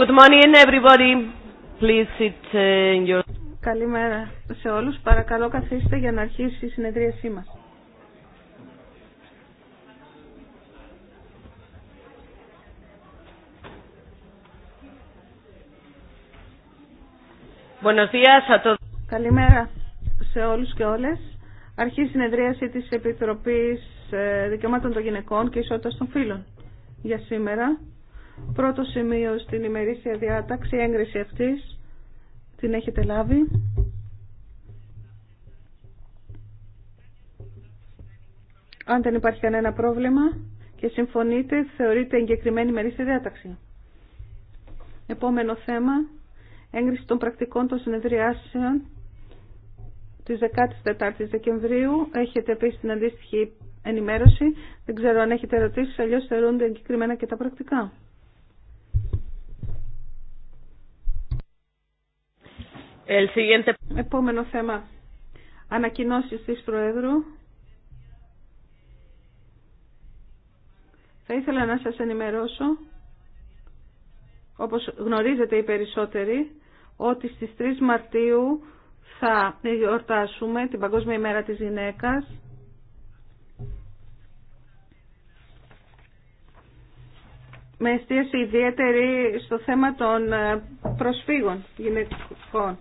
Good morning everybody. Please sit uh, in your... Καλημέρα σε όλους. Παρακαλώ καθίστε για να αρχίσει η συνεδρίασή μας. Buenos días a todos. Καλημέρα σε όλους και όλες. Αρχή η συνεδρίαση της Επιτροπής ε, Δικαιωμάτων των Γυναικών και Ισότητας των Φίλων για σήμερα. Πρώτο σημείο στην ημερήσια διάταξη, έγκριση αυτής, την έχετε λάβει. Αν δεν υπάρχει κανένα πρόβλημα και συμφωνείτε, θεωρείται εγκεκριμένη ημερήσια διάταξη. Επόμενο θέμα, έγκριση των πρακτικών των συνεδριάσεων της 14ης Δεκεμβρίου. Έχετε επίσης την αντίστοιχη ενημέρωση. Δεν ξέρω αν έχετε ερωτήσει, αλλιώς θεωρούνται εγκεκριμένα και τα πρακτικά. Επόμενο θέμα. Ανακοινώσεις της Προέδρου. Θα ήθελα να σας ενημερώσω, όπως γνωρίζετε οι περισσότεροι, ότι στις 3 Μαρτίου θα γιορτάσουμε την Παγκόσμια ημέρα της γυναίκας. Με εστίαση ιδιαίτερη στο θέμα των ε, προσφύγων γυναικών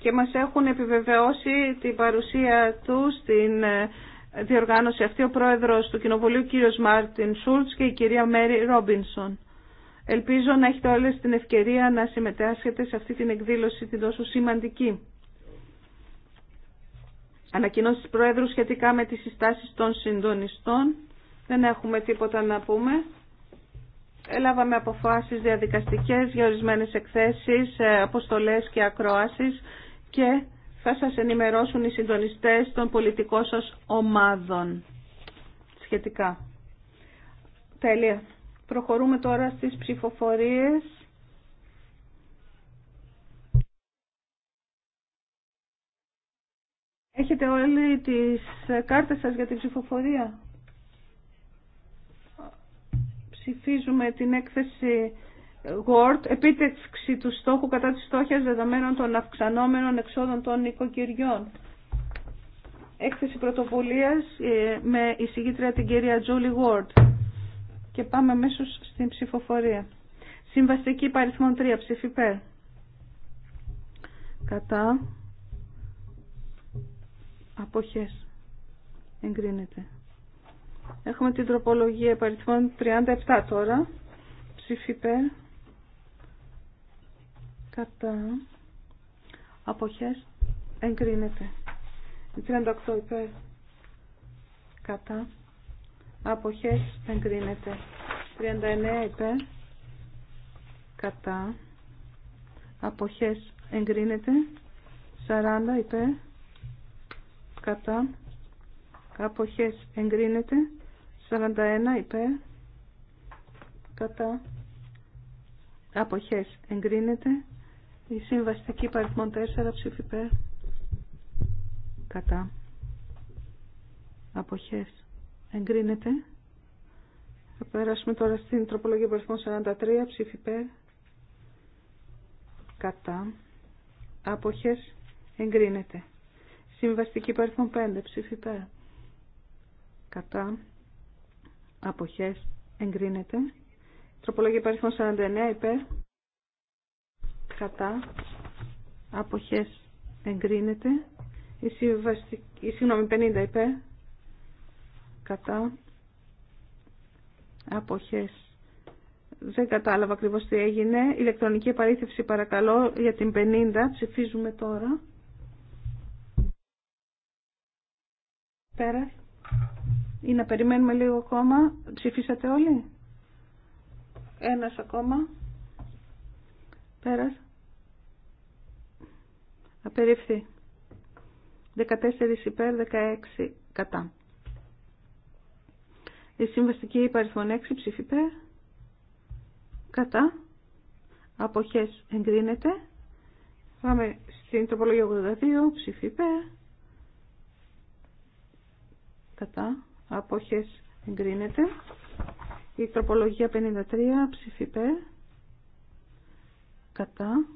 και μας έχουν επιβεβαιώσει την παρουσία του στην ε, διοργάνωση αυτή ο πρόεδρος του Κοινοβουλίου κύριος Μάρτιν Σούλτς και η κυρία Μέρι Ρόμπινσον. Ελπίζω να έχετε όλες την ευκαιρία να συμμετάσχετε σε αυτή την εκδήλωση την τόσο σημαντική. Ανακοινώσεις Προέδρου σχετικά με τις συστάσεις των συντονιστών. Δεν έχουμε τίποτα να πούμε. Έλαβαμε αποφάσεις διαδικαστικές για ορισμένες εκθέσεις, ε, αποστολές και ακροάσεις και θα σας ενημερώσουν οι συντονιστές των πολιτικών σας ομάδων σχετικά. Τέλεια. Προχωρούμε τώρα στις ψηφοφορίες. Έχετε όλοι τις κάρτες σας για την ψηφοφορία. Ψηφίζουμε την έκθεση Word, επίτευξη του στόχου κατά της στόχιας δεδομένων των αυξανόμενων εξόδων των οικοκυριών. Έκθεση πρωτοβουλίας ε, με εισηγήτρια την κυρία Τζούλη Ward. Και πάμε αμέσω στην ψηφοφορία. Συμβαστική παριθμόν 3, ψήφι Κατά. Αποχές. Εγκρίνεται. Έχουμε την τροπολογία παριθμόν 37 τώρα. Ψήφι κατά αποχές εγκρίνεται 38 υπέρ κατά αποχές εγκρίνεται 39 υπέρ κατά αποχές εγκρίνεται 40 υπέρ κατά αποχές εγκρίνεται 41 υπέρ κατά αποχές εγκρίνεται η συμβαστική παριθμών 4 ψήφι Κατά. Αποχές. Εγκρίνεται. Θα περάσουμε τώρα στην τροπολογία παριθμών 43 ψήφι Κατά. Αποχές. Εγκρίνεται. Συμβαστική παριθμό 5 ψήφι Κατά. Αποχές. Εγκρίνεται. Τροπολογία παριθμών 49 υπέρ κατά αποχές εγκρίνεται η, συμβαστική, συγγνώμη 50 υπέ κατά αποχές δεν κατάλαβα ακριβώ τι έγινε ηλεκτρονική επαρήθευση παρακαλώ για την 50 ψηφίζουμε τώρα πέρα ή να περιμένουμε λίγο ακόμα ψηφίσατε όλοι ένας ακόμα πέρας Απερίφθη. 14 υπέρ, 16 κατά. Η συμβαστική υπαριθμόν 6 ψήφι Κατά. Αποχές εγκρίνεται. Πάμε στην τροπολογία 82 ψήφι Κατά. Αποχές εγκρίνεται. Η τροπολογία 53 ψήφι Κατά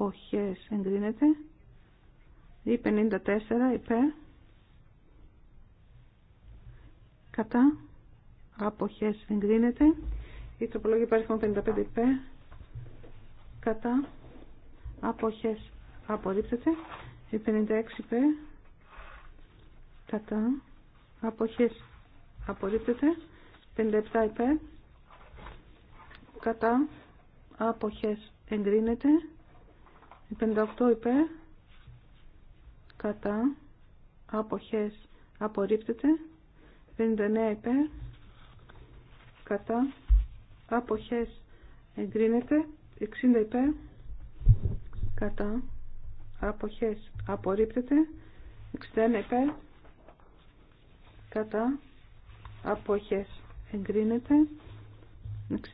αποχές εγκρίνεται ή 54 υπέρ κατά αποχές εγκρίνεται η τροπολογία εγκρινεται η τροπολογια υπάρχει 55 υπέρ κατά αποχές απορρίπτεται η 56 υπέρ κατά αποχές απορρίπτεται 57 υπέρ κατά αποχές εγκρίνεται 58 υπέρ κατά αποχές απορρίπτεται 59 υπέρ κατά αποχές εγκρίνεται 60 υπέρ κατά αποχές απορρίπτεται 61 υπέρ κατά αποχές εγκρίνεται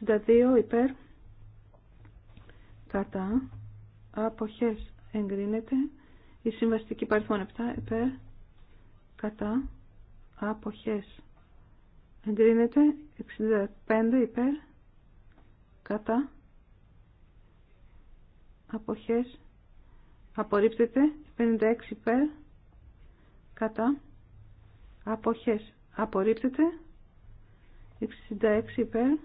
62 υπέρ κατά αποχές εγκρίνεται. Η συμβαστική παριθμόν 7 υπέρ κατά αποχές εγκρίνεται. 65 υπέρ κατά αποχές απορρίπτεται. 56 υπέρ κατά αποχές απορρίπτεται. 66 υπέρ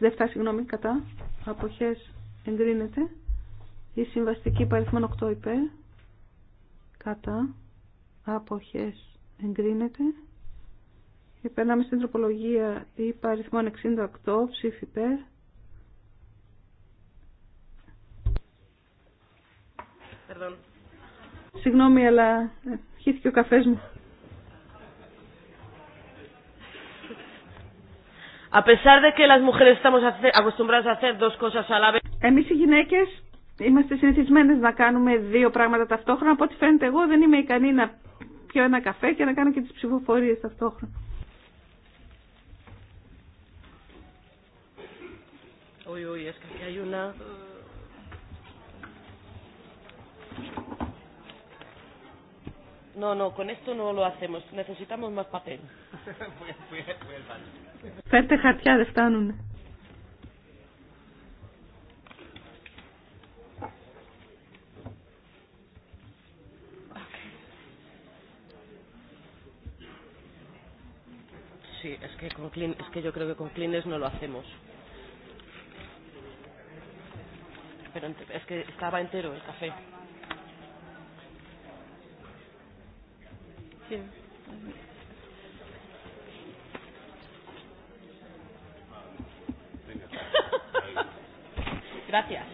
67 συγγνώμη κατά αποχές εγκρίνεται. Η συμβαστική υπαριθμών 8 υπέρ. Κατά. Αποχές εγκρίνεται. Περνάμε στην τροπολογία υπαριθμών 68 ψήφι υπέρ. Συγγνώμη, αλλά ε, χύθηκε ο καφές μου. A pesar las mujeres estamos acostumbradas a hacer dos cosas a la vez. Εμείς οι γυναίκες Είμαστε συνηθισμένες να κάνουμε δύο πράγματα ταυτόχρονα. Από ό,τι φαίνεται εγώ δεν είμαι ικανή να πιω ένα καφέ και να κάνω και τις ψηφοφορίες ταυτόχρονα. Φέρτε χαρτιά, δεν φτάνουν. Sí, es que, con Clean, es que yo creo que con Cleaners no lo hacemos. Pero es que estaba entero el café. Sí. Gracias.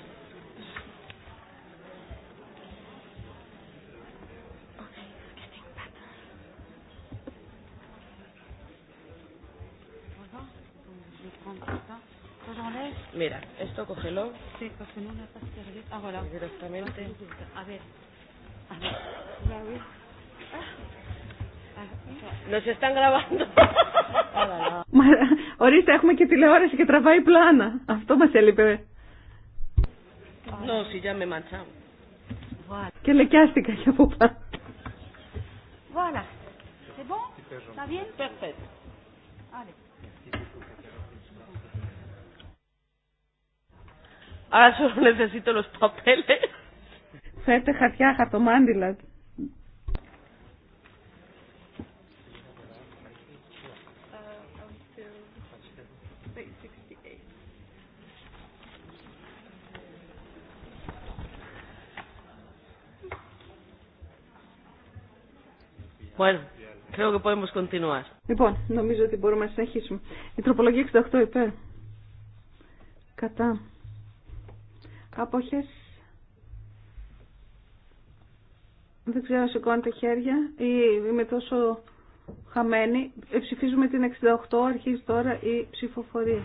Mira, esto cógelo. Sí, pues en una pasta de Ah, voilà. Directamente. A ver. A ver. Nos están grabando. Ορίστε, έχουμε και τηλεόραση και τραβάει πλάνα. Αυτό μας έλειπε. No, si ya me manchamos. Και λεκιάστηκα και από πάνω. Voilà. C'est bon? Está bien? Perfect. Allez. Ahora solo necesito los papeles. Φέρτε χαρτιά, χαρτομάντιλα. Λοιπόν, νομίζω ότι μπορούμε να συνεχίσουμε. Η τροπολογία 68 υπέρ. Κατά. Αποχές. Δεν ξέρω αν τα χέρια ή είμαι τόσο χαμένη. Ε, ψηφίζουμε την 68, αρχίζει τώρα η ψηφοφορία.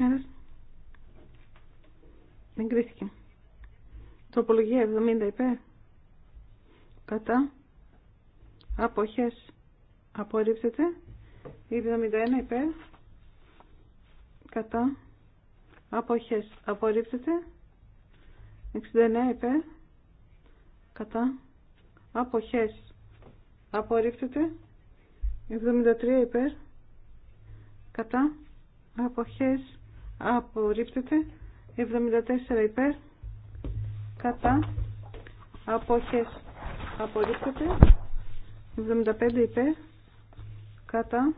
Ένας. Εγκρίθηκε. Τροπολογία 70 υπέρ κατά αποχές απορρίπτεται 71 υπέρ κατά αποχές απορρίπτεται 69 υπέρ κατά αποχές απορρίπτεται 73 υπέρ κατά αποχές απορρίπτεται 74 υπέρ κατά αποχές απορρίπτεται 75 υπέρ κατά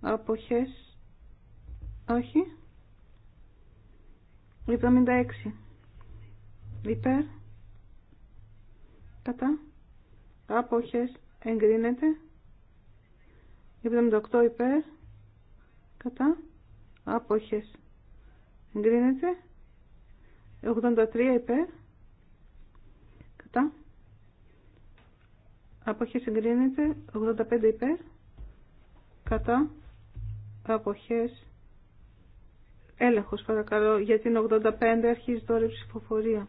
αποχές όχι 76 υπέρ κατά αποχές εγκρίνεται 78 υπέρ κατά αποχές εγκρίνεται 83 υπέρ Αποχές συγκρίνεται. 85 υπέρ. Κατά. Αποχές. Έλεγχος παρακαλώ. γιατί την 85 αρχίζει τώρα η ψηφοφορία.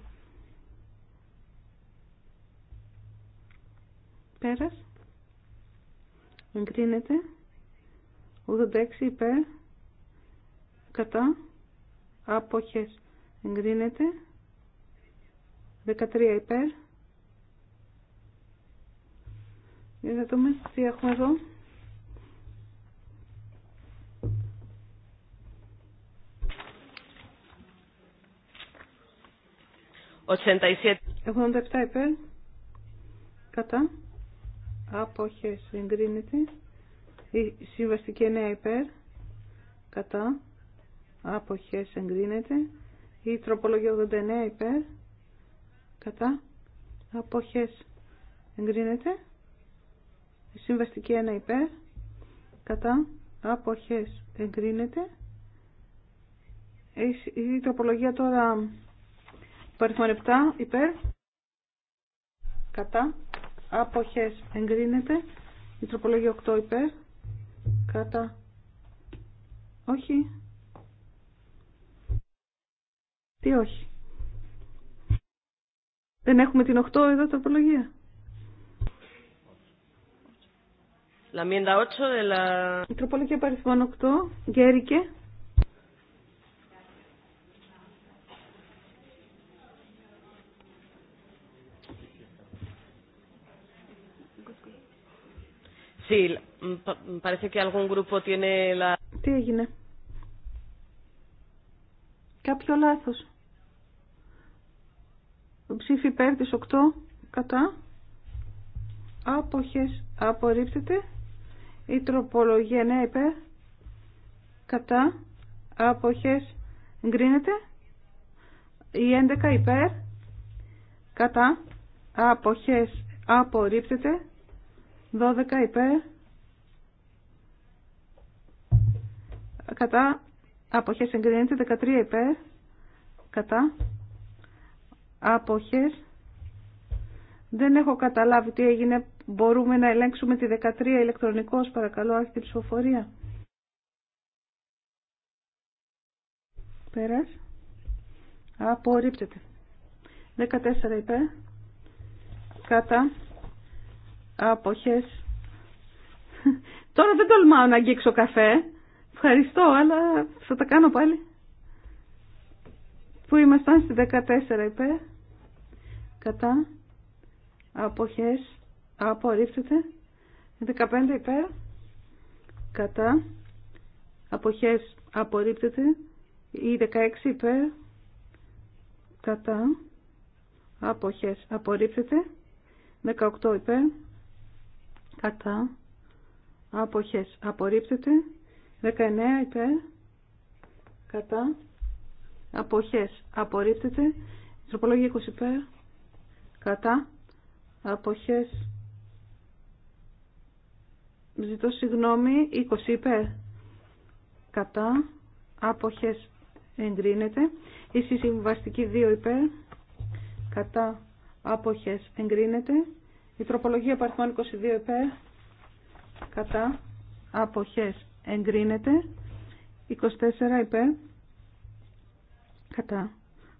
Πέρας. Εγκρίνεται. 86 υπέρ. Κατά. Αποχές. Εγκρίνεται. 13 υπέρ Για να δούμε τι έχουμε εδώ. Έχουν 87 υπέρ. Κατά. Απόχες εγκρίνεται. Η συμβαστική 9 υπέρ. Κατά. Απόχες εγκρίνεται. Η τροπολογία 89 υπέρ. Κατά. Απόχες εγκρίνεται. Η συμβαστική 1 υπέρ κατά αποχές εγκρίνεται. Η τροπολογία τώρα παριθμονεπτά υπέρ κατά αποχές εγκρίνεται. Η τροπολογία 8 υπέρ κατά όχι. Τι όχι. Δεν έχουμε την 8 εδώ τροπολογία. La enmienda 8 de la... Η τροπολογία παριθμών 8, Γκέρικε. Sí, parece que algún grupo tiene la... Τι έγινε. Κάποιο λάθος. Ψήφι υπέρ τη 8, κατά. Άποχες απορρίπτεται. Η τροπολογία 9 ναι, υπέρ. Κατά. Αποχές γκρίνεται, Η 11 υπέρ. Κατά. Αποχές απορρίπτεται. 12 υπέρ. Κατά. Αποχές εγκρίνεται. 13 υπέρ. Κατά. Αποχές δεν έχω καταλάβει τι έγινε. Μπορούμε να ελέγξουμε τη 13 ηλεκτρονικώς, παρακαλώ, άρχιτε ψηφοφορία. Πέρας. Απορρίπτεται. 14 υπέ. Κατά. Αποχές. Τώρα δεν τολμάω να αγγίξω καφέ. Ευχαριστώ, αλλά θα τα κάνω πάλι. Πού ήμασταν στη 14 είπε; Κατά αποχές απορρίπτεται 15 υπέρ κατά αποχές απορρίπτεται ή 16 υπέρ κατά αποχές απορρίπτεται 18 υπέρ κατά αποχές απορρίπτεται 19 υπέρ κατά αποχές απορρίπτεται τροπολόγια 20 υπέρ κατά αποχές ζητώ συγγνώμη 20 είπε, κατά αποχές εγκρίνεται η συμβαστική 2 είπε, κατά αποχές εγκρίνεται η τροπολογία παρθμών 22 υπέρ κατά αποχές εγκρίνεται 24 είπε, κατά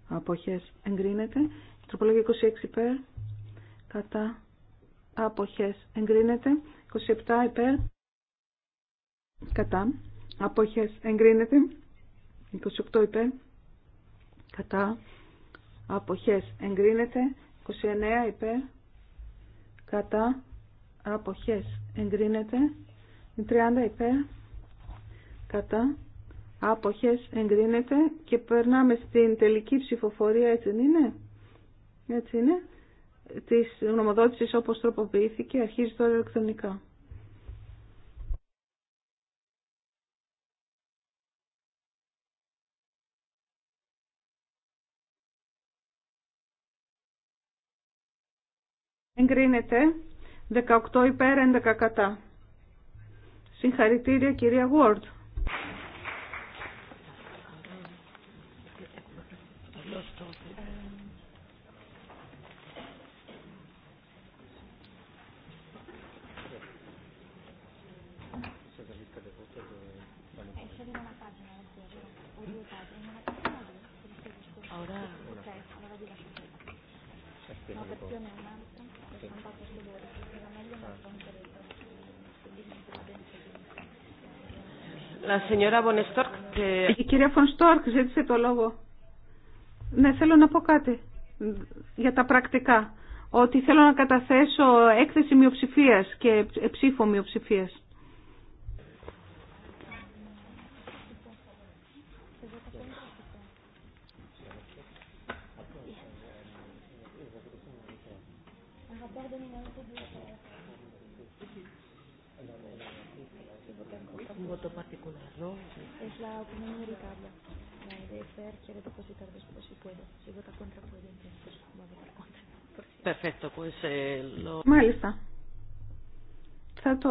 αποχές εγκρίνεται η τροπολογία 26 είπε κατά αποχές εγκρίνεται 27 υπέρ κατά αποχές εγκρίνεται 28 υπέρ κατά αποχές εγκρίνεται 29 υπέρ κατά αποχές εγκρίνεται 30 υπέρ κατά άποχες εγκρίνεται και περνάμε στην τελική ψηφοφορία έτσι είναι έτσι είναι της γνωμοδότησης όπως τροποποιήθηκε αρχίζει τώρα ηλεκτρονικά. Εγκρίνεται 18 υπέρ 11 κατά. Συγχαρητήρια κυρία Γουόρντ. Η κυρία Φων Στόρκ ζήτησε το λόγο. Ναι, θέλω να πω κάτι για τα πρακτικά. Ότι θέλω να καταθέσω έκθεση μειοψηφία και ψήφο μειοψηφία. voto particular, ¿no? Es la opinión minoritaria, la de ser quiere depositar después si puede. Si vota contra puede, entonces va a votar contra. Perfecto, pues eh, lo... Μάλιστα. Θα το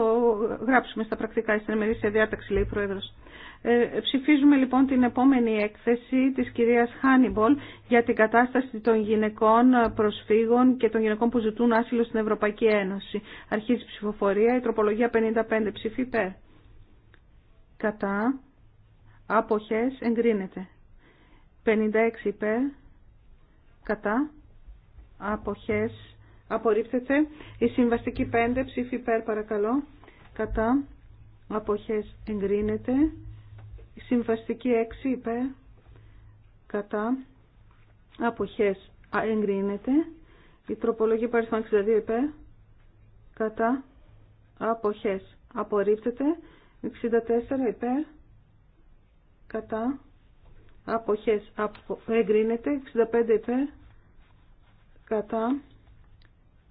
γράψουμε στα πρακτικά στην ημερήσια διάταξη, λέει η Πρόεδρος. Ε, ψηφίζουμε λοιπόν την επόμενη έκθεση της κυρίας Χάνιμπολ για την κατάσταση των γυναικών προσφύγων και των γυναικών που ζητούν άσυλο στην Ευρωπαϊκή Ένωση. Αρχίζει η ψηφοφορία, η τροπολογία 55 ψηφί υπέρ. Κατά. Άποχες εγκρίνεται. 56 υπέρ. Κατά. Άποχες απορρίπτεται. Η συμβαστική 5 ψήφι υπέρ παρακαλώ. Κατά. Αποχές εγκρίνεται. Συμβαστική 6 υπέρ κατά αποχές εγκρίνεται. Η τροπολογία παριθμών 62 υπέρ κατά αποχές απορρίπτεται. 64 υπέρ κατά αποχές εγκρίνεται. 65 υπέρ κατά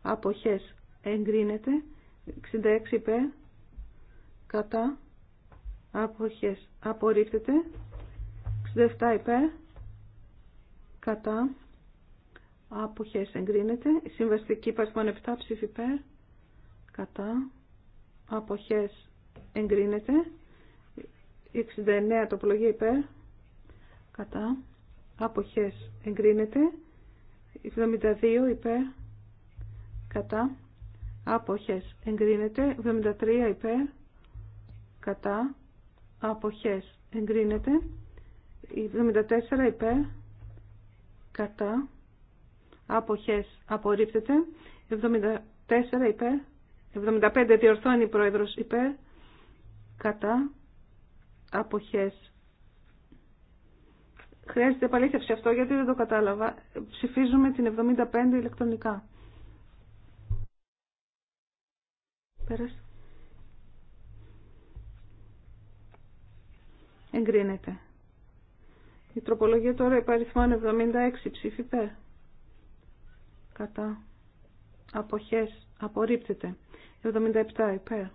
αποχές εγκρίνεται. 66 υπέρ κατά αποχές απορρίπτεται 67 υπέρ κατά αποχές εγκρίνεται συμβαστική παρθμόν 7 ψήφι υπέρ κατά αποχές εγκρίνεται 69 τοπολογία υπέρ κατά αποχές εγκρίνεται 72 υπέρ κατά αποχές εγκρίνεται 73 υπέρ κατά αποχές εγκρίνεται 74 υπέρ κατά αποχές απορρίπτεται 74 υπέρ 75 διορθώνει η πρόεδρος υπέρ κατά αποχές χρειάζεται επαλήθευση αυτό γιατί δεν το κατάλαβα ψηφίζουμε την 75 ηλεκτρονικά Πέρασε. εγκρίνεται. Η τροπολογία τώρα υπαριθμών 76 ψήφι Κατά. Αποχές. Απορρίπτεται. 77 υπέρ.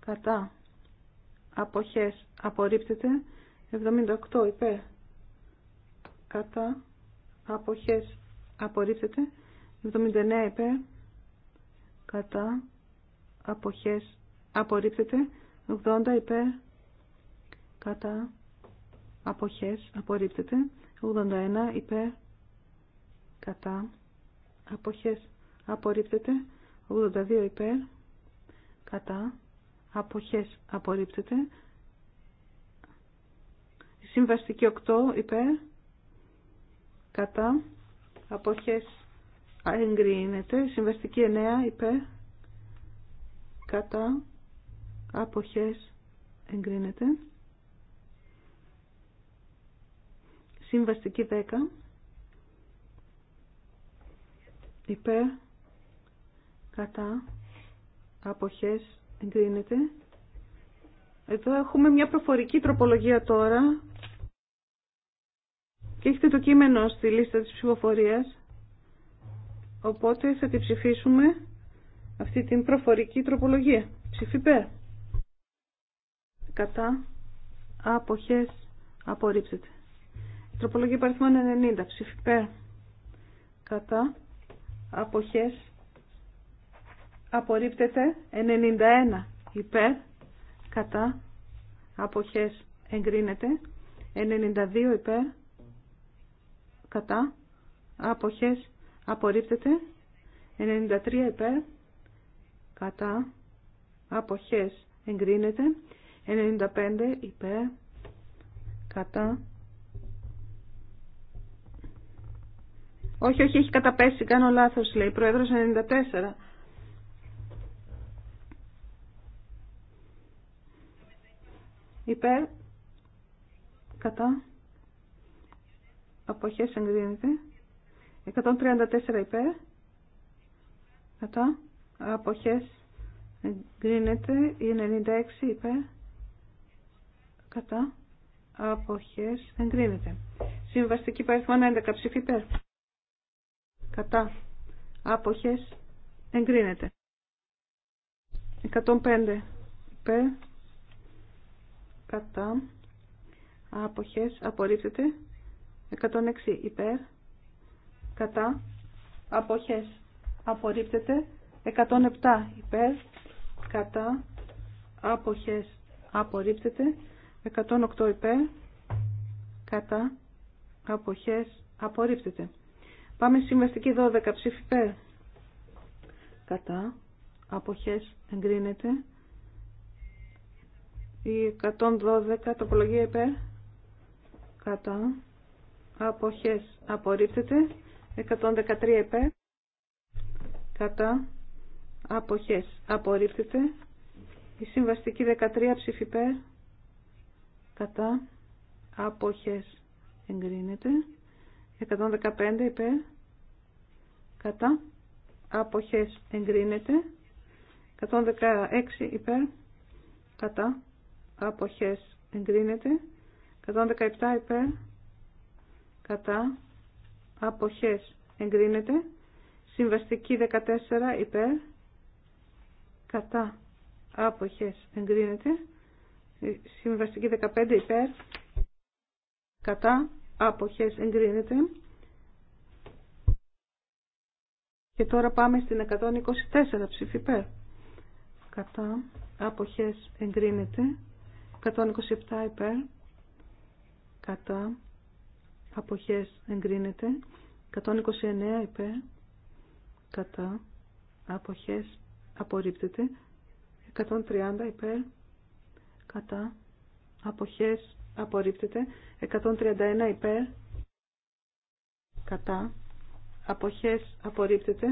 Κατά. Αποχές. Απορρίπτεται. 78 υπέρ. Κατά. Αποχές. Απορρίπτεται. 79 υπέρ. Κατά. Αποχές. Απορρίπτεται. 80 υπέρ κατά αποχές απορρίπτεται 81 υπέρ κατά αποχές απορρίπτεται 82 υπέρ κατά αποχές απορρίπτεται συμβαστική 8 υπέρ κατά αποχές εγκρίνεται συμβαστική 9 υπέρ κατά αποχές εγκρίνεται Συμβαστική 10. Υπέρ. Κατά. Αποχές. Εγκρίνεται. Εδώ έχουμε μια προφορική τροπολογία τώρα. Και έχετε το κείμενο στη λίστα της ψηφοφορίας. Οπότε θα τη ψηφίσουμε αυτή την προφορική τροπολογία. Ψηφί Κατά. Αποχές. Απορρίψετε. Τροπολογία παριθμών 90. Ψηφιπέ Κατά. Αποχές. Απορρίπτεται. 91. Υπέρ. Κατά. Αποχές. Εγκρίνεται. 92. Υπέρ. Κατά. Αποχές. Απορρίπτεται. 93. Υπέρ. Κατά. Αποχές. Εγκρίνεται. 95. Υπέρ. Κατά Όχι, όχι, έχει καταπέσει, κάνω λάθος, λέει, Πρόεδρος 94. Υπέρ, κατά, αποχές εγκρίνεται, 134 υπέρ, κατά, αποχές εγκρίνεται, 96 υπέρ, κατά, αποχές εγκρίνεται. Συμβαστική παριθμόν 11 ψήφι υπέρ κατά άποχες εγκρίνεται 105 υπέρ κατά άποχες απορρίπτεται 106 υπέρ κατά αποχές απορρίπτεται 107 υπέρ κατά αποχές απορρίπτεται 108 υπέρ κατά αποχές απορρίπτεται Πάμε συμβαστική 12 ψήφι περ. Κατά. Αποχές εγκρίνεται. Η 112 τοπολογία υπέρ. Κατά. Αποχές απορρίπτεται. 113 επέ. Κατά. Αποχές απορρίπτεται. Η συμβαστική 13 ψήφι περ. Κατά. Αποχές εγκρίνεται. 115 υπέρ κατά αποχές εγκρίνεται 116 υπέρ κατά αποχές εγκρίνεται 117 υπέρ κατά αποχές εγκρίνεται συμβαστική 14 υπέρ κατά άποχες εγκρίνεται συμβαστική 15 υπέρ κατά αποχές εγκρίνεται. Και τώρα πάμε στην 124 περ. Κατά αποχές εγκρίνεται. 127 υπέρ. Κατά αποχές εγκρίνεται. 129 υπέρ. Κατά αποχές απορρίπτεται. 130 υπέρ. Κατά αποχές απορρίπτεται 131 υπέρ κατά αποχές απορρίπτεται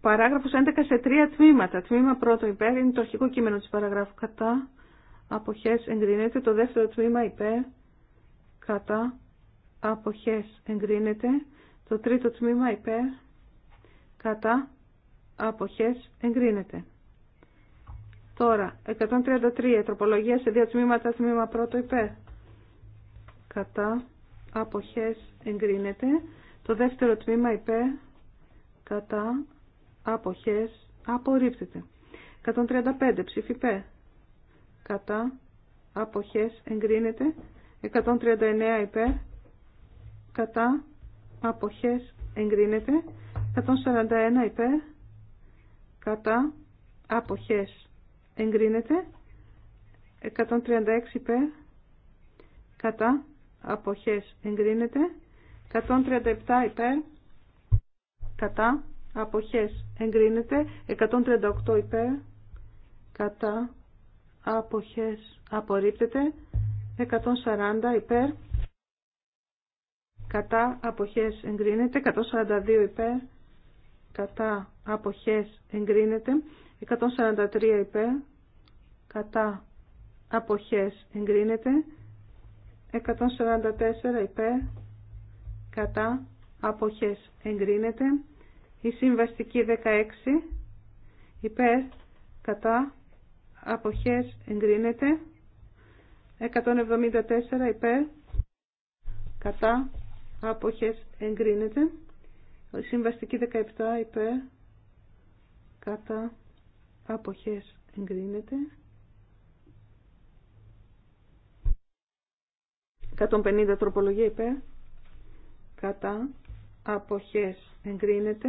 Παράγραφος 11 σε τρία τμήματα. Τμήμα πρώτο υπέρ είναι το αρχικό κείμενο της παραγράφου κατά αποχές εγκρίνεται. Το δεύτερο τμήμα υπέρ κατά αποχές εγκρίνεται. Το τρίτο τμήμα υπέρ κατά αποχές εγκρίνεται. Τώρα, 133, τροπολογία σε δύο τμήματα, τμήμα πρώτο υπέρ. Κατά, αποχές εγκρίνεται. Το δεύτερο τμήμα υπέρ, κατά, αποχές, απορρίπτεται. 135, ψήφι υπέρ. Κατά, αποχές εγκρίνεται. 139 υπέρ, κατά, αποχές εγκρίνεται. 141 υπέρ, κατά, αποχές εγκρίνεται 136 υπέρ κατά αποχές εγκρίνεται 137 υπέρ κατά αποχές εγκρίνεται 138 υπέρ κατά αποχές απορρίπτεται 140 υπέρ κατά αποχές εγκρίνεται 142 υπέρ κατά αποχές εγκρίνεται 143 υπέρ, κατά αποχές εγκρίνεται, 144 υπέρ, κατά αποχές εγκρίνεται, η συμβαστική 16 υπέρ, κατά αποχές εγκρίνεται, 174 υπέρ, κατά αποχές εγκρίνεται, η συμβαστική 17 υπέρ, κατά αποχές εγκρίνεται 150 τροπολογία υπέρ κατά αποχές εγκρίνεται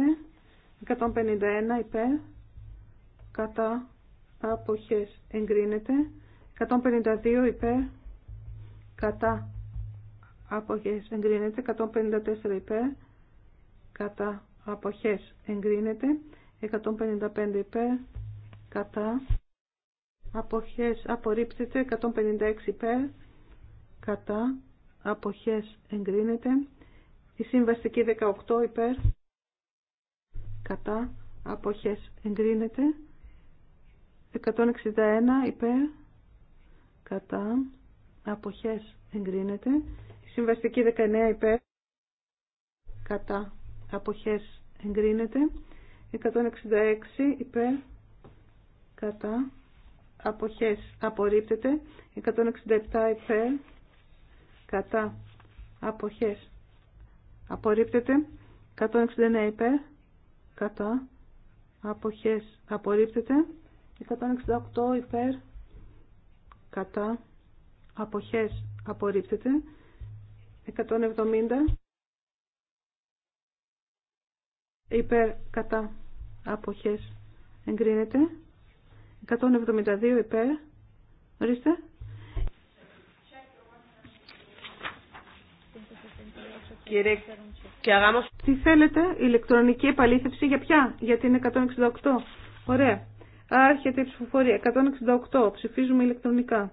151 υπέρ κατά αποχές εγκρίνεται 152 υπέρ κατά αποχές εγκρίνεται 154 υπέρ κατά αποχές εγκρίνεται 155 υπέρ κατά αποχές απορρίπτεται 156 υπέρ κατά αποχές εγκρίνεται η συμβαστική 18 υπέρ κατά αποχές εγκρίνεται 161 υπέρ κατά αποχές εγκρίνεται η συμβαστική 19 υπέρ κατά αποχές εγκρίνεται 166 υπέρ κατά αποχές απορρίπτεται 167 υπέρ κατά αποχές απορρίπτεται 169 υπέρ κατά αποχές απορρίπτεται 168 υπέρ κατά αποχές απορρίπτεται 170 υπέρ κατά αποχές εγκρίνεται 172 υπέρ. Ορίστε. Κύριε Τι θέλετε, ηλεκτρονική επαλήθευση για ποια, για την 168. Ωραία. Άρχεται η ψηφοφορία. 168. Ψηφίζουμε ηλεκτρονικά.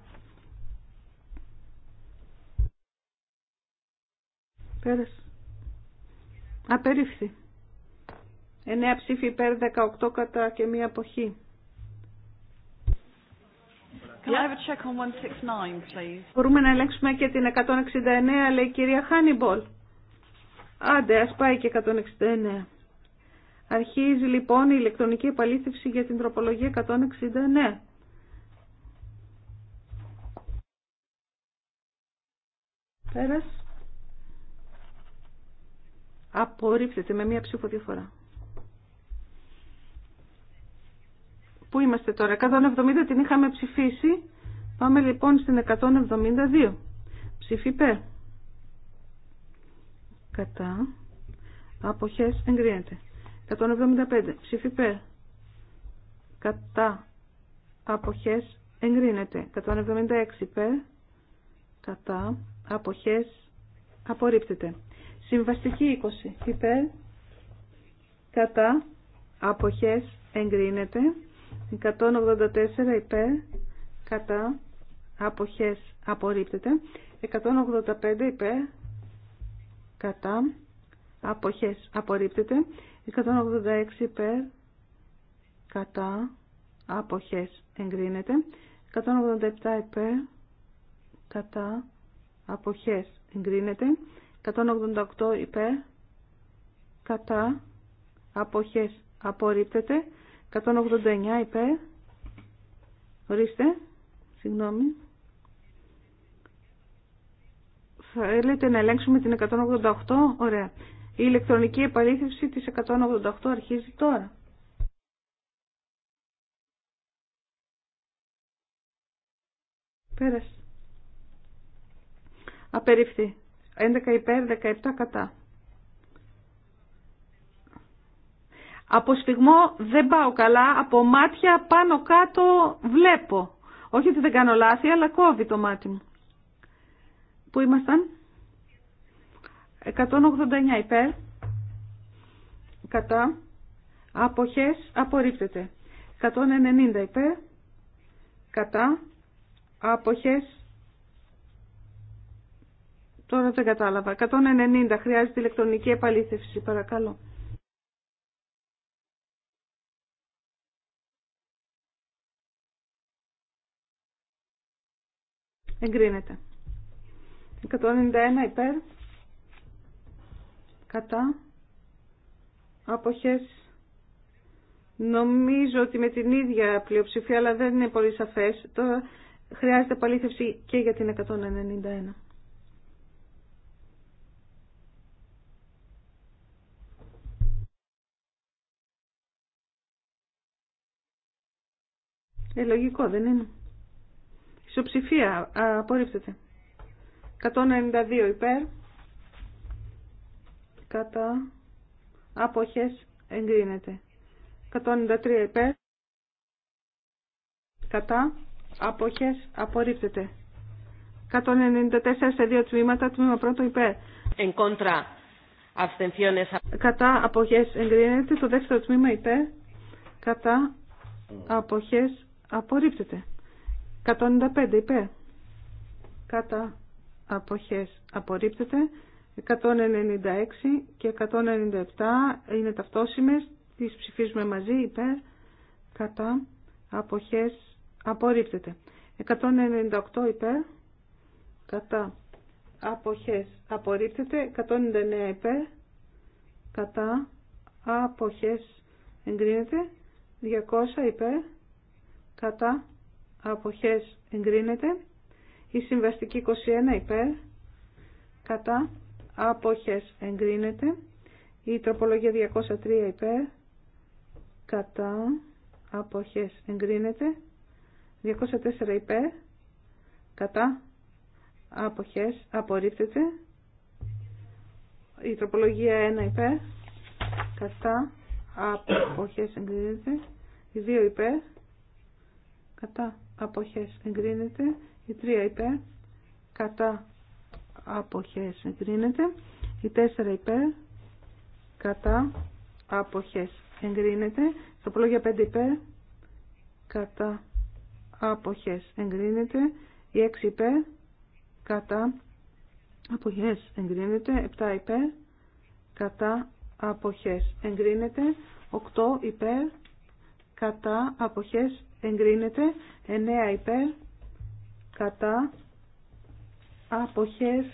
Πέρασε. Απερίφθη. 9 ψήφοι υπέρ 18 κατά και μία αποχή. Can I have a check on 169, please? Μπορούμε να ελέγξουμε και την 169, λέει η κυρία Χάνιμπολ. Άντε, ας πάει και 169. Αρχίζει λοιπόν η ηλεκτρονική επαλήθευση για την τροπολογία 169. Πέρας. Απορρίπτεται με μία ψήφο διαφορά. Πού είμαστε τώρα. 170 την είχαμε ψηφίσει. Πάμε λοιπόν στην 172. Ψήφι περ Κατά. Αποχές εγκρίνεται. 175. Ψήφι περ Κατά. Αποχές εγκρίνεται. 176 υπέρ. Κατά. Αποχές απορρίπτεται. Συμβαστική 20 υπέρ. Κατά. Αποχές εγκρίνεται. 184 υπέρ κατά αποχές απορρίπτεται 185 υπέρ κατά αποχές απορρίπτεται 186 υπέρ κατά αποχές εγκρίνεται 187 υπέρ κατά αποχές εγκρίνεται 188 υπέρ κατά αποχές απορρίπτεται 189 υπέρ. Ορίστε. Συγγνώμη. Θέλετε να ελέγξουμε την 188. Ωραία. Η ηλεκτρονική επαλήθευση της 188 αρχίζει τώρα. Πέρασε. Απερίφθη. 11 υπέρ, 17 κατά. Από σφιγμό δεν πάω καλά, από μάτια πάνω κάτω βλέπω. Όχι ότι δεν κάνω λάθη, αλλά κόβει το μάτι μου. Πού ήμασταν? 189 υπέρ. Κατά. Αποχές απορρίπτεται. 190 υπέρ. Κατά. Αποχές. Τώρα δεν κατάλαβα. 190 χρειάζεται ηλεκτρονική επαλήθευση, παρακαλώ. Εγκρίνεται. 191 υπέρ. Κατά. Αποχές. Νομίζω ότι με την ίδια πλειοψηφία, αλλά δεν είναι πολύ σαφές. Τώρα χρειάζεται παλήθευση και για την 191. Ε, λογικό δεν είναι. Ισοψηφία. Απορρίπτεται. 192 υπέρ. Κατά. Αποχές εγκρίνεται. 193 υπέρ. Κατά. Αποχές απορρίπτεται. 194 σε δύο τμήματα. Τμήμα πρώτο υπέρ. Εν κόντρα. Κατά αποχές εγκρίνεται. Το δεύτερο τμήμα υπέρ. Κατά αποχές απορρίπτεται. 195 υπέρ. Κατά αποχές απορρίπτεται. 196 και 197 είναι ταυτόσιμες. Τις ψηφίζουμε μαζί υπέρ. Κατά αποχές απορρίπτεται. 198 υπέρ. Κατά αποχές απορρίπτεται. 199 υπέρ. Κατά αποχές εγκρίνεται. 200 υπέρ. Κατά αποχές εγκρίνεται. Η συμβαστική 21 υπέρ, κατά, αποχές εγκρίνεται. Η τροπολογία 203 υπέρ, κατά, αποχές εγκρίνεται. 204 υπέρ, κατά, αποχές απορρίπτεται. Η τροπολογία 1 υπέρ, κατά, αποχές εγκρίνεται. Η 2 υπέρ, κατά, αποχές εγκρίνεται, η 3 υπέρ, κατά αποχές εγκρίνεται, η 4 υπέρ, κατά αποχές εγκρίνεται, τροπολόγια 5 υπέρ, κατά αποχές εγκρίνεται, η 6 υπέρ, κατά αποχές εγκρίνεται, 7 υπέρ, κατά αποχές εγκρίνεται, 8 υπέρ, κατά αποχές εγκρίνεται 9 υπέρ κατά αποχές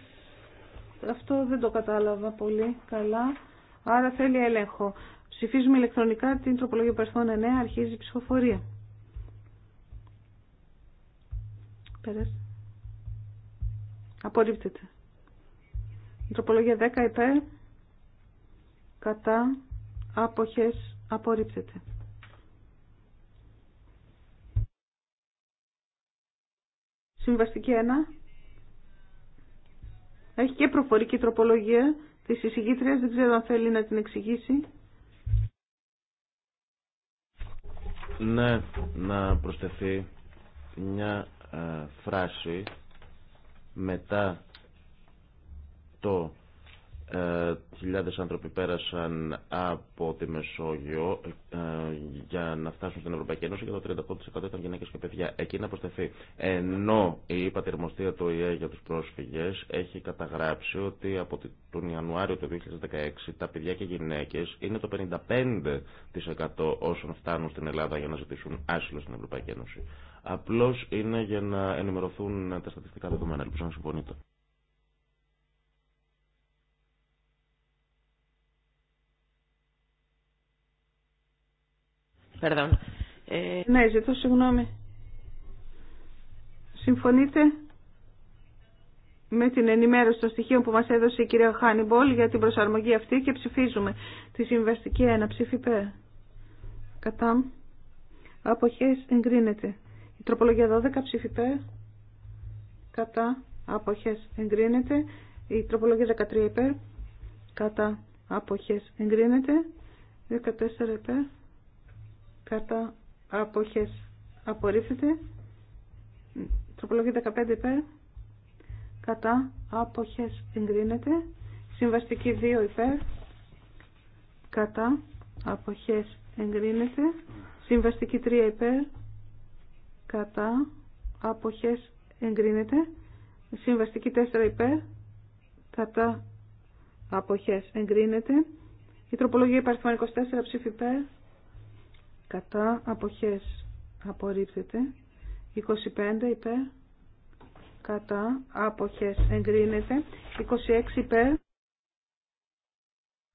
αυτό δεν το κατάλαβα πολύ καλά άρα θέλει έλεγχο ψηφίζουμε ηλεκτρονικά την τροπολογία Περθών 9 αρχίζει η ψηφοφορία Απορρίπτεται. τροπολογία 10 υπέρ κατά αποχές απορρίπτεται. Συμβαστική ένα. Έχει και προφορική τροπολογία της εισηγήτριας. Δεν ξέρω αν θέλει να την εξηγήσει. Ναι, να προσθεθεί μια ε, φράση μετά το ε, χιλιάδες άνθρωποι πέρασαν από τη Μεσόγειο ε, για να φτάσουν στην Ευρωπαϊκή Ένωση και το 38% ήταν γυναίκες και παιδιά. Εκεί να προσθεθεί. Ενώ η πατερμοστία του ΙΕ για τους πρόσφυγες έχει καταγράψει ότι από τον Ιανουάριο του 2016 τα παιδιά και γυναίκες είναι το 55% όσων φτάνουν στην Ελλάδα για να ζητήσουν άσυλο στην Ευρωπαϊκή Ένωση. Απλώς είναι για να ενημερωθούν τα στατιστικά δεδομένα. Ελπίζω να συμφωνείτε. Ε... Ναι, ζητώ συγγνώμη. Συμφωνείτε με την ενημέρωση των στοιχείων που μας έδωσε η κυρία Χάνιμπολ για την προσαρμογή αυτή και ψηφίζουμε τη συμβαστική ένα ψήφι πέρα. Κατά. Αποχές εγκρίνεται. Η τροπολογία 12 ψήφι πέρα. Κατά. Αποχές εγκρίνεται. Η τροπολογία 13 υπέρ. Κατά. Αποχές εγκρίνεται. 14 υπέρ κατά αποχές απορρίφεται τροπολογία 15 υπέρ κατά αποχές εγκρίνεται συμβαστική 2 υπέρ κατά αποχές εγκρίνεται συμβαστική 3 υπέρ κατά αποχές εγκρίνεται συμβαστική 4 υπέρ κατά αποχές εγκρίνεται η τροπολογία υπαριθμών 24 ψήφι υπέρ κατά αποχές απορρίπτεται 25 υπέρ κατά αποχές εγκρίνεται 26 υπέρ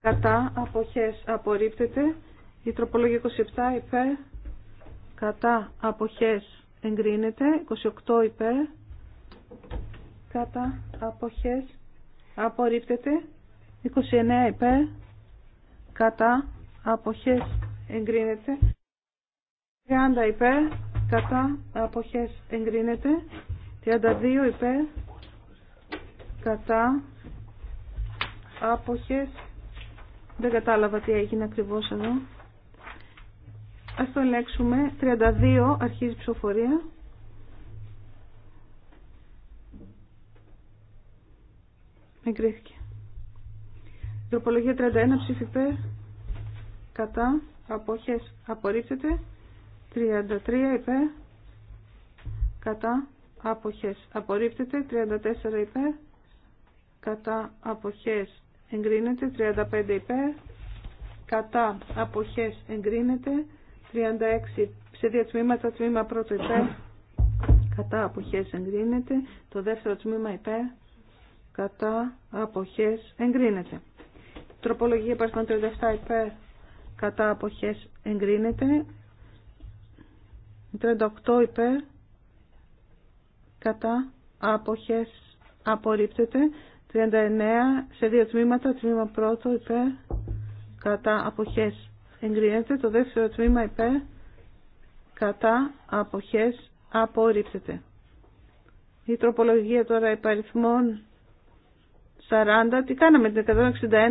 κατά αποχές απορρίπτεται η τροπολογία 27 υπέρ κατά αποχές εγκρίνεται 28 υπέρ κατά αποχές απορρίπτεται 29 υπέρ κατά αποχές εγκρίνεται 30 υπέρ, κατά αποχές εγκρίνεται. 32 υπέρ, κατά άποχες. Δεν κατάλαβα τι έγινε ακριβώς εδώ. Ας το ελέγξουμε. 32 αρχίζει ψηφοφορία. Εγκρίθηκε. Τροπολογία 31 ψήφι υπέρ, κατά αποχές απορρίπτεται. 33 υπέρ κατά αποχές απορρίπτεται 34 υπέρ κατά αποχές εγκρίνεται 35 υπέρ κατά αποχές εγκρίνεται 36 σε δύο τμήματα τμήμα πρώτο υπέρ κατά αποχές εγκρίνεται το δεύτερο τμήμα υπέρ κατά αποχές εγκρίνεται τροπολογία παρθών 37 υπέρ κατά αποχές εγκρίνεται 38 υπέρ κατά αποχές απορρίπτεται 39 σε δύο τμήματα τμήμα πρώτο υπέρ κατά αποχές εγκρίνεται το δεύτερο τμήμα υπέρ κατά αποχές απορρίπτεται η τροπολογία τώρα υπαριθμών 40 τι κάναμε την 161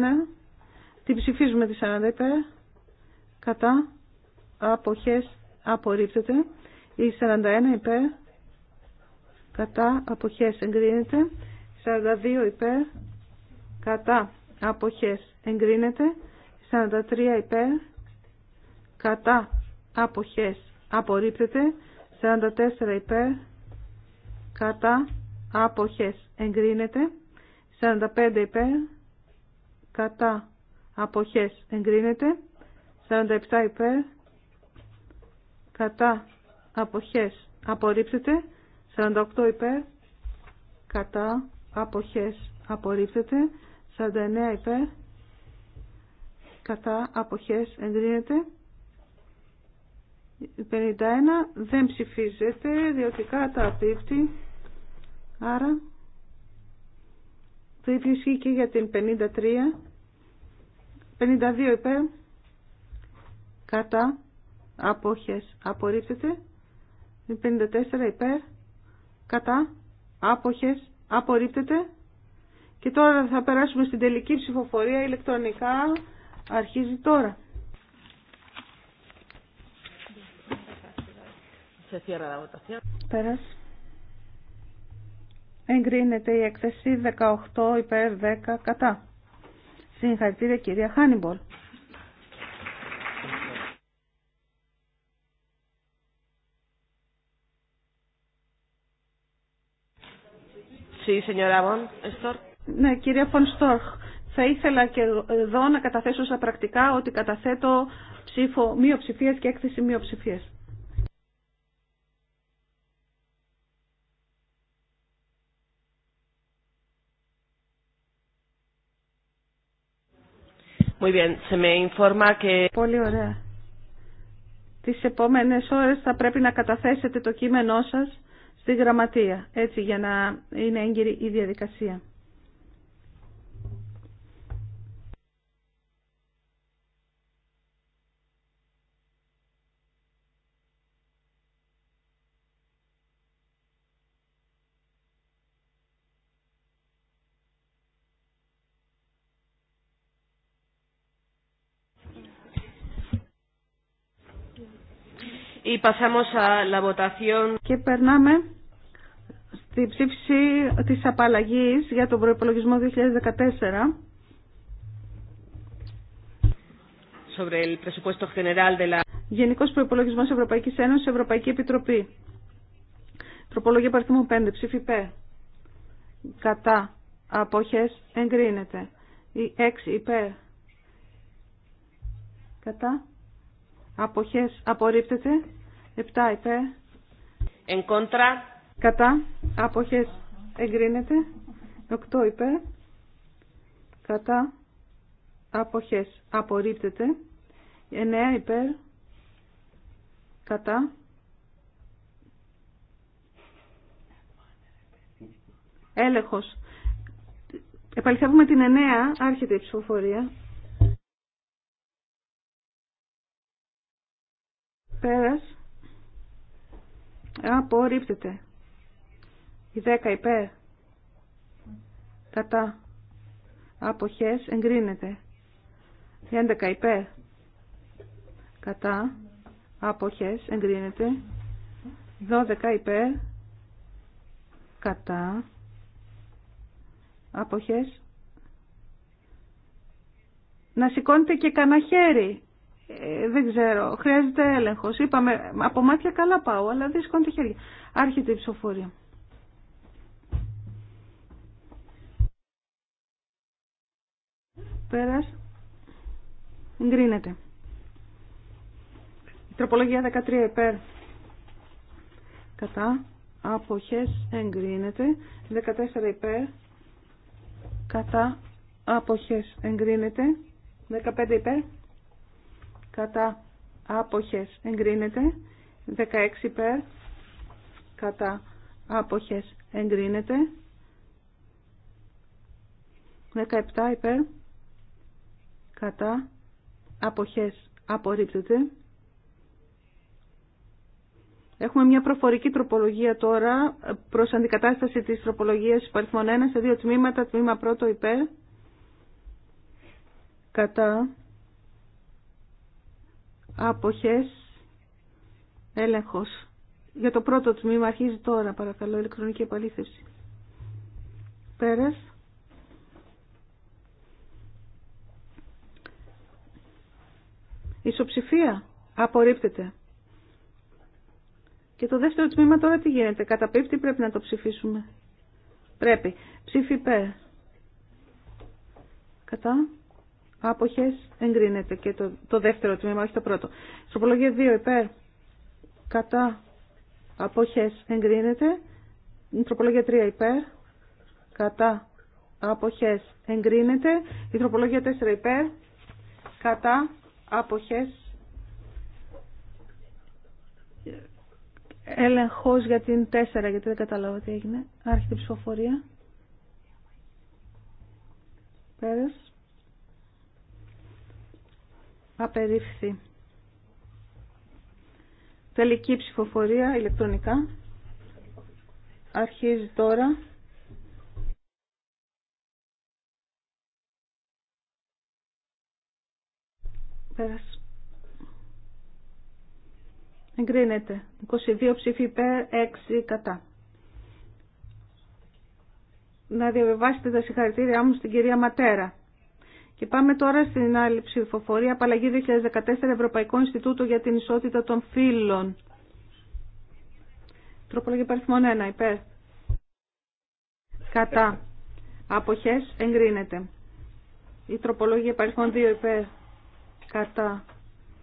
την ψηφίζουμε τη 40 υπέρ κατά αποχές απορρίπτεται. Η 41 υπέρ κατά αποχές εγκρίνεται. 42 υπέρ κατά αποχές εγκρίνεται. 43 υπέρ κατά αποχές απορρίπτεται. 44 υπέρ κατά αποχές εγκρίνεται. 45 υπέρ κατά αποχές εγκρίνεται. 47 υπέρ κατά αποχές απορρίπτεται 48 υπέρ κατά αποχές απορρίπτεται 49 υπέρ κατά αποχές εγκρίνεται 51 δεν ψηφίζεται διότι κατά πίπτη άρα το ίδιο ισχύει και για την 53 52 υπέρ κατά αποχές απορρίπτεται 54 υπέρ κατά αποχές απορρίπτεται και τώρα θα περάσουμε στην τελική ψηφοφορία ηλεκτρονικά αρχίζει τώρα Πέρας. Εγκρίνεται η έκθεση 18 υπέρ 10 κατά. Συγχαρητήρια κυρία Χάνιμπολ. ναι, κυρία Στόρχ, θα ήθελα και εδώ να καταθέσω στα πρακτικά ότι καταθέτω ψήφο μειοψηφίας και έκθεση μειοψηφίας. bien, Πολύ ωραία. Τις επόμενες ώρες θα πρέπει να καταθέσετε το κείμενό σας στη γραμματεία, έτσι για να είναι έγκυρη η διαδικασία. Y pasamos a la votación. Και περνάμε στη ψήφιση της απαλλαγής για τον προϋπολογισμό 2014 sobre el presupuesto general de la... Γενικός Προϋπολογισμός Ευρωπαϊκής Ένωσης, Ευρωπαϊκή Επιτροπή. Τροπολογία παρθήμου 5, ψήφι Πέ. Κατά. Απόχες εγκρίνεται. 6 υπέρ. Κατά. Αποχές απορρίπτεται. 7 υπέρ. En Κατά. Αποχές. Εγκρίνεται. 8 υπέρ. Κατά. Αποχές. Απορρίπτεται. 9 υπέρ. Κατά. Έλεγχος. Επαληθεύουμε την 9. Άρχεται η ψηφοφορία. Πέρας. Απορρίπτεται. Η 10 υπέρ. Κατά. Αποχές εγκρίνεται. Η 11 υπέρ. Κατά. Αποχές εγκρίνεται. 12 υπέρ. Κατά. Αποχές. Να σηκώνετε και κανένα χέρι. Ε, δεν ξέρω. Χρειάζεται έλεγχος. Είπαμε από μάτια καλά πάω, αλλά δεν σηκώνετε χέρια. Άρχεται η ψηφοφορία. Πέρας. Εγκρίνεται. Τροπολογία 13 υπέρ. Κατά. Αποχές εγκρίνεται. 14 υπέρ. Κατά. Αποχές εγκρίνεται. 15 υπέρ. Κατά. Αποχές εγκρίνεται. 16 υπέρ. Κατά. Αποχές εγκρίνεται. 17 υπέρ κατά αποχές απορρίπτεται. Έχουμε μια προφορική τροπολογία τώρα προς αντικατάσταση της τροπολογίας υπαριθμών 1 σε δύο τμήματα, τμήμα πρώτο υπέρ, κατά αποχές έλεγχος. Για το πρώτο τμήμα αρχίζει τώρα παρακαλώ ηλεκτρονική επαλήθευση. Πέρας. Ισοψηφία. Απορρίπτεται. Και το δεύτερο τμήμα τώρα τι γίνεται. Καταπίπτει πρέπει να το ψηφίσουμε. Πρέπει. Ψήφι υπέρ. Κατά. Άποχες εγκρίνεται και το, το δεύτερο τμήμα, όχι το πρώτο. Τροπολογία 2 υπέρ. Κατά. Αποχές εγκρίνεται. Η τροπολογία 3 υπέρ. Κατά. Αποχές εγκρίνεται. Η τροπολογία 4 υπέρ. Κατά άποχες έλεγχος για την 4 γιατί δεν κατάλαβα τι έγινε Άρχισε ψηφοφορία πέρας απερίφθη τελική ψηφοφορία ηλεκτρονικά αρχίζει τώρα Εγκρίνεται. 22 ψήφοι υπέρ, 6 κατά. Να διαβεβάσετε τα συγχαρητήριά μου στην κυρία Ματέρα. Και πάμε τώρα στην άλλη ψηφοφορία, απαλλαγή 2014 Ευρωπαϊκό Ινστιτούτο για την Ισότητα των Φύλων. Τροπολογία παριθμών 1, υπέρ. Κατά. Αποχές εγκρίνεται. Η τροπολογία παριθμών 2, υπέρ κατά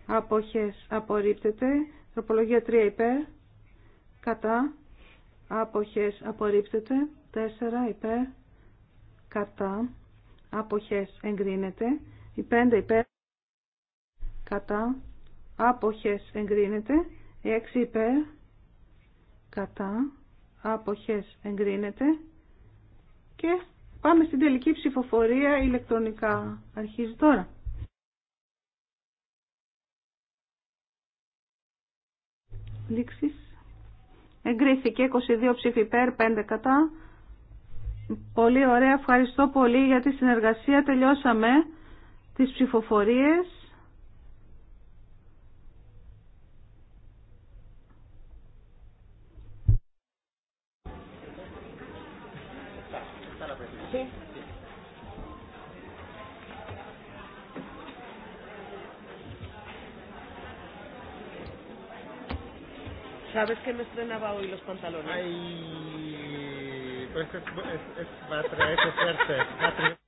αποχές απορρίπτεται. Τροπολογία 3 υπέρ κατά αποχές απορρίπτεται. 4 υπέρ κατά αποχές εγκρίνεται. Η 5 υπέρ κατά άποχες εγκρίνεται, 6 υπέρ κατά άποχες εγκρίνεται και πάμε στην τελική ψηφοφορία ηλεκτρονικά. Αρχίζει τώρα. Εγκρίθηκε 22 ψήφοι υπέρ, 5 κατά. Πολύ ωραία, ευχαριστώ πολύ για τη συνεργασία. Τελειώσαμε τις ψηφοφορίες. Sabes que me estrenaba hoy los pantalones. Ay, pues es, es, es va a traer suerte. Va a traer...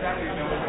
Thank you.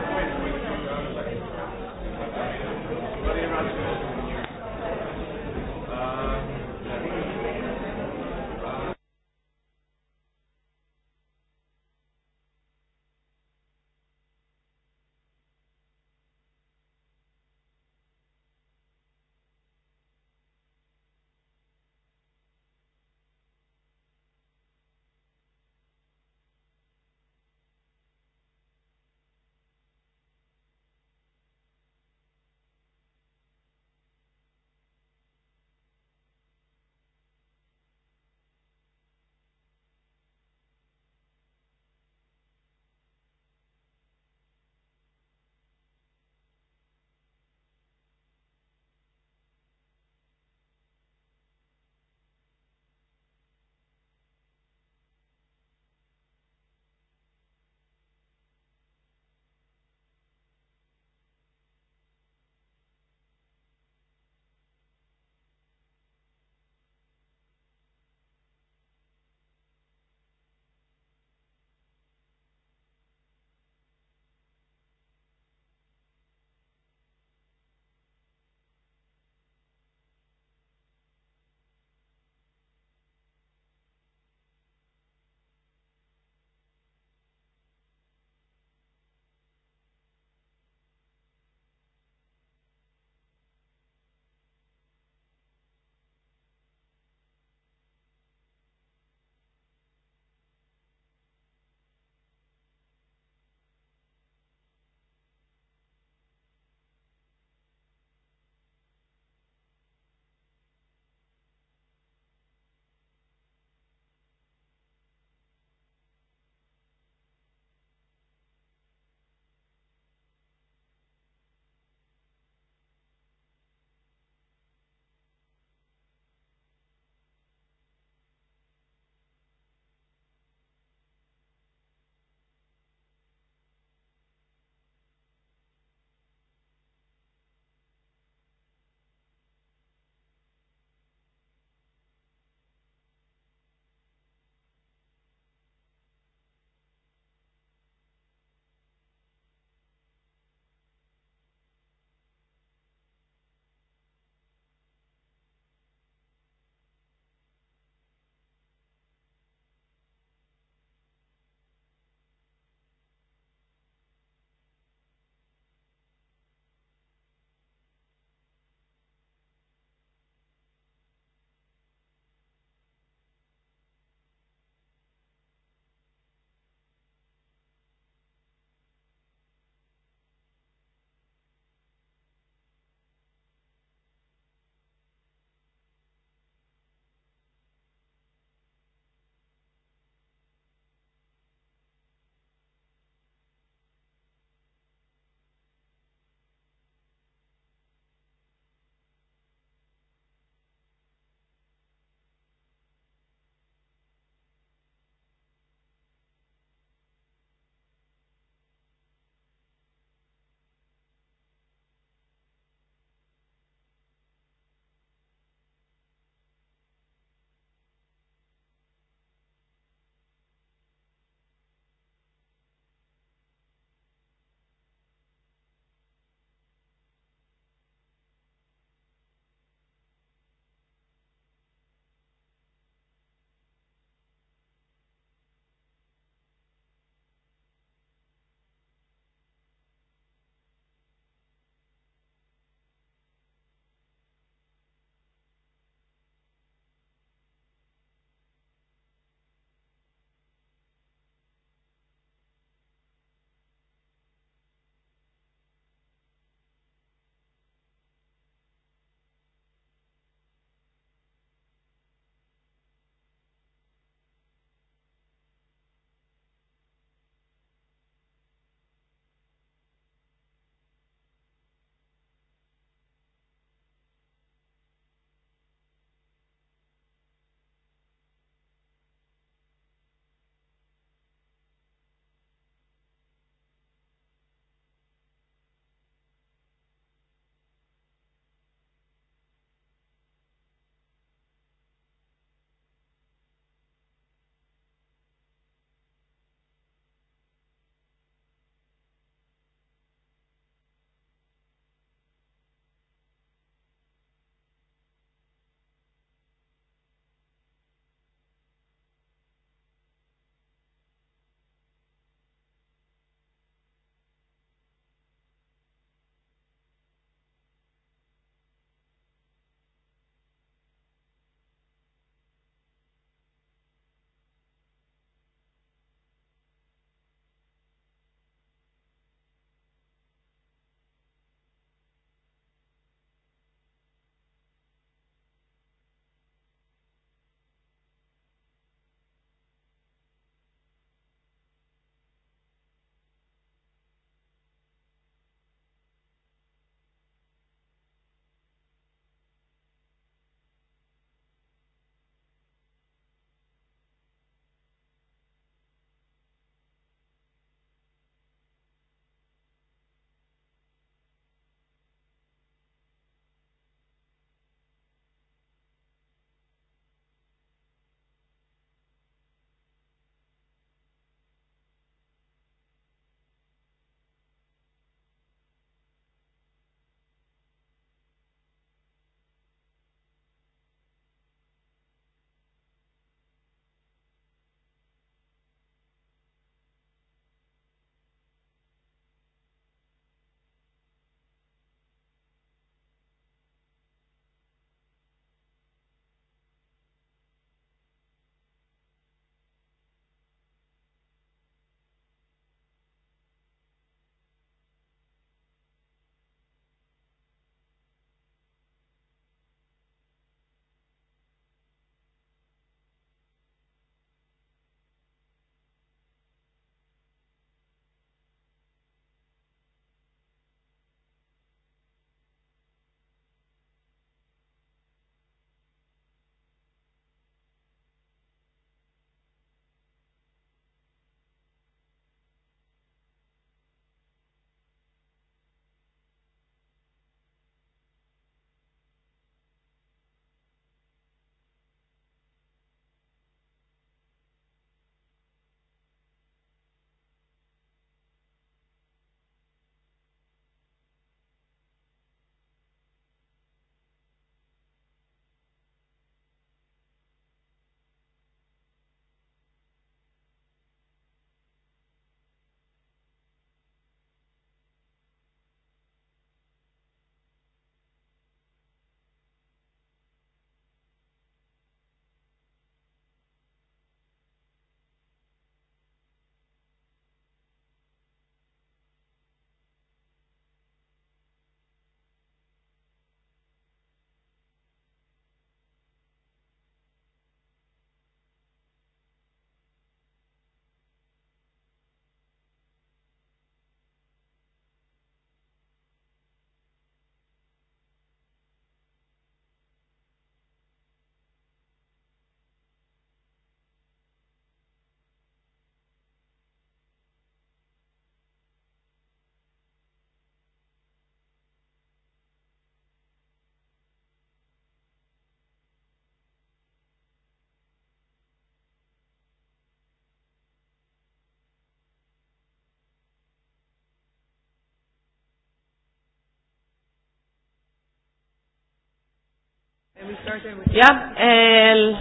Um,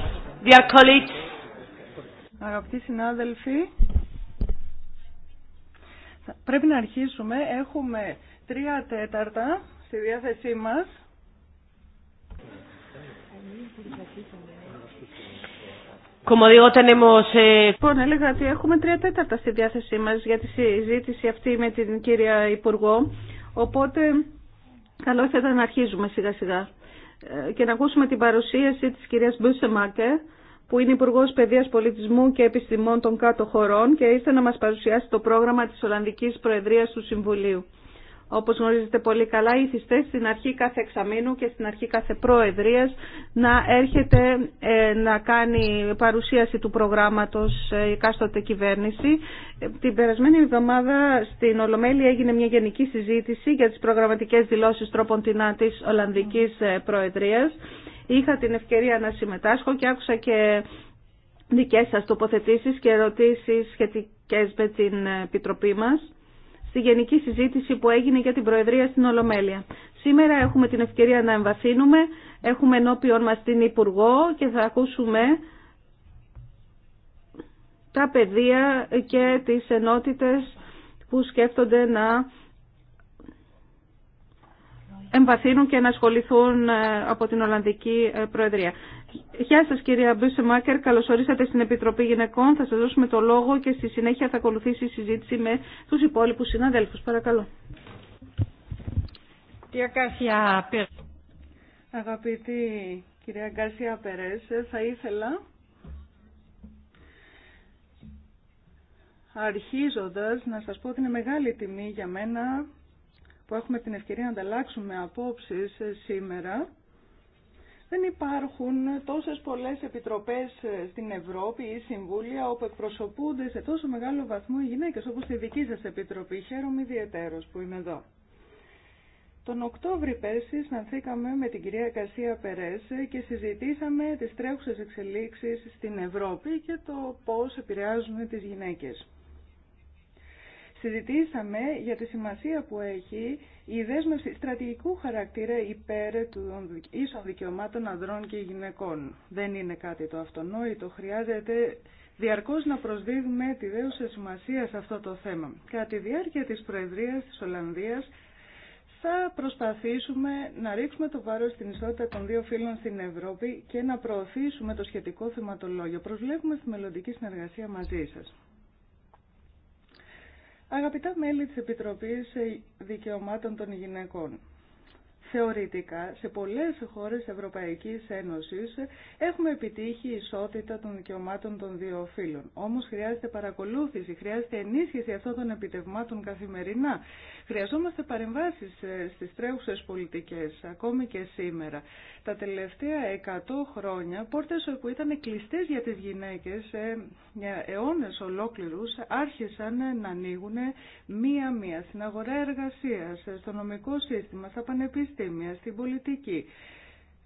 Αγαπητοί συνάδελφοι, πρέπει να αρχίσουμε. Έχουμε τρία τέταρτα στη διάθεσή μας. Eh, λοιπόν, έλεγα ότι έχουμε τρία τέταρτα στη διάθεσή μας για τη συζήτηση αυτή με την κυρία Υπουργό, οπότε καλό θα ήταν να αρχίζουμε σιγά σιγά. Ε, και να ακούσουμε την παρουσίαση της κυρίας Μπούσεμάκε, που είναι Υπουργό Παιδείας Πολιτισμού και Επιστημών των Κάτω Χωρών και ήρθε να μας παρουσιάσει το πρόγραμμα της Ολλανδικής Προεδρίας του Συμβουλίου όπως γνωρίζετε πολύ καλά, ήθιστε στην αρχή κάθε εξαμήνου και στην αρχή κάθε προεδρίας να έρχεται ε, να κάνει παρουσίαση του προγράμματος ε, η κάστοτε κυβέρνηση. Ε, την περασμένη εβδομάδα στην Ολομέλη έγινε μια γενική συζήτηση για τις προγραμματικές δηλώσεις τρόπον τεινά της Ολλανδικής Προεδρίας. Είχα την ευκαιρία να συμμετάσχω και άκουσα και δικές σας τοποθετήσεις και ερωτήσεις σχετικές με την Επιτροπή μας στη γενική συζήτηση που έγινε για την Προεδρία στην Ολομέλεια. Σήμερα έχουμε την ευκαιρία να εμβαθύνουμε, έχουμε ενώπιον μας την Υπουργό και θα ακούσουμε τα παιδιά και τις ενότητες που σκέφτονται να εμβαθύνουν και να ασχοληθούν ε, από την Ολλανδική ε, Προεδρία. Γεια σας κυρία Μάκερ. καλώς ορίσατε στην Επιτροπή Γυναικών. Θα σας δώσουμε το λόγο και στη συνέχεια θα ακολουθήσει η συζήτηση με τους υπόλοιπους συναδέλφους. Παρακαλώ. Αγαπητή κυρία Γκάρσια Περές, θα ήθελα αρχίζοντας να σας πω ότι είναι μεγάλη τιμή για μένα που έχουμε την ευκαιρία να ανταλλάξουμε απόψεις σήμερα δεν υπάρχουν τόσες πολλές επιτροπές ε, στην Ευρώπη ή συμβούλια όπου εκπροσωπούνται σε τόσο μεγάλο βαθμό οι γυναίκες όπως τη δική σας επιτροπή. Χαίρομαι ιδιαίτερος που είμαι εδώ. Τον Οκτώβρη πέρσι συναντήκαμε με την κυρία Κασία Περές και συζητήσαμε τις τρέχουσες εξελίξεις στην Ευρώπη και το πώς επηρεάζουν τις γυναίκες συζητήσαμε για τη σημασία που έχει η δέσμευση στρατηγικού χαρακτήρα υπέρ των ίσων δικαιωμάτων ανδρών και γυναικών. Δεν είναι κάτι το αυτονόητο, χρειάζεται διαρκώς να προσδίδουμε τη δέουσα σημασία σε αυτό το θέμα. Κατά τη διάρκεια της Προεδρίας της Ολλανδίας θα προσπαθήσουμε να ρίξουμε το βάρος στην ισότητα των δύο φύλων στην Ευρώπη και να προωθήσουμε το σχετικό θεματολόγιο. Προσβλέπουμε στη μελλοντική συνεργασία μαζί σας. Αγαπητά μέλη της Επιτροπής Δικαιωμάτων των Γυναικών, Θεωρητικά, σε πολλές χώρες Ευρωπαϊκής Ένωσης έχουμε επιτύχει ισότητα των δικαιωμάτων των δύο φύλων. Όμως χρειάζεται παρακολούθηση, χρειάζεται ενίσχυση αυτών των επιτευμάτων καθημερινά. Χρειαζόμαστε παρεμβάσεις ε, στις τρέχουσες πολιτικές, ακόμη και σήμερα. Τα τελευταία 100 χρόνια, πόρτες που ήταν κλειστές για τις γυναίκες, ε, για αιώνες ολόκληρους, άρχισαν να ανοίγουν μία-μία στην αγορά εργασίας, στο νομικό σύστημα, στα πανεπιστήμια στην πολιτική,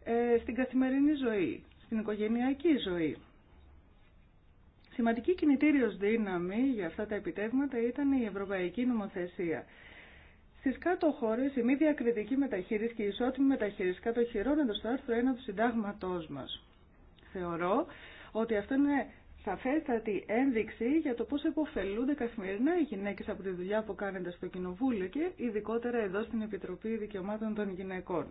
ε, στην καθημερινή ζωή, στην οικογενειακή ζωή. Σημαντική κινητήριος δύναμη για αυτά τα επιτεύγματα ήταν η ευρωπαϊκή νομοθεσία. Στις κάτω χώρε, η μη διακριτική μεταχείριση και η ισότιμη μεταχείριση κατοχυρώνονται στο άρθρο 1 του συντάγματός μας. Θεωρώ ότι αυτό είναι σαφέστατη ένδειξη για το πώς επωφελούνται καθημερινά οι γυναίκες από τη δουλειά που κάνετε στο Κοινοβούλιο και ειδικότερα εδώ στην Επιτροπή Δικαιωμάτων των Γυναικών.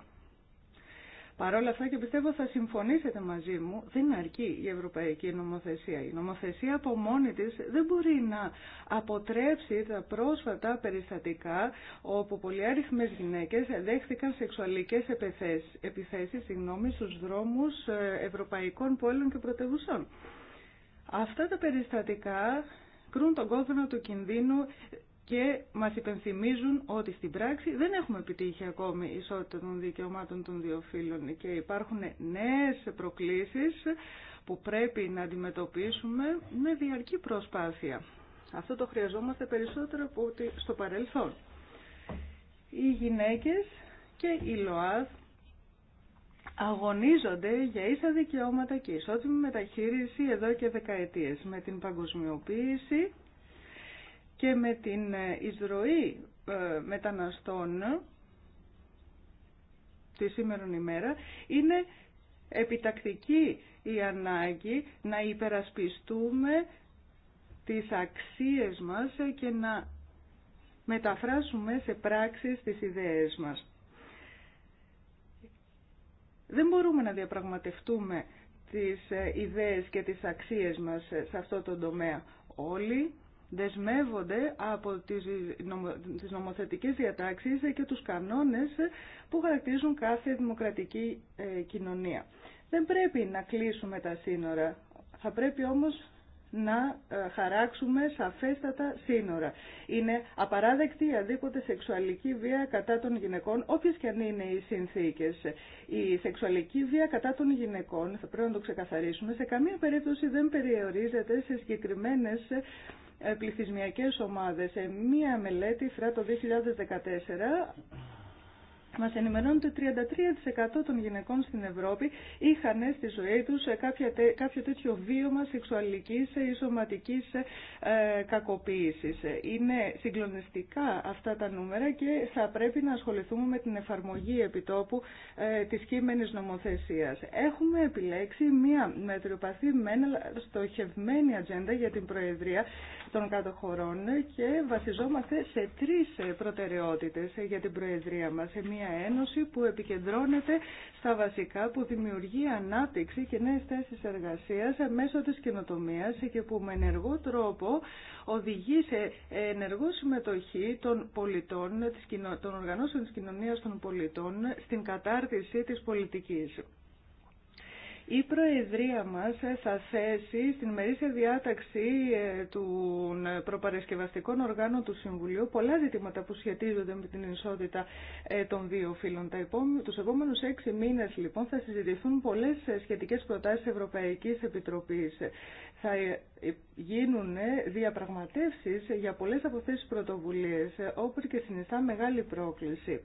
Παρ' όλα αυτά και πιστεύω θα συμφωνήσετε μαζί μου, δεν αρκεί η ευρωπαϊκή νομοθεσία. Η νομοθεσία από μόνη της δεν μπορεί να αποτρέψει τα πρόσφατα περιστατικά όπου πολυάριθμες γυναίκες δέχθηκαν σεξουαλικές επιθέσεις, επιθέσεις συγγνώμη, στους δρόμους ε, ευρωπαϊκών πόλεων και πρωτευουσών. Αυτά τα περιστατικά κρούν τον κόδωνα του κινδύνου και μας υπενθυμίζουν ότι στην πράξη δεν έχουμε επιτύχει ακόμη ισότητα των δικαιωμάτων των δύο φύλων και υπάρχουν νέες προκλήσεις που πρέπει να αντιμετωπίσουμε με διαρκή προσπάθεια. Αυτό το χρειαζόμαστε περισσότερο από ότι στο παρελθόν. Οι γυναίκες και οι ΛΟΑΔ αγωνίζονται για ίσα δικαιώματα και ισότιμη μεταχείριση εδώ και δεκαετίες με την παγκοσμιοποίηση και με την ε, εισρωή ε, μεταναστών τη σήμερα ημέρα είναι επιτακτική η ανάγκη να υπερασπιστούμε τις αξίες μας και να μεταφράσουμε σε πράξεις τις ιδέες μας. Δεν μπορούμε να διαπραγματευτούμε τις ε, ιδέες και τις αξίες μας ε, σε αυτό το τομέα. Όλοι δεσμεύονται από τις νομοθετικές διατάξεις ε, και τους κανόνες που χαρακτηρίζουν κάθε δημοκρατική κοινωνία. Δεν πρέπει να κλείσουμε τα σύνορα. Θα πρέπει όμως να ε, χαράξουμε σαφέστατα σύνορα. Είναι απαράδεκτη η αδίποτε σεξουαλική βία κατά των γυναικών, όποιες και αν είναι οι συνθήκες. Η σεξουαλική βία κατά των γυναικών, θα πρέπει να το ξεκαθαρίσουμε, σε καμία περίπτωση δεν περιορίζεται σε συγκεκριμένες ε, πληθυσμιακές ομάδες. Σε μία μελέτη, φρά το 2014, μας ενημερώνουν ότι 33% των γυναικών στην Ευρώπη είχαν στη ζωή τους κάποιο τέτοιο βίωμα σεξουαλικής ή σωματικής ε, κακοποίησης. Είναι συγκλονιστικά αυτά τα νούμερα και θα πρέπει να ασχοληθούμε με την εφαρμογή επιτόπου ε, της κείμενης νομοθεσίας. Έχουμε επιλέξει μία μετριοπαθή μένα στοχευμένη ατζέντα για την Προεδρία των κατοχωρών και βασιζόμαστε σε τρεις προτεραιότητες για την Προεδρία μας μια ένωση που επικεντρώνεται στα βασικά που δημιουργεί ανάπτυξη και νέες θέσεις εργασίας μέσω της καινοτομία και που με ενεργό τρόπο οδηγεί σε ενεργό συμμετοχή των πολιτών, των οργανώσεων της κοινωνίας των πολιτών στην κατάρτιση της πολιτικής. Η Προεδρία μας θα θέσει στην μερίσια διάταξη ε, των προπαρασκευαστικών οργάνων του Συμβουλίου πολλά ζητήματα που σχετίζονται με την ισότητα ε, των δύο φύλων. Τους επόμενους έξι μήνες λοιπόν θα συζητηθούν πολλές ε, σχετικές προτάσεις Ευρωπαϊκής Επιτροπής. Θα γίνουν διαπραγματεύσεις για πολλές από αυτές τις πρωτοβουλίες, όπου και συνιστά μεγάλη πρόκληση.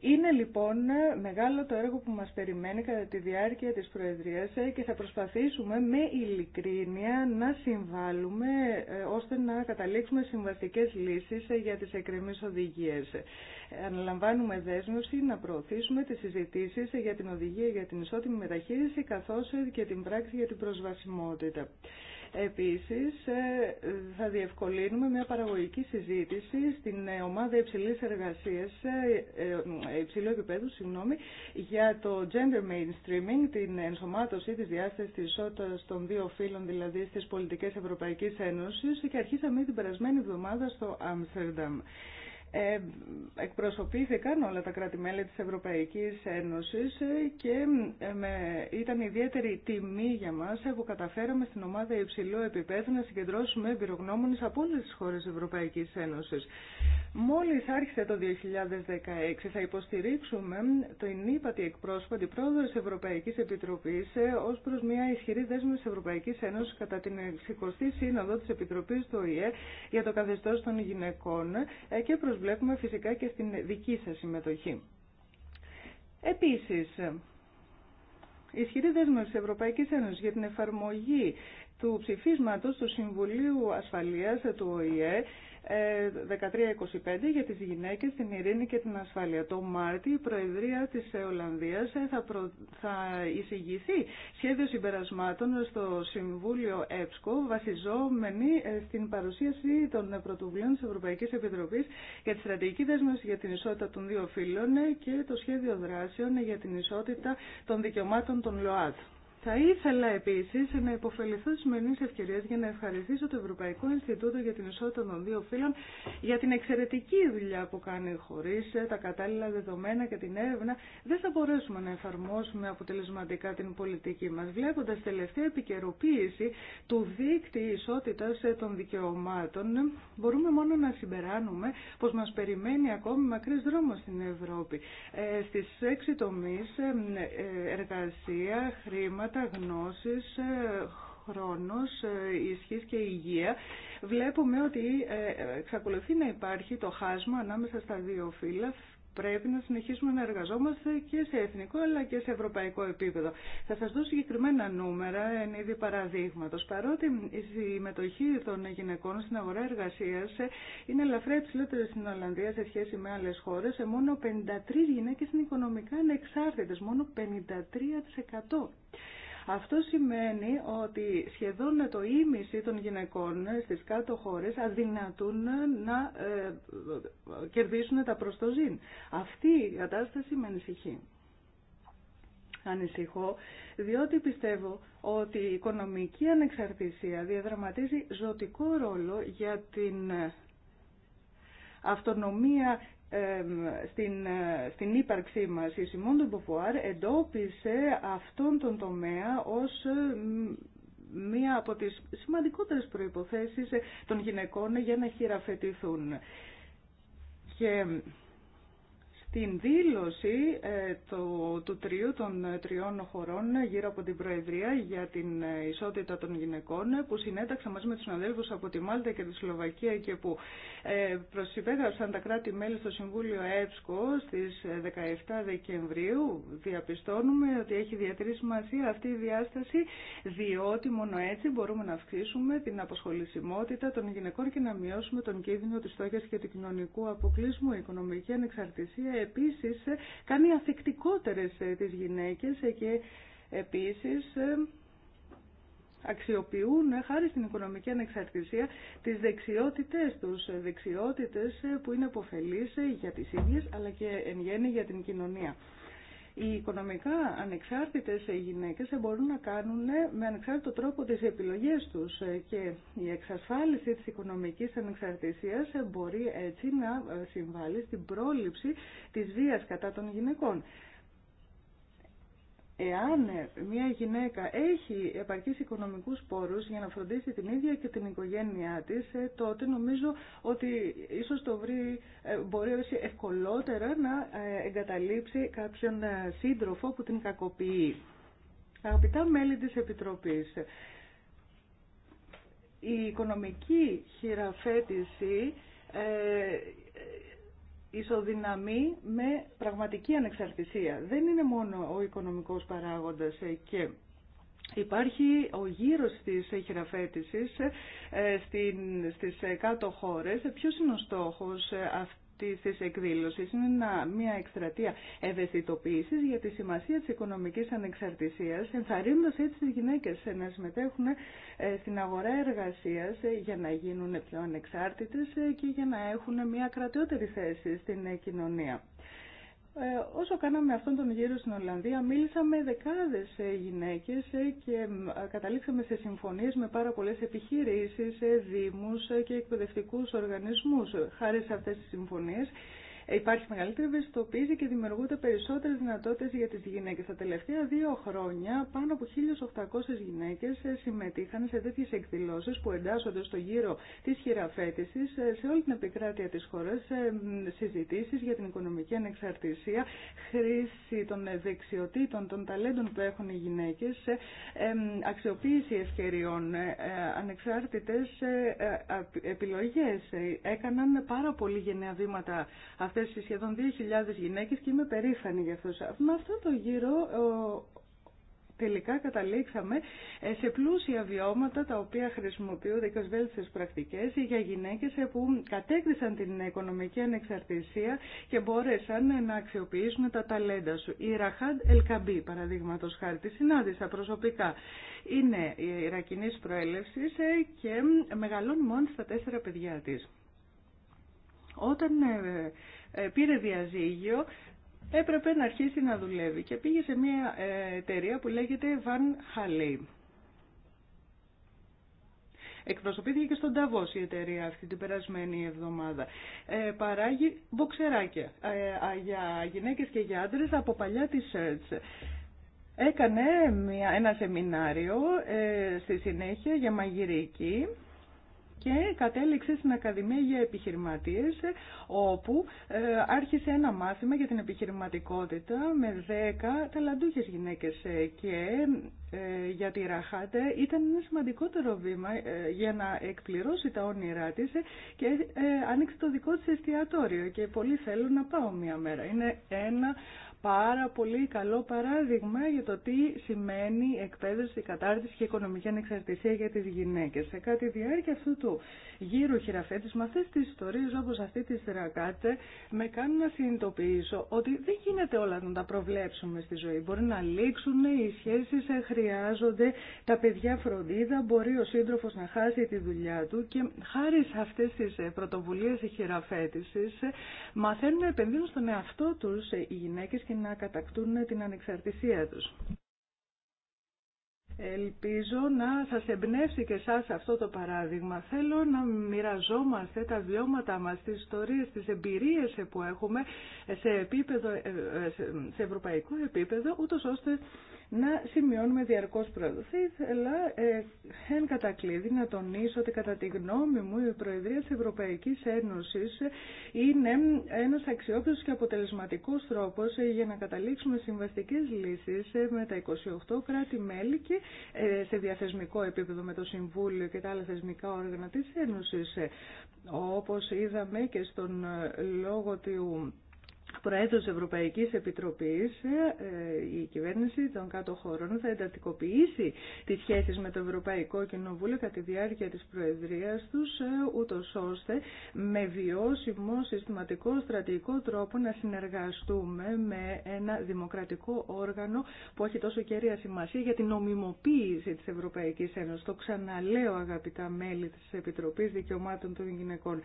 Είναι λοιπόν μεγάλο το έργο που μας περιμένει κατά τη διάρκεια της Προεδρίας και θα προσπαθήσουμε με ειλικρίνεια να συμβάλλουμε ε, ώστε να καταλήξουμε συμβαστικές λύσεις ε, για τις εκκρεμείς οδηγίες. Αναλαμβάνουμε δέσμευση να προωθήσουμε τις συζητήσεις ε, για την οδηγία για την ισότιμη μεταχείριση καθώς και την πράξη για την προσβασιμότητα. Επίσης, ε, θα διευκολύνουμε μια παραγωγική συζήτηση στην ε, ομάδα υψηλής εργασίας, ε, υψηλού επίπεδου, συγγνώμη, για το gender mainstreaming, την ενσωμάτωση της διάστασης της ισότητας των δύο φύλων, δηλαδή στις πολιτικές Ευρωπαϊκής Ένωσης και αρχίσαμε την περασμένη εβδομάδα στο Άμστερνταμ. Ε, εκπροσωπήθηκαν όλα τα κράτη-μέλη της Ευρωπαϊκής Ένωσης ε, και ε, με, ήταν ιδιαίτερη τιμή για μας που καταφέραμε στην ομάδα υψηλού επίπεδου να συγκεντρώσουμε εμπειρογνώμονες από όλες τις χώρες της Ευρωπαϊκής Ένωσης. Μόλις άρχισε το 2016 θα υποστηρίξουμε το ύπατη εκπρόσωπο αντιπρόεδρο της Ευρωπαϊκής Επιτροπής ως προς μια ισχυρή δέσμευση της Ευρωπαϊκής Ένωσης κατά την 60η Σύνοδο της Επιτροπής του ΟΗΕ για το καθεστώς των γυναικών και προς βλέπουμε φυσικά και στην δική σας συμμετοχή. Επίσης, ισχυρή δέσμευση Ευρωπαϊκής Ένωσης για την εφαρμογή του ψηφίσματος του Συμβουλίου Ασφαλείας του ΟΗΕ 1325 ε, για τις γυναίκες, την ειρήνη και την ασφάλεια. Το Μάρτι η Προεδρία της Ολλανδίας ε, θα, προ... θα εισηγηθεί σχέδιο συμπερασμάτων στο Συμβούλιο ΕΠΣΚΟ βασιζόμενη ε, στην παρουσίαση των πρωτοβουλίων της Ευρωπαϊκής Επιτροπής για τη στρατηγική δέσμευση για την ισότητα των δύο φύλων και το σχέδιο δράσεων για την ισότητα των δικαιωμάτων των ΛΟΑΤ. Θα ήθελα επίση να υποφεληθώ τη σημερινή ευκαιρία για να ευχαριστήσω το Ευρωπαϊκό Ινστιτούτο για την Ισότητα των Δύο Φύλων για την εξαιρετική δουλειά που κάνει χωρί τα κατάλληλα δεδομένα και την έρευνα. Δεν θα μπορέσουμε να εφαρμόσουμε αποτελεσματικά την πολιτική μα. Βλέποντα τελευταία επικαιροποίηση του δίκτυ ισότητα των δικαιωμάτων, μπορούμε μόνο να συμπεράνουμε πω μα περιμένει ακόμη μακρύ δρόμο στην Ευρώπη. Ε, Στι έξι τομεί, ε, ε, εργασία, χρήματα θέματα γνώσης, ε, χρόνος, ε, ισχύς και υγεία, βλέπουμε ότι ε, εξακολουθεί να υπάρχει το χάσμα ανάμεσα στα δύο φύλλα πρέπει να συνεχίσουμε να εργαζόμαστε και σε εθνικό αλλά και σε ευρωπαϊκό επίπεδο. Θα σας δώσω συγκεκριμένα νούμερα εν είδη παραδείγματος. Παρότι η συμμετοχή των γυναικών στην αγορά εργασίας είναι ελαφρά υψηλότερη στην Ολλανδία σε σχέση με άλλες χώρες, σε μόνο 53 γυναίκες είναι οικονομικά ανεξάρτητες, μόνο 53%. Αυτό σημαίνει ότι σχεδόν το ίμιση των γυναικών στις κάτω χώρες αδυνατούν να ε, κερδίσουν τα προστοζήν. Αυτή η κατάσταση με ανησυχεί. Ανησυχώ, διότι πιστεύω ότι η οικονομική ανεξαρτησία διαδραματίζει ζωτικό ρόλο για την αυτονομία στην, ε, στην ύπαρξή μας. Η Σιμών Ντομποβουάρ εντόπισε αυτόν τον τομέα ως ε, μία από τις σημαντικότερες προϋποθέσεις ε, των γυναικών για να χειραφετηθούν. Και την δήλωση ε, το, του τρίου των τριών χωρών γύρω από την Προεδρία για την ε, ισότητα των γυναικών που συνέταξα μαζί με τους συναδέλφους από τη Μάλτα και τη Σλοβακία και που ε, προσυπέγραψαν τα κράτη-μέλη στο Συμβούλιο ΕΠΣΚΟ στις 17 ε, Δεκεμβρίου. Διαπιστώνουμε ότι έχει ιδιαίτερη σημασία αυτή η διάσταση διότι μόνο έτσι μπορούμε να αυξήσουμε την αποσχολησιμότητα των γυναικών και να μειώσουμε τον κίνδυνο της στόχιας και του κοινωνικού αποκλείσμου. οικονομική ανεξαρτησία επίσης κάνει αθεκτικότερες ε, τις γυναίκες ε, και επίσης ε, αξιοποιούν χάρη στην οικονομική ανεξαρτησία τις δεξιότητες τους, δεξιότητες που είναι αποφελείς για τις ίδιες αλλά και εν γέννη για την κοινωνία. Οι οικονομικά ανεξάρτητες γυναίκες μπορούν να κάνουν ε, με ανεξάρτητο τρόπο τις επιλογές τους ε, και η εξασφάλιση της οικονομικής ανεξαρτησίας ε, μπορεί έτσι να συμβάλλει στην πρόληψη της βίας κατά των γυναικών. Εάν μια γυναίκα έχει επαρκείς οικονομικούς πόρους για να φροντίσει την ίδια και την οικογένειά της, ε, τότε νομίζω ότι ίσως το βρει, ε, μπορεί ευκολότερα να ε, εγκαταλείψει κάποιον σύντροφο που την κακοποιεί. Αγαπητά μέλη της Επιτροπής, η οικονομική χειραφέτηση ισοδυναμεί με πραγματική ανεξαρτησία. Δεν είναι μόνο ο οικονομικός παράγοντας ε, και Υπάρχει ο γύρος της χειραφέτησης ε, ε, στις κάτω χώρες. Ποιος είναι ο στόχος αυτή τη της είναι μια εκστρατεία ευαισθητοποίηση για τη σημασία τη οικονομική ανεξαρτησία. ενθαρρύνοντα έτσι τις γυναίκες να συμμετέχουν ε, στην αγορά εργασία ε, για να γίνουν πιο ανεξάρτητε ε, και για να έχουν μια κρατιότερη θέση στην κοινωνία. Ε, όσο κάναμε αυτόν τον γύρο στην Ολλανδία, μίλησαμε με δεκάδες ε, γυναίκες ε, και καταλήξαμε σε συμφωνίες με πάρα πολλές επιχειρήσεις, δήμους και εκπαιδευτικούς οργανισμούς. Χάρη σε αυτές τις συμφωνίες υπάρχει μεγαλύτερη ευαισθητοποίηση και δημιουργούνται περισσότερε δυνατότητε για τι γυναίκε. Τα τελευταία δύο χρόνια, πάνω από 1.800 γυναίκε ε, συμμετείχαν σε τέτοιε εκδηλώσει που εντάσσονται στο γύρο τη χειραφέτηση ε, σε όλη την επικράτεια τη χώρα, ε, συζητήσει για την οικονομική ανεξαρτησία, χρήση των δεξιοτήτων, των ταλέντων που έχουν οι γυναίκε, αξιοποίηση ευκαιριών, ανεξάρτητε επιλογέ. Έκαναν πάρα πολύ γενναία βήματα σε οι σχεδόν 2.000 γυναίκες και είμαι περήφανη για αυτό. Με αυτό το γύρο τελικά καταλήξαμε ε, σε πλούσια βιώματα τα οποία χρησιμοποιούνται και ως πρακτικές για γυναίκες ε, που κατέκτησαν την οικονομική ανεξαρτησία και μπόρεσαν ε, να αξιοποιήσουν τα ταλέντα σου. Η Ραχάντ Ελκαμπή, παραδείγματος χάρη, τη συνάντησα προσωπικά. Είναι η Ιρακινής προέλευσης και μεγαλώνει μόνη στα τέσσερα παιδιά της. Όταν ε, πήρε διαζύγιο, έπρεπε να αρχίσει να δουλεύει και πήγε σε μια ε, εταιρεία που λέγεται Van Halley. Εκπροσωπήθηκε και στον Ταβός η εταιρεία αυτή την περασμένη εβδομάδα. Ε, παράγει μποξεράκια ε, για γυναίκες και για άντρες από παλιά τη shirts. Έκανε μια, ένα σεμινάριο στη συνέχεια για μαγειρική και κατέληξε στην Ακαδημία για Επιχειρηματίες όπου ε, άρχισε ένα μάθημα για την επιχειρηματικότητα με 10 ταλαντούχες γυναίκες ε, και ε, για τη Ραχάτε ήταν ένα σημαντικότερο βήμα για να εκπληρώσει τα όνειρά της και άνοιξε το δικό της εστιατόριο και πολύ θέλω να πάω μια μέρα. Είναι ένα πάρα πολύ καλό παράδειγμα για το τι σημαίνει εκπαίδευση, κατάρτιση και οικονομική ανεξαρτησία για τις γυναίκες. Σε κάτι διάρκεια αυτού του γύρου χειραφέτης, με αυτές τις ιστορίες όπως αυτή τη Ρακάτε, με κάνουν να συνειδητοποιήσω ότι δεν γίνεται όλα να τα προβλέψουμε στη ζωή. Μπορεί να λήξουν οι σχέσεις, χρειάζονται τα παιδιά φροντίδα, μπορεί ο σύντροφος να χάσει τη δουλειά του και χάρη σε αυτές τις πρωτοβουλίες χειραφέτησης μαθαίνουν να επενδύουν στον εαυτό τους οι γυναίκες να κατακτούν την ανεξαρτησία τους. Ελπίζω να σας εμπνεύσει και σας αυτό το παράδειγμα. Θέλω να μοιραζόμαστε τα βιώματα μας, τις ιστορίες, τις εμπειρίες που έχουμε σε, επίπεδο, ε, ε, σε ευρωπαϊκό επίπεδο, ούτως ώστε να σημειώνουμε διαρκώς πρόεδρο. Θα ήθελα ε, εν κατακλείδη να τονίσω ότι κατά τη γνώμη μου η Προεδρία της Ευρωπαϊκής Ένωσης είναι ένας αξιόπιστος και αποτελεσματικός τρόπος ε, για να καταλήξουμε συμβαστικές λύσεις ε, με τα 28 κράτη-μέλη και ε, σε διαθεσμικό επίπεδο με το Συμβούλιο και τα άλλα θεσμικά όργανα της Ένωσης. Όπως είδαμε και στον λόγο του Προέδρος Ευρωπαϊκής Επιτροπής, ε, η κυβέρνηση των κάτω χωρών θα εντατικοποιήσει τις σχέσεις με το Ευρωπαϊκό Κοινοβούλιο κατά τη διάρκεια της Προεδρίας τους, ε, ούτως ώστε με βιώσιμο, συστηματικό, στρατηγικό τρόπο να συνεργαστούμε με ένα δημοκρατικό όργανο που έχει τόσο κέρια σημασία για την νομιμοποίηση της Ευρωπαϊκής Ένωσης. Το ξαναλέω αγαπητά μέλη της Επιτροπής Δικαιωμάτων των Γυναικών.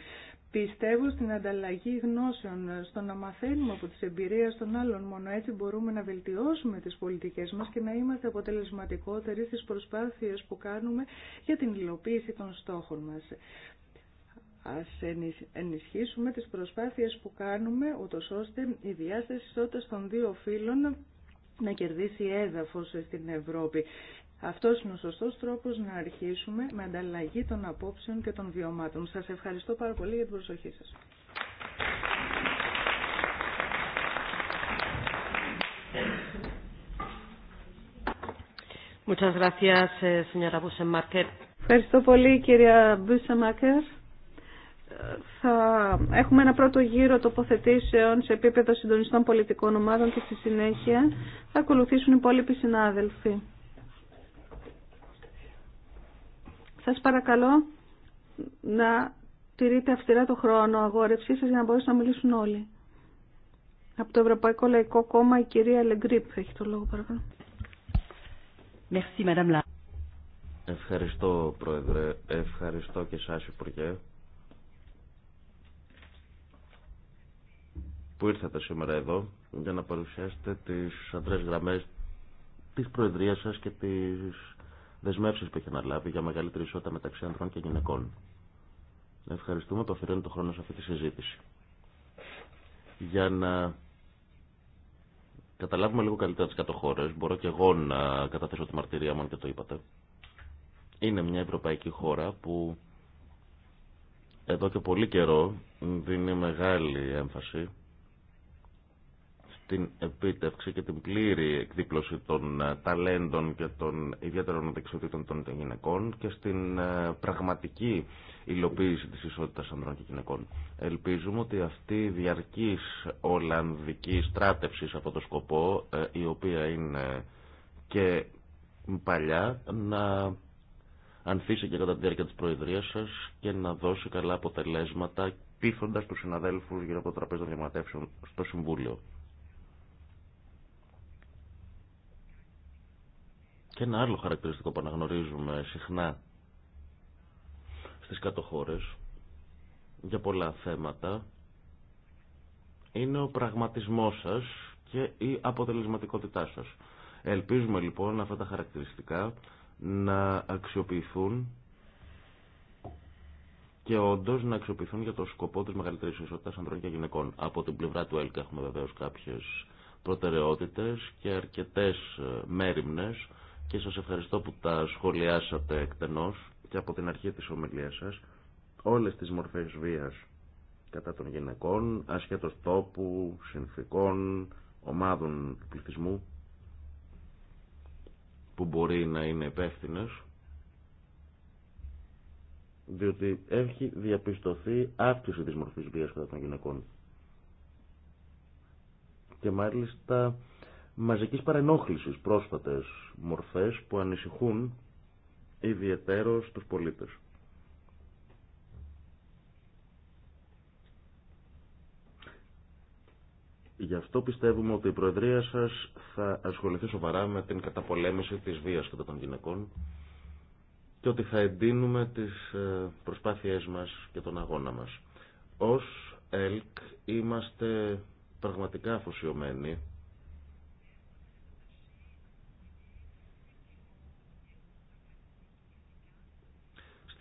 Πιστεύω στην ανταλλαγή γνώσεων, στο να μαθαίνουμε μαθαίνουμε από τις εμπειρίες των άλλων. Μόνο έτσι μπορούμε να βελτιώσουμε τις πολιτικές μας και να είμαστε αποτελεσματικότεροι στις προσπάθειες που κάνουμε για την υλοποίηση των στόχων μας. Ας ενισχύσουμε τις προσπάθειες που κάνουμε, ούτως ώστε η διάσταση ισότητας των δύο φύλων να κερδίσει έδαφος στην Ευρώπη. Αυτό είναι ο σωστός τρόπος να αρχίσουμε με ανταλλαγή των απόψεων και των βιωμάτων. Σα ευχαριστώ πάρα πολύ για την προσοχή σα. Muchas gracias, eh, señora Busenmarker. Ευχαριστώ πολύ, κυρία Μπούσεμακερ. Θα έχουμε ένα πρώτο γύρο τοποθετήσεων σε επίπεδο συντονιστών πολιτικών ομάδων και στη συνέχεια θα ακολουθήσουν οι υπόλοιποι συνάδελφοι. Σας παρακαλώ να τηρείτε αυστηρά το χρόνο αγόρευσή σας για να μπορέσουν να μιλήσουν όλοι. Από το Ευρωπαϊκό Λαϊκό Κόμμα η κυρία Λεγκρίπ έχει το λόγο παρακαλώ. Ευχαριστώ Πρόεδρε, ευχαριστώ και εσάς Υπουργέ που ήρθατε σήμερα εδώ για να παρουσιάσετε τις αντρές γραμμές της Προεδρίας σας και τις δεσμεύσεις που έχει αναλάβει για μεγαλύτερη ισότητα μεταξύ ανδρών και γυναικών. Ευχαριστούμε που αφιερώνει το χρόνο σε αυτή τη συζήτηση για να καταλάβουμε λίγο καλύτερα τις κατοχώρες, μπορώ και εγώ να καταθέσω τη μαρτυρία μου αν και το είπατε. Είναι μια ευρωπαϊκή χώρα που εδώ και πολύ καιρό δίνει μεγάλη έμφαση την επίτευξη και την πλήρη εκδίπλωση των ε, ταλέντων και των ιδιαίτερων δεξιοτήτων των γυναικών και στην ε, πραγματική υλοποίηση της ισότητας ανδρών και γυναικών. Ελπίζουμε ότι αυτή η διαρκής Ολλανδική στράτευση από το σκοπό, ε, η οποία είναι και παλιά, να ανθίσει και κατά τη διάρκεια της Προεδρίας σας και να δώσει καλά αποτελέσματα πείθοντας τους συναδέλφους γύρω από το τραπέζι των στο Συμβούλιο. Και ένα άλλο χαρακτηριστικό που αναγνωρίζουμε συχνά στις κατοχώρες για πολλά θέματα είναι ο πραγματισμός σας και η αποτελεσματικότητά σας. Ελπίζουμε λοιπόν αυτά τα χαρακτηριστικά να αξιοποιηθούν και όντω να αξιοποιηθούν για το σκοπό της μεγαλύτερης ισότητα ανδρών και γυναικών. Από την πλευρά του ΕΛΚΑ έχουμε βεβαίως κάποιε προτεραιότητες και αρκετέ ε, μέρημνες και σας ευχαριστώ που τα σχολιάσατε εκτενώς και από την αρχή της ομιλίας σας όλες τις μορφές βίας κατά των γυναικών, ασχέτως τόπου, συνθήκων, ομάδων πληθυσμού που μπορεί να είναι υπεύθυνε, διότι έχει διαπιστωθεί αύξηση της μορφής βίας κατά των γυναικών. Και μάλιστα μαζικής παρενόχλησης, πρόσφατες μορφές που ανησυχούν ιδιαιτέρως τους πολίτες. Γι' αυτό πιστεύουμε ότι η Προεδρία σας θα ασχοληθεί σοβαρά με την καταπολέμηση της βίας κατά των γυναικών και ότι θα εντείνουμε τις ε, προσπάθειές μας και τον αγώνα μας. Ως ΕΛΚ είμαστε πραγματικά αφοσιωμένοι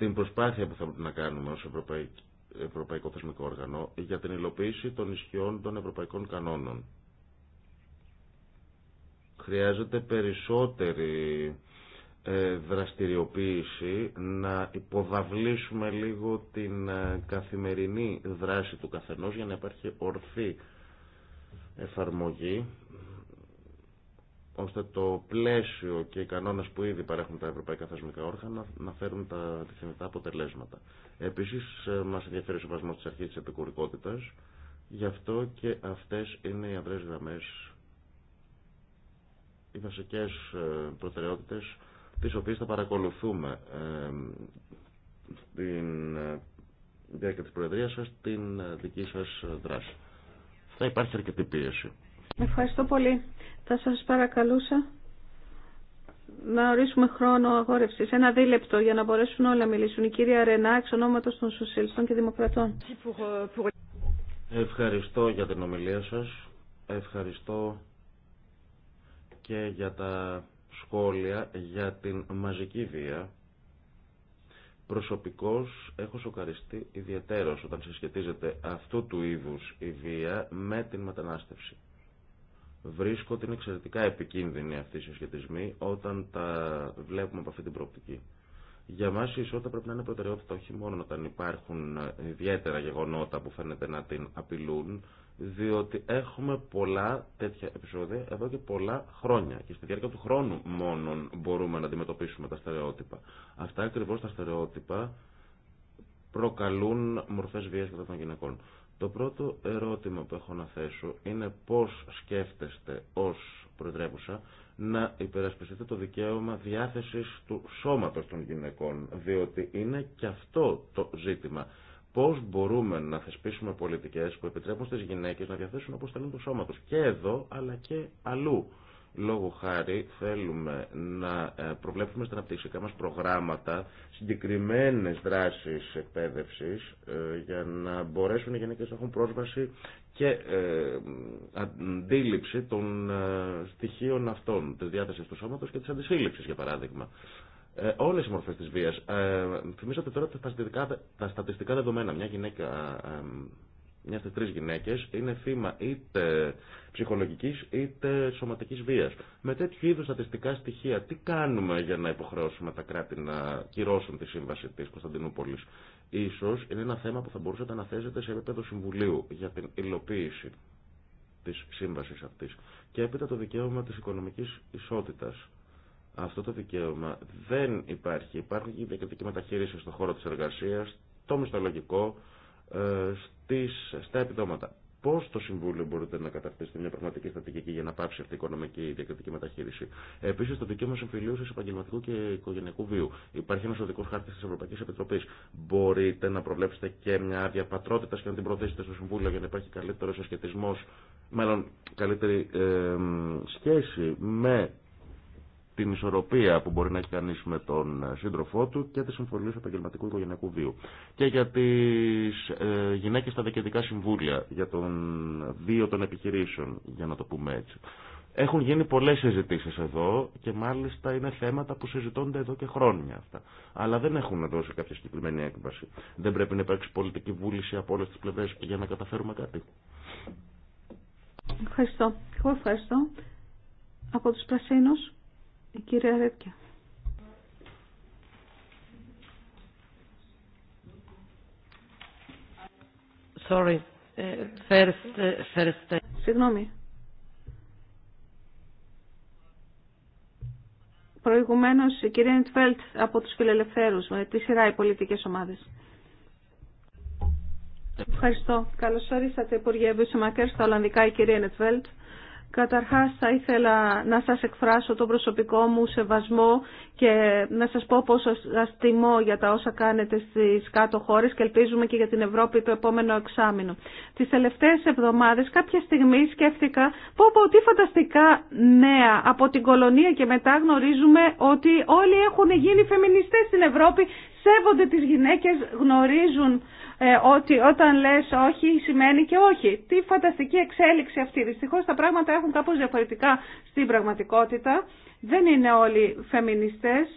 Την προσπάθεια που θα πρέπει να κάνουμε ως Ευρωπαϊκό Θεσμικό Όργανο για την υλοποίηση των ισχυών των ευρωπαϊκών κανόνων. Χρειάζεται περισσότερη ε, δραστηριοποίηση να υποδαβλίσουμε λίγο την ε, καθημερινή δράση του καθενός για να υπάρχει ορθή εφαρμογή ώστε το πλαίσιο και οι κανόνες που ήδη παρέχουν τα ευρωπαϊκά θεσμικά όργανα να φέρουν τα επιθυμητά αποτελέσματα. Επίσης, ε, μας ενδιαφέρει ο σεβασμός της αρχής της επικουρικότητας, γι' αυτό και αυτές είναι οι αδρές γραμμές, οι βασικές ε, προτεραιότητες, τις οποίες θα παρακολουθούμε στην ε, διάρκεια της Προεδρίας σας, την δική σας δράση. Θα υπάρχει αρκετή πίεση Ευχαριστώ πολύ. Θα σας παρακαλούσα να ορίσουμε χρόνο αγόρευσης. Ένα δίλεπτο για να μπορέσουν όλα να μιλήσουν. Η κυρία Ρενά, εξ ονόματος των Σοσιαλιστών και Δημοκρατών. Ευχαριστώ για την ομιλία σας. Ευχαριστώ και για τα σχόλια για την μαζική βία. Προσωπικώς έχω σοκαριστεί ιδιαίτερος όταν συσχετίζεται αυτού του είδους η βία με την μετανάστευση. Βρίσκω ότι είναι εξαιρετικά επικίνδυνοι αυτοί οι συσχετισμοί όταν τα βλέπουμε από αυτή την προοπτική. Για μα η ισότητα πρέπει να είναι προτεραιότητα όχι μόνο όταν υπάρχουν ιδιαίτερα γεγονότα που φαίνεται να την απειλούν, διότι έχουμε πολλά τέτοια επεισόδια εδώ και πολλά χρόνια. Και στη διάρκεια του χρόνου μόνο μπορούμε να αντιμετωπίσουμε τα στερεότυπα. Αυτά ακριβώ τα στερεότυπα προκαλούν μορφέ βία κατά των γυναικών. Το πρώτο ερώτημα που έχω να θέσω είναι πώς σκέφτεστε ως Προεδρεύουσα να υπερασπιστείτε το δικαίωμα διάθεσης του σώματος των γυναικών, διότι είναι και αυτό το ζήτημα. Πώς μπορούμε να θεσπίσουμε πολιτικές που επιτρέπουν στις γυναίκες να διαθέσουν όπως θέλουν το σώμα τους, και εδώ αλλά και αλλού Λόγω χάρη θέλουμε να ε, προβλέψουμε στα αναπτυξικά μας προγράμματα συγκεκριμένες δράσεις εκπαίδευσης ε, για να μπορέσουν οι γυναίκες να έχουν πρόσβαση και ε, αντίληψη των στοιχείων αυτών, της διάθεσης του σώματος και της αντισύλληψης για παράδειγμα. Ε, όλες οι μορφές της βίας. Ε, τώρα τα στατιστικά, τα στατιστικά δεδομένα. Μια γυναίκα μια στι τρει γυναίκε είναι θύμα είτε ψυχολογική είτε σωματική βία. Με τέτοιου είδου στατιστικά στοιχεία, τι κάνουμε για να υποχρεώσουμε τα κράτη να κυρώσουν τη σύμβαση τη Κωνσταντινούπολη. Σω είναι ένα θέμα που θα μπορούσατε να θέσετε σε επίπεδο συμβουλίου για την υλοποίηση τη σύμβαση αυτή. Και έπειτα το δικαίωμα τη οικονομική ισότητα. Αυτό το δικαίωμα δεν υπάρχει. Υπάρχει διακριτική μεταχείριση στον χώρο τη εργασία, το μισθολογικό, ε, στις, στα επιδόματα. Πώ το Συμβούλιο μπορείτε να καταρτήσετε μια πραγματική στρατηγική για να πάψει αυτή η οικονομική διακριτική μεταχείριση. Επίση, το δικαίωμα συμφιλίωση επαγγελματικού και οικογενειακού βίου. Υπάρχει ένα οδικό χάρτη τη Ευρωπαϊκή Επιτροπή. Μπορείτε να προβλέψετε και μια άδεια πατρότητα και να την προθέσετε στο Συμβούλιο για να υπάρχει καλύτερο συσχετισμό, μάλλον καλύτερη ε, σχέση με την ισορροπία που μπορεί να έχει κανεί με τον ε, σύντροφό του και τι συμφωνίε επαγγελματικού οικογενειακού βίου. Και για τι ε, γυναίκε στα δικαιωτικά συμβούλια, για τον βίο των επιχειρήσεων, για να το πούμε έτσι. Έχουν γίνει πολλέ συζητήσει εδώ και μάλιστα είναι θέματα που συζητώνται εδώ και χρόνια αυτά. Αλλά δεν έχουν δώσει κάποια συγκεκριμένη έκβαση. Δεν πρέπει να υπάρξει πολιτική βούληση από όλε τι πλευρέ για να καταφέρουμε κάτι. Ευχαριστώ. Εγώ ευχαριστώ. Από του Πρασίνου. Η κυρία Ρέτκια. Sorry. Ε, first, ε, first. Ε. Συγγνώμη. Προηγουμένως η κυρία Νιτφέλτ από τους φιλελευθέρους με τη σειρά οι πολιτικές ομάδες. Ευχαριστώ. Καλώς ορίσατε Υπουργέ Μπουσιμακέρ στα Ολλανδικά η κυρία Νιτφέλτ. Καταρχάς θα ήθελα να σας εκφράσω τον προσωπικό μου σεβασμό και να σας πω πόσο σας τιμώ για τα όσα κάνετε στις κάτω χώρες και ελπίζουμε και για την Ευρώπη το επόμενο εξάμεινο. Τις τελευταίες εβδομάδες κάποια στιγμή σκέφτηκα πω πω τι φανταστικά νέα από την κολονία και μετά γνωρίζουμε ότι όλοι έχουν γίνει φεμινιστές στην Ευρώπη, σέβονται τις γυναίκες, γνωρίζουν ε, ότι όταν λες όχι σημαίνει και όχι. Τι φανταστική εξέλιξη αυτή. Δυστυχώς τα πράγματα έχουν κάπως διαφορετικά στην πραγματικότητα. Δεν είναι όλοι φεμινιστές.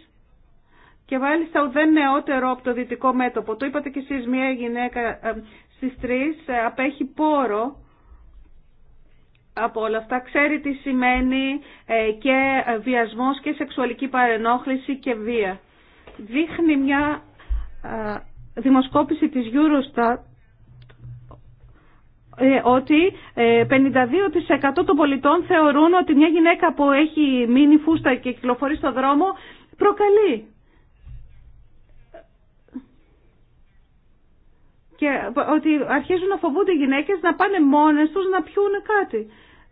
Και μάλιστα ουδέν νεότερο από το δυτικό μέτωπο. Το είπατε κι εσείς μια γυναίκα ε, στις τρεις ε, απέχει πόρο από όλα αυτά. Ξέρει τι σημαίνει και βιασμός και σεξουαλική παρενόχληση και βία. Δείχνει μια δημοσκόπηση της Eurostat ε, ότι 52% ε, των πολιτών θεωρούν ότι μια γυναίκα που έχει μείνει φούστα και κυκλοφορεί στο δρόμο προκαλεί. Και ότι αρχίζουν να φοβούνται οι γυναίκες να πάνε μόνες τους να πιούν κάτι.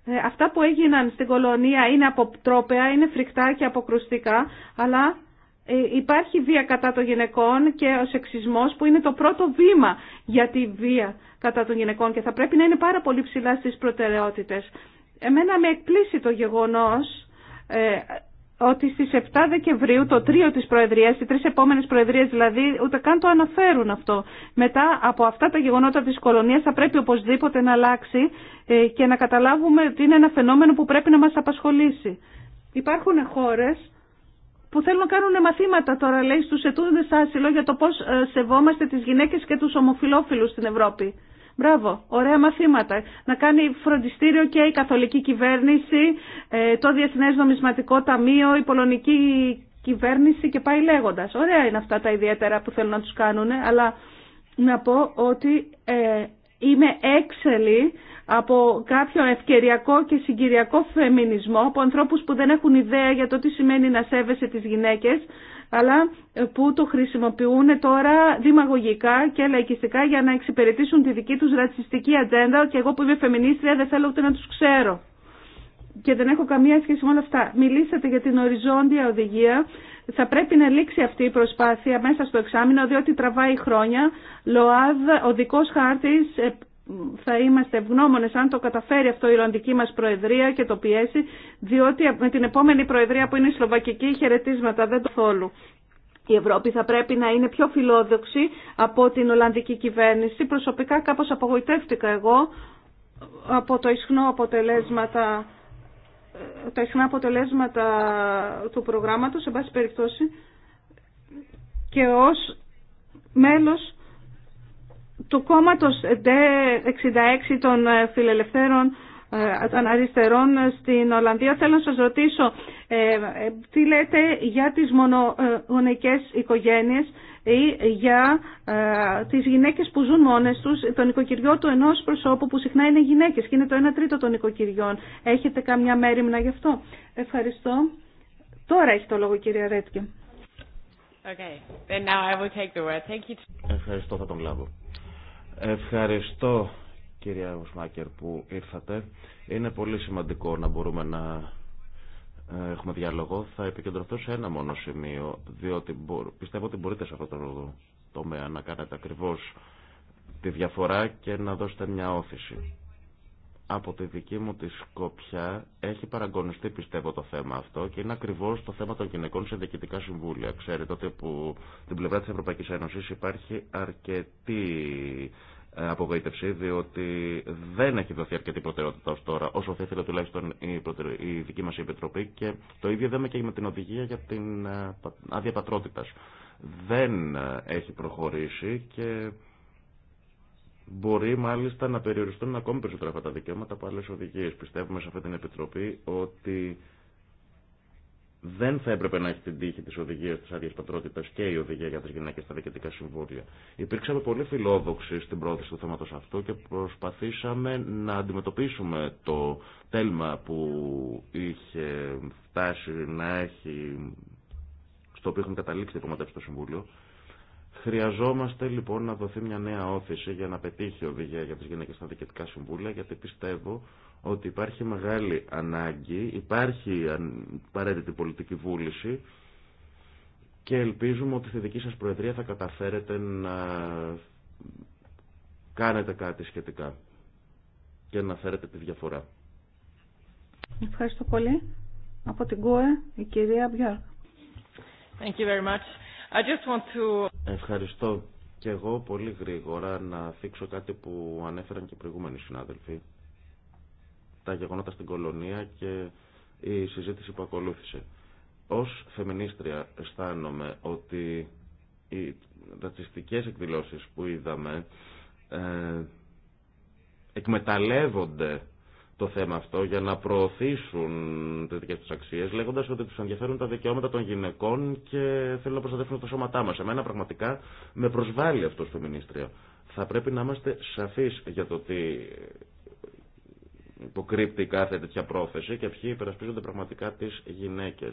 Ε, αυτά που έγιναν στην κολονία είναι αποτρόπαια, είναι φρικτά και αποκρουστικά, αλλά ε, υπάρχει βία κατά των γυναικών και ο σεξισμός που είναι το πρώτο βήμα για τη βία κατά των γυναικών και θα πρέπει να είναι πάρα πολύ ψηλά στις προτεραιότητες. Εμένα με εκπλήσει το γεγονός ε, ότι στις 7 Δεκεμβρίου το τρίο της Προεδρίας, οι τρεις επόμενες Προεδρίες δηλαδή, ούτε καν το αναφέρουν αυτό. Μετά από αυτά τα γεγονότα της κολονίας θα πρέπει οπωσδήποτε να αλλάξει ε, και να καταλάβουμε ότι είναι ένα φαινόμενο που πρέπει να μας απασχολήσει. Υπάρχουν χώρες που θέλουν να κάνουν μαθήματα τώρα, λέει, στους ετούντες άσυλο για το πώς ε, σεβόμαστε τις γυναίκες και τους ομοφιλόφιλους στην Ευρώπη. Μπράβο, ωραία μαθήματα. Να κάνει φροντιστήριο και η καθολική κυβέρνηση, ε, το Διεθνές Νομισματικό Ταμείο, η πολωνική κυβέρνηση και πάει λέγοντας. Ωραία είναι αυτά τα ιδιαίτερα που θέλουν να τους κάνουν, αλλά να πω ότι ε, είμαι έξελη από κάποιο ευκαιριακό και συγκυριακό φεμινισμό, από ανθρώπους που δεν έχουν ιδέα για το τι σημαίνει να σέβεσαι τις γυναίκες, αλλά που το χρησιμοποιούν τώρα δημαγωγικά και λαϊκιστικά για να εξυπηρετήσουν τη δική τους ρατσιστική ατζέντα και εγώ που είμαι φεμινίστρια δεν θέλω ούτε να τους ξέρω. Και δεν έχω καμία σχέση με όλα αυτά. Μιλήσατε για την οριζόντια οδηγία. Θα πρέπει να λήξει αυτή η προσπάθεια μέσα στο εξάμεινο, διότι τραβάει χρόνια. ΛΟΑΔ, ο δικός χάρτης, θα είμαστε ευγνώμονε αν το καταφέρει αυτό η Ολλανδική μα Προεδρία και το πιέσει, διότι με την επόμενη Προεδρία που είναι η Σλοβακική, χαιρετίσματα δεν το θόλου. Η Ευρώπη θα πρέπει να είναι πιο φιλόδοξη από την Ολλανδική κυβέρνηση. Προσωπικά κάπως απογοητεύτηκα εγώ από το ισχνό αποτελέσματα, τα ισχνά αποτελέσματα του προγράμματος, σε πάση περιπτώσει, και ως μέλος του κόμματος D66 των ε, φιλελευθέρων ε, των αριστερών ε, στην Ολλανδία. Θέλω να σας ρωτήσω τι λέτε για τις μονογονικές οικογένειες ή για τις γυναίκες που ζουν μόνες τους, τον οικοκυριό του ενός προσώπου που συχνά είναι γυναίκες και είναι το 1 τρίτο των οικοκυριών. Έχετε καμιά μέρημνα γι' αυτό. Ευχαριστώ. Τώρα έχει το λόγο κυρία Ρέτκε. Okay. Ευχαριστώ, θα τον λάβω. Ευχαριστώ κυρία Ουσμάκερ που ήρθατε. Είναι πολύ σημαντικό να μπορούμε να ε, έχουμε διάλογο. Θα επικεντρωθώ σε ένα μόνο σημείο, διότι πιστεύω ότι μπορείτε σε αυτό το τομέα να κάνετε ακριβώς τη διαφορά και να δώσετε μια όθηση από τη δική μου τη Σκόπια έχει παραγκονιστεί πιστεύω το θέμα αυτό και είναι ακριβώ το θέμα των γυναικών σε διοικητικά συμβούλια. Ξέρετε ότι από την πλευρά τη Ευρωπαϊκή Ένωση υπάρχει αρκετή ε, απογοήτευση, διότι δεν έχει δοθεί αρκετή προτεραιότητα ω τώρα, όσο θα ήθελε τουλάχιστον η, δική μα Επιτροπή και το ίδιο είδαμε και με την οδηγία για την ε, άδεια Δεν ε, έχει προχωρήσει και Μπορεί μάλιστα να περιοριστούν ακόμη περισσότερα αυτά τα δικαιώματα από άλλε οδηγίε. Πιστεύουμε σε αυτή την Επιτροπή ότι δεν θα έπρεπε να έχει την τύχη τη οδηγία τη άδεια πατρότητα και η οδηγία για τι γυναίκε στα διοικητικά συμβούλια. Υπήρξαμε πολύ φιλόδοξοι στην πρόθεση του θέματο αυτού και προσπαθήσαμε να αντιμετωπίσουμε το τέλμα που είχε φτάσει να έχει, στο οποίο είχαν καταλήξει οι διαπραγματεύσει στο Συμβούλιο. Χρειαζόμαστε λοιπόν να δοθεί μια νέα όθηση για να πετύχει ο οδηγία για τις γυναίκες στα διοικητικά συμβούλια, γιατί πιστεύω ότι υπάρχει μεγάλη ανάγκη, υπάρχει απαραίτητη πολιτική βούληση και ελπίζουμε ότι στη δική σας Προεδρία θα καταφέρετε να κάνετε κάτι σχετικά και να φέρετε τη διαφορά. Ευχαριστώ πολύ. Από την ΚΟΕ, η κυρία Ευχαριστώ και εγώ πολύ γρήγορα να θίξω κάτι που ανέφεραν και οι προηγούμενοι συνάδελφοι. Τα γεγονότα στην κολονία και η συζήτηση που ακολούθησε. Ως φεμινίστρια αισθάνομαι ότι οι ρατσιστικές εκδηλώσεις που είδαμε ε, εκμεταλλεύονται το θέμα αυτό για να προωθήσουν τι δικέ του αξίε, λέγοντα ότι του ενδιαφέρουν τα δικαιώματα των γυναικών και θέλουν να προστατεύσουν τα σώματά μα. Εμένα πραγματικά με προσβάλλει αυτό στο μηνύστριο. Θα πρέπει να είμαστε σαφεί για το ότι υποκρύπτει κάθε τέτοια πρόθεση και ποιοι υπερασπίζονται πραγματικά τι γυναίκε.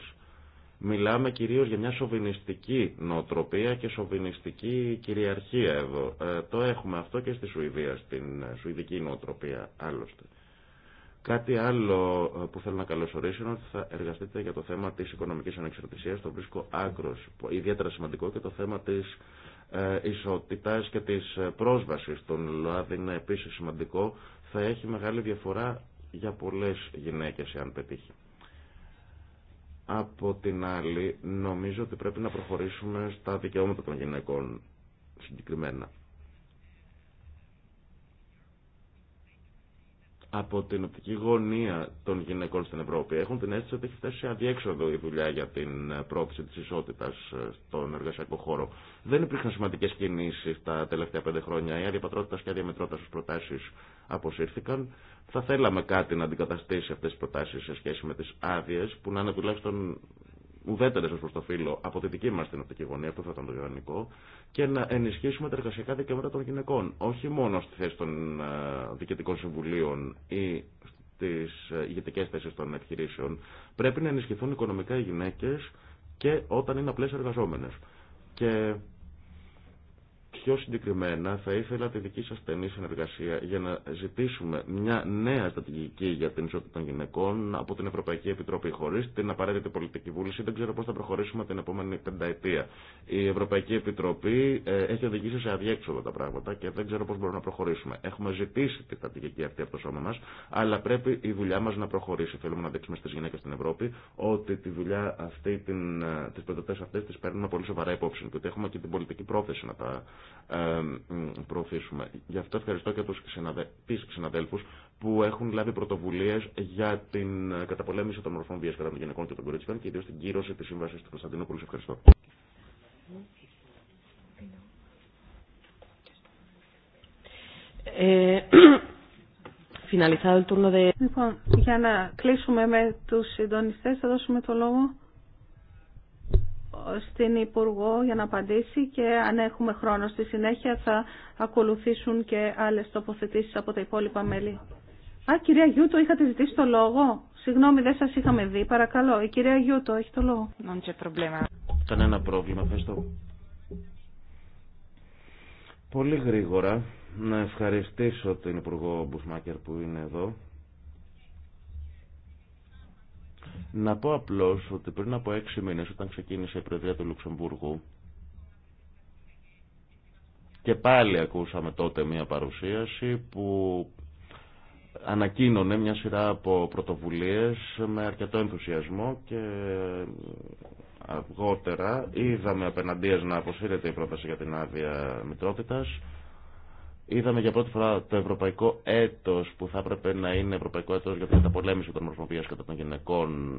Μιλάμε κυρίως για μια σοβινιστική νοοτροπία και σοβινιστική κυριαρχία εδώ. Ε, το έχουμε αυτό και στη Σουηδία, στην σουηδική νοοτροπία άλλωστε. Κάτι άλλο ε, που θέλω να καλωσορίσω είναι ότι θα εργαστείτε για το θέμα της οικονομικής ανεξαρτησίας, το βρίσκω άκρος, ιδιαίτερα σημαντικό και το θέμα της ε, ισότητας και της ε, πρόσβασης των ΛΟΑΔ είναι επίσης σημαντικό, θα έχει μεγάλη διαφορά για πολλές γυναίκες εάν πετύχει. Από την άλλη, νομίζω ότι πρέπει να προχωρήσουμε στα δικαιώματα των γυναικών συγκεκριμένα. από την οπτική γωνία των γυναικών στην Ευρώπη έχουν την αίσθηση ότι έχει φτάσει σε αδιέξοδο η δουλειά για την ε, πρόθεση της ισότητας ε, στον εργασιακό χώρο. Δεν υπήρχαν σημαντικέ κινήσεις τα τελευταία πέντε χρόνια. Οι αδιαπατρότητα και αδιαμετρότητα στις προτάσεις αποσύρθηκαν. Θα θέλαμε κάτι να αντικαταστήσει αυτές τις προτάσεις σε σχέση με τις άδειε που να είναι τουλάχιστον ουδέτερε ω προ το φύλλο από τη δική μα την οπτική γωνία, αυτό θα ήταν το ιδανικό, και να ενισχύσουμε τα εργασιακά δικαιώματα των γυναικών. Όχι μόνο στη θέση των ε, διοικητικών συμβουλίων ή στι ε, ηγετικέ θέσει των επιχειρήσεων. Πρέπει να ενισχυθούν οικονομικά οι γυναίκε και όταν είναι απλέ εργαζόμενε. Και Πιο συγκεκριμένα θα ήθελα τη δική σας στενή συνεργασία για να ζητήσουμε μια νέα στρατηγική για την ισότητα των γυναικών από την Ευρωπαϊκή Επιτροπή. Χωρίς την απαραίτητη πολιτική βούληση δεν ξέρω πώς θα προχωρήσουμε την επόμενη πενταετία. Η Ευρωπαϊκή Επιτροπή ε, έχει οδηγήσει σε αδιέξοδο τα πράγματα και δεν ξέρω πώς μπορούμε να προχωρήσουμε. Έχουμε ζητήσει τη στρατηγική αυτή από το σώμα μας, αλλά πρέπει η δουλειά μας να προχωρήσει. Θέλουμε να δείξουμε στις γυναίκες στην Ευρώπη ότι τη δουλειά αυτή, την, ε, τις πεντατές αυτές τις παίρνουμε πολύ σοβαρά υπόψη και ότι έχουμε και την πολιτική πρόθεση να τα προωθήσουμε. Γι' αυτό ευχαριστώ και τους συναδε... συναδέλφους που έχουν λάβει πρωτοβουλίες για την ε, καταπολέμηση των μορφών βίας κατά των γυναικών και των κορίτσιων και ιδίως την κύρωση της Σύμβασης του Κωνσταντινούπολου. Ευχαριστώ. Ε, λοιπόν, για να κλείσουμε με τους συντονιστές θα δώσουμε το λόγο στην Υπουργό για να απαντήσει και αν έχουμε χρόνο στη συνέχεια θα ακολουθήσουν και άλλες τοποθετήσεις από τα υπόλοιπα μέλη. Α, κυρία Γιούτο, είχατε ζητήσει το λόγο. Συγγνώμη, δεν σας είχαμε δει. Παρακαλώ, η κυρία Γιούτο έχει το λόγο. Κανένα πρόβλημα, ευχαριστώ. Πολύ γρήγορα να ευχαριστήσω τον Υπουργό Μπουσμάκερ που είναι εδώ Να πω απλώς ότι πριν από έξι μήνες όταν ξεκίνησε η Προεδρία του Λουξεμβούργου και πάλι ακούσαμε τότε μια παρουσίαση που ανακοίνωνε μια σειρά από πρωτοβουλίες με αρκετό ενθουσιασμό και αργότερα είδαμε απέναντίας να αποσύρεται η πρόταση για την άδεια μητρότητας Είδαμε για πρώτη φορά το ευρωπαϊκό έτο που θα έπρεπε να είναι ευρωπαϊκό έτο για την καταπολέμηση των ομοσπονδίων κατά των γυναικών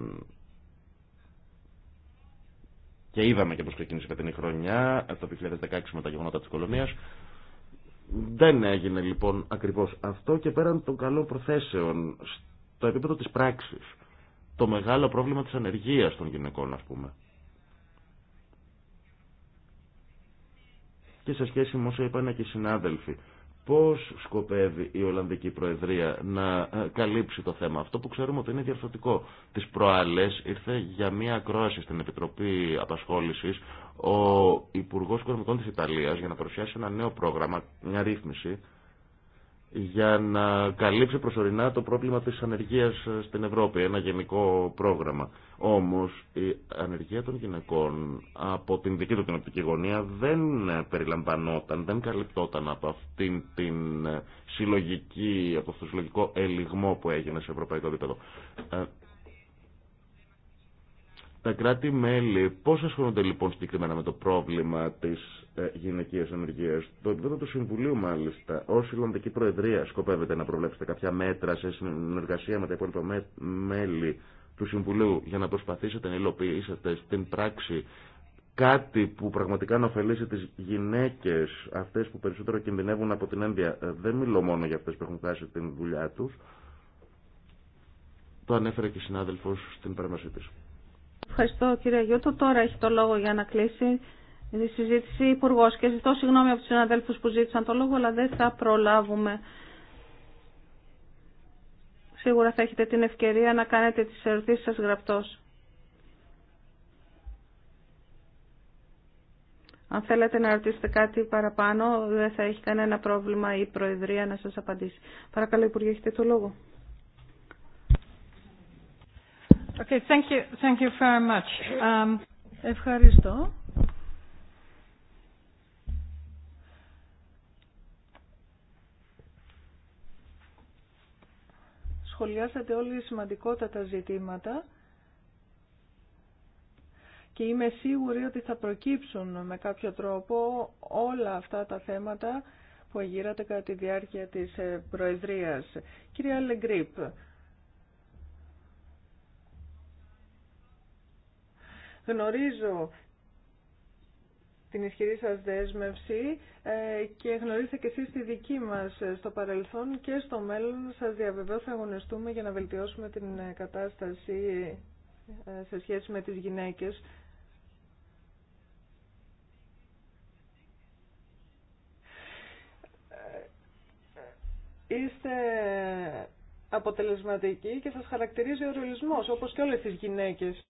και είδαμε και πώ ξεκίνησε η φετινή χρονιά, το 2016 με τα γεγονότα τη Κολονία. Δεν έγινε λοιπόν ακριβώ αυτό και πέραν των καλών προθέσεων στο επίπεδο τη πράξη. Το μεγάλο πρόβλημα τη ανεργία των γυναικών α πούμε. Και σε σχέση με όσα είπαν και οι συνάδελφοι πώς σκοπεύει η Ολλανδική Προεδρία να ε, καλύψει το θέμα αυτό που ξέρουμε ότι είναι διαρθρωτικό. Τις προάλλες ήρθε για μία ακρόαση στην Επιτροπή Απασχόλησης ο Υπουργός Οικονομικών της Ιταλίας για να παρουσιάσει ένα νέο πρόγραμμα, μια ρύθμιση για να καλύψει προσωρινά το πρόβλημα της ανεργίας στην Ευρώπη, ένα γενικό πρόγραμμα. Όμως η ανεργία των γυναικών από την δική του την γωνία δεν περιλαμβανόταν, δεν καλυπτόταν από αυτήν την συλλογική, από το συλλογικό ελιγμό που έγινε σε ευρωπαϊκό επίπεδο. Ε, τα κράτη-μέλη πώς ασχολούνται λοιπόν συγκεκριμένα με το πρόβλημα της ε, γυναικείες ενεργείες. Το επίπεδο του Συμβουλίου μάλιστα, ως Ιλλανδική Προεδρία σκοπεύετε να προβλέψετε κάποια μέτρα σε συνεργασία με τα υπόλοιπα μέλη του Συμβουλίου για να προσπαθήσετε να υλοποιήσετε στην πράξη κάτι που πραγματικά να ωφελήσει τις γυναίκες αυτές που περισσότερο κινδυνεύουν από την ένδια. Ε, δεν μιλώ μόνο για αυτές που έχουν χάσει την δουλειά τους. Το ανέφερε και η συνάδελφος στην παρέμβασή τη. Ευχαριστώ κύριε Γιώτο. Τώρα έχει το λόγο για να κλείσει η συζήτηση υπουργό και ζητώ συγγνώμη από του συναδέλφου που ζήτησαν το λόγο, αλλά δεν θα προλάβουμε. Σίγουρα θα έχετε την ευκαιρία να κάνετε τις ερωτήσεις σας γραπτός. Αν θέλετε να ρωτήσετε κάτι παραπάνω, δεν θα έχει κανένα πρόβλημα η Προεδρία να σας απαντήσει. Παρακαλώ, Υπουργέ, έχετε το λόγο. Um, Ευχαριστώ. σχολιάσατε όλοι σημαντικότατα ζητήματα και είμαι σίγουρη ότι θα προκύψουν με κάποιο τρόπο όλα αυτά τα θέματα που εγείρατε κατά τη διάρκεια της ε, Προεδρίας. Κυρία Λεγκρίπ, γνωρίζω την ισχυρή σας δέσμευση ε, και γνωρίζετε και εσείς τη δική μας στο παρελθόν και στο μέλλον σας διαβεβαίω θα αγωνιστούμε για να βελτιώσουμε την ε, κατάσταση ε, σε σχέση με τις γυναίκες. Είστε αποτελεσματικοί και σας χαρακτηρίζει ο ρολισμός, όπως και όλες τις γυναίκες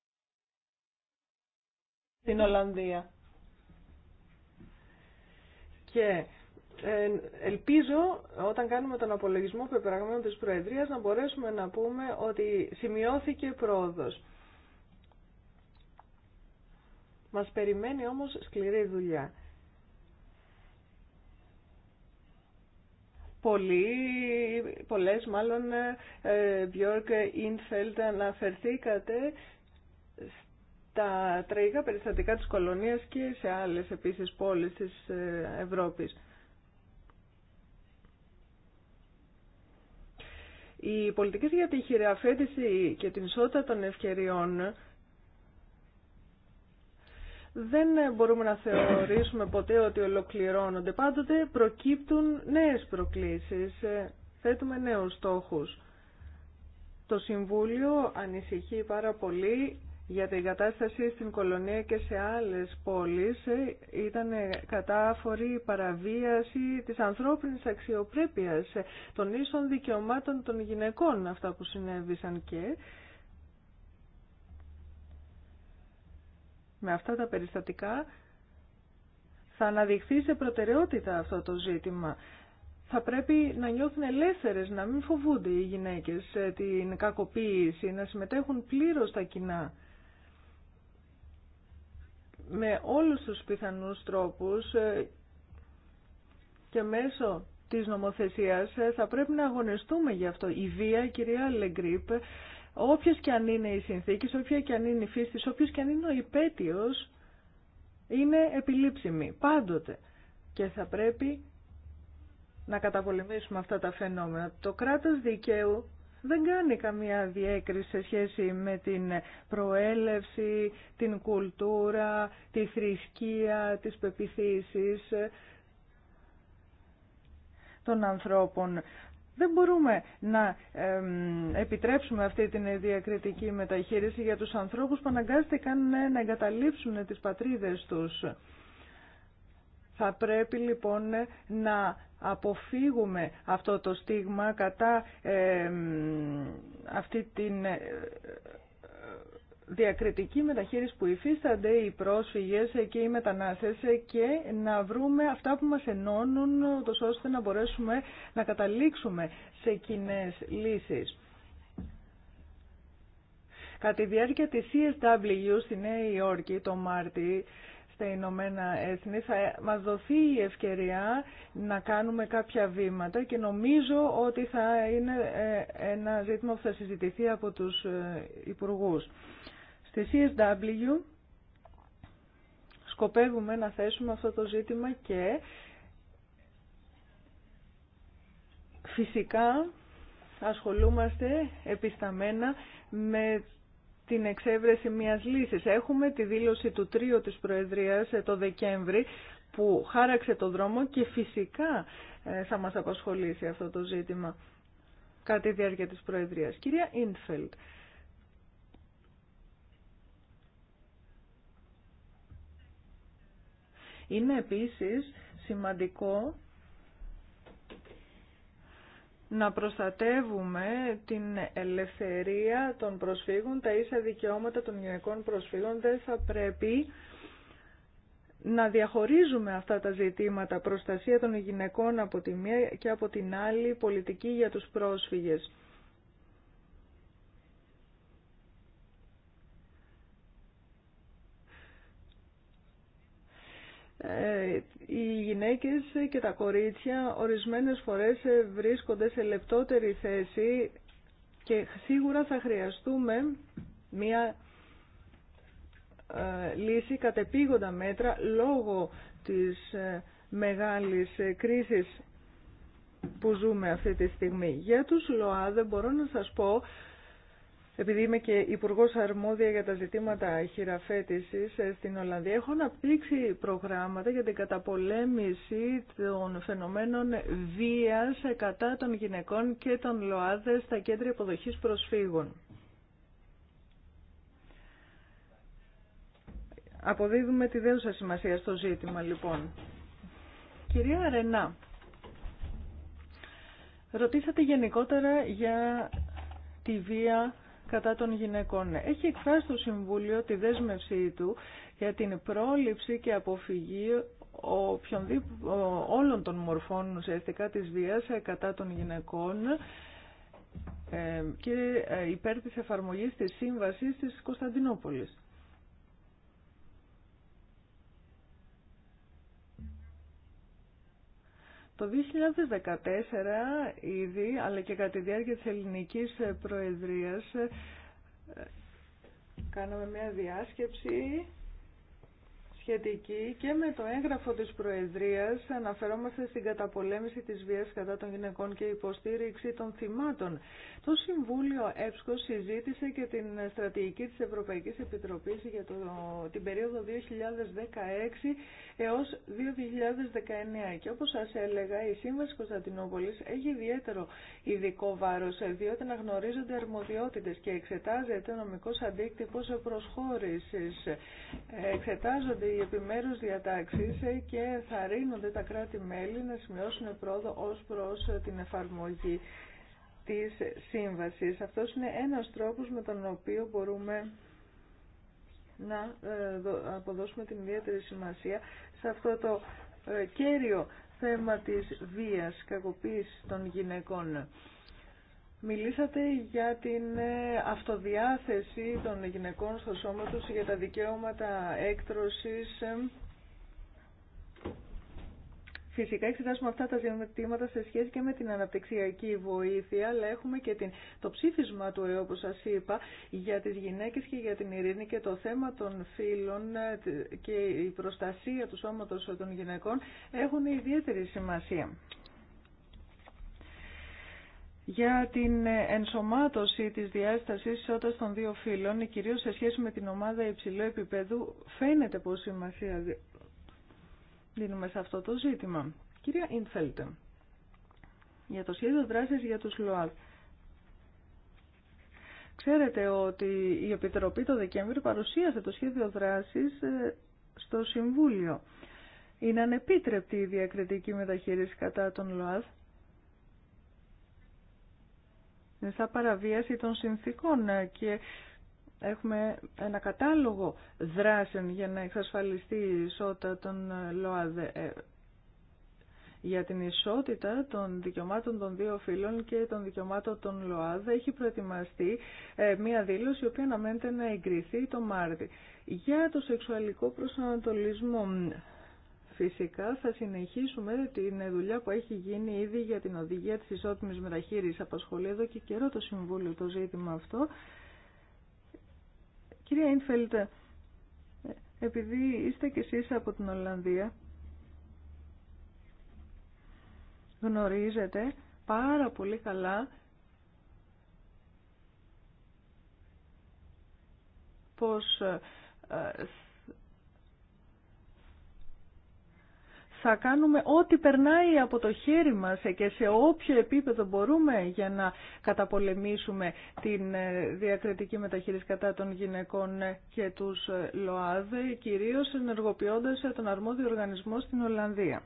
στην Ολλανδία. Και ε, ελπίζω όταν κάνουμε τον απολογισμό πεπραγμένων της Προεδρίας να μπορέσουμε να πούμε ότι σημειώθηκε πρόοδος. Μας περιμένει όμως σκληρή δουλειά. Πολύ πολλές μάλλον, Μπιόρκ ε, Ινφέλτ ε, αναφερθήκατε τα τραγικά περιστατικά της κολονίας και σε άλλες επίσης πόλεις της ε, Ευρώπης. Οι πολιτικές για τη χειραφέτηση και την ισότητα των ευκαιριών δεν μπορούμε να θεωρήσουμε ποτέ ότι ολοκληρώνονται. Πάντοτε προκύπτουν νέες προκλήσεις, ε, θέτουμε νέους στόχους. Το Συμβούλιο ανησυχεί πάρα πολύ για την κατάσταση στην Κολονία και σε άλλες πόλεις ε, ήταν κατάφορη παραβίαση της ανθρώπινης αξιοπρέπειας ε, των ίσων δικαιωμάτων των γυναικών αυτά που συνέβησαν και με αυτά τα περιστατικά θα αναδειχθεί σε προτεραιότητα αυτό το ζήτημα. Θα πρέπει να νιώθουν ελεύθερες, να μην φοβούνται οι γυναίκες ε, την κακοποίηση, να συμμετέχουν πλήρως στα κοινά με όλους τους πιθανούς τρόπους ε, και μέσω της νομοθεσίας ε, θα πρέπει να αγωνιστούμε γι' αυτό. Η βία, κυρία Λεγκρίπ, όποιες και αν είναι οι συνθήκες, όποια και αν είναι η φύση, όποιος και αν είναι ο υπέτειος, είναι επιλήψιμη πάντοτε και θα πρέπει να καταπολεμήσουμε αυτά τα φαινόμενα. Το κράτος δικαίου δεν κάνει καμία διέκριση σε σχέση με την προέλευση, την κουλτούρα, τη θρησκεία, τις πεπιθήσεις των ανθρώπων. Δεν μπορούμε να επιτρέψουμε αυτή την διακριτική μεταχείριση για τους ανθρώπους που αναγκάστηκαν να εγκαταλείψουν τις πατρίδες τους. Θα πρέπει λοιπόν να αποφύγουμε αυτό το στίγμα κατά αυτή την ε, διακριτική μεταχείριση που υφίστανται οι πρόσφυγες και οι μετανάστες και να βρούμε αυτά που μας ενώνουν ώστε να μπορέσουμε να καταλήξουμε σε κοινέ λύσεις. Κατά τη διάρκεια της CSW στη Νέα Υόρκη το Μάρτι στα Ηνωμένα Έθνη θα μας δοθεί η ευκαιρία να κάνουμε κάποια βήματα και νομίζω ότι θα είναι ε, ένα ζήτημα που θα συζητηθεί από τους ε, υπουργούς. Στη CSW σκοπεύουμε να θέσουμε αυτό το ζήτημα και φυσικά ασχολούμαστε επισταμένα με την εξέβρεση μιας λύσης. Έχουμε τη δήλωση του τρίου της Προεδρίας ε, το Δεκέμβρη που χάραξε το δρόμο και φυσικά ε, θα μας απασχολήσει αυτό το ζήτημα κατά τη διάρκεια της Προεδρίας. Κυρία Ίντφελτ, είναι επίσης σημαντικό να προστατεύουμε την ελευθερία των προσφύγων, τα ίσα δικαιώματα των γυναικών προσφύγων. Δεν θα πρέπει να διαχωρίζουμε αυτά τα ζητήματα προστασία των γυναικών από τη μία και από την άλλη πολιτική για τους πρόσφυγες. Ε, οι γυναίκες και τα κορίτσια ορισμένες φορές βρίσκονται σε λεπτότερη θέση και σίγουρα θα χρειαστούμε μια ε, λύση κατεπήγοντα μέτρα λόγω της ε, μεγάλης κρίσης που ζούμε αυτή τη στιγμή. Για τους ΛΟΑ δεν μπορώ να σας πω επειδή είμαι και υπουργό αρμόδια για τα ζητήματα χειραφέτηση ε, στην Ολλανδία, έχω αναπτύξει προγράμματα για την καταπολέμηση των φαινομένων βία κατά των γυναικών και των ΛΟΑΔΕ στα κέντρα υποδοχή προσφύγων. Αποδίδουμε τη δέουσα σημασία στο ζήτημα, λοιπόν. Κυρία Αρενά, ρωτήσατε γενικότερα για τη βία κατά των γυναικών. Έχει εκφράσει το Συμβούλιο τη δέσμευσή του για την πρόληψη και αποφυγή όλων των μορφών ουσιαστικά της βίας ε, κατά των γυναικών ε, και ε, υπέρ της εφαρμογής της σύμβασης της Κωνσταντινούπολης. Το 2014 ήδη, αλλά και κατά τη διάρκεια της ελληνικής προεδρίας, ε, κάναμε μια διάσκεψη σχετική και με το έγγραφο της Προεδρίας αναφερόμαστε στην καταπολέμηση της βίας κατά των γυναικών και υποστήριξη των θυμάτων. Το Συμβούλιο ΕΠΣΚΟ συζήτησε και την στρατηγική της Ευρωπαϊκής Επιτροπής για το, την περίοδο 2016 έως 2019 και όπως σας έλεγα η Σύμβαση Κωνσταντινούπολη έχει ιδιαίτερο ειδικό βάρος διότι αναγνωρίζονται γνωρίζονται αρμοδιότητες και εξετάζεται νομικός αντίκτυπος προσχώρησης. Εξετάζονται οι επιμέρους διατάξεις ε, και θα ρίνονται τα κράτη-μέλη να σημειώσουν πρόοδο ως προς ε, την εφαρμογή της σύμβασης. Αυτός είναι ένας τρόπος με τον οποίο μπορούμε να ε, αποδώσουμε την ιδιαίτερη σημασία σε αυτό το κέριο θέμα της βίας, κακοποίησης των γυναικών. Μιλήσατε για την ε, αυτοδιάθεση των γυναικών στο σώμα τους για τα δικαιώματα έκτρωσης. Φυσικά εξετάσουμε αυτά τα ζητήματα σε σχέση και με την αναπτυξιακή βοήθεια, αλλά έχουμε και την, το ψήφισμα του ΕΕ, όπως σας είπα, για τις γυναίκες και για την ειρήνη και το θέμα των φύλων ε, και η προστασία του σώματος των γυναικών έχουν ιδιαίτερη σημασία για την ενσωμάτωση της διάστασης ισότητας των δύο φύλων, κυρίως σε σχέση με την ομάδα υψηλού επίπεδου, φαίνεται πως σημασία δίνουμε σε αυτό το ζήτημα. Κυρία Ινφέλτε, για το σχέδιο δράσης για τους ΛΟΑΔ. Ξέρετε ότι η Επιτροπή το Δεκέμβρη παρουσίασε το σχέδιο δράσης ε, στο Συμβούλιο. Είναι ανεπίτρεπτη η διακριτική μεταχείριση κατά τον ΛΟΑΔ σαν παραβίαση των συνθήκων ε, και έχουμε ένα κατάλογο δράσεων για να εξασφαλιστεί η ισότητα των ε, ΛΟΑΔΕ για την ισότητα των δικαιωμάτων των δύο φύλων και των δικαιωμάτων των λοαδέ. έχει προετοιμαστεί ε, μία δήλωση η οποία αναμένεται να εγκριθεί το Μάρτι. Για το σεξουαλικό προσανατολισμό Φυσικά θα συνεχίσουμε την δουλειά που έχει γίνει ήδη για την οδηγία της ισότιμης μεταχείρισης. Απασχολεί εδώ και καιρό το Συμβούλιο το ζήτημα αυτό. Κυρία Ινφέλτ, επειδή είστε κι εσείς από την Ολλανδία, γνωρίζετε πάρα πολύ καλά πως ε, θα κάνουμε ό,τι περνάει από το χέρι μας και σε όποιο επίπεδο μπορούμε για να καταπολεμήσουμε την ε, διακριτική μεταχείριση κατά των γυναικών ε, και τους ε, ΛΟΑΔ, κυρίως ενεργοποιώντας τον αρμόδιο οργανισμό στην Ολλανδία.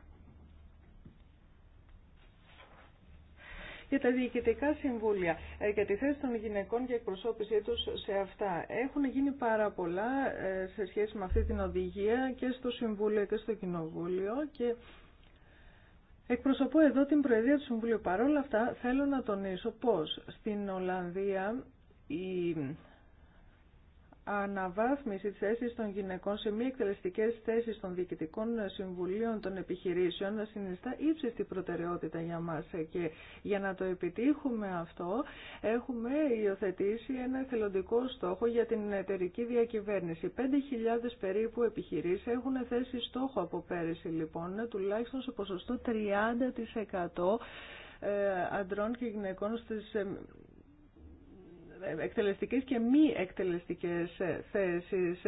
για τα διοικητικά συμβούλια, για ε, τη θέση των γυναικών και εκπροσώπησή τους σε αυτά. Έχουν γίνει πάρα πολλά ε, σε σχέση με αυτή την οδηγία και στο Συμβούλιο και στο Κοινοβούλιο και εκπροσωπώ εδώ την Προεδρία του Συμβουλίου. Παρ' όλα αυτά θέλω να τονίσω πως στην Ολλανδία η αναβάθμιση της θέσης των γυναικών σε μη εκτελεστικές θέσεις των διοικητικών συμβουλίων των επιχειρήσεων να συνιστά ύψιστη προτεραιότητα για μας και για να το επιτύχουμε αυτό έχουμε υιοθετήσει ένα θελοντικό στόχο για την εταιρική διακυβέρνηση. 5.000 περίπου επιχειρήσεις έχουν θέσει στόχο από πέρυσι λοιπόν τουλάχιστον σε ποσοστό 30% ε, αντρών και γυναικών στις ε, εκτελεστικές και μη εκτελεστικές θέσεις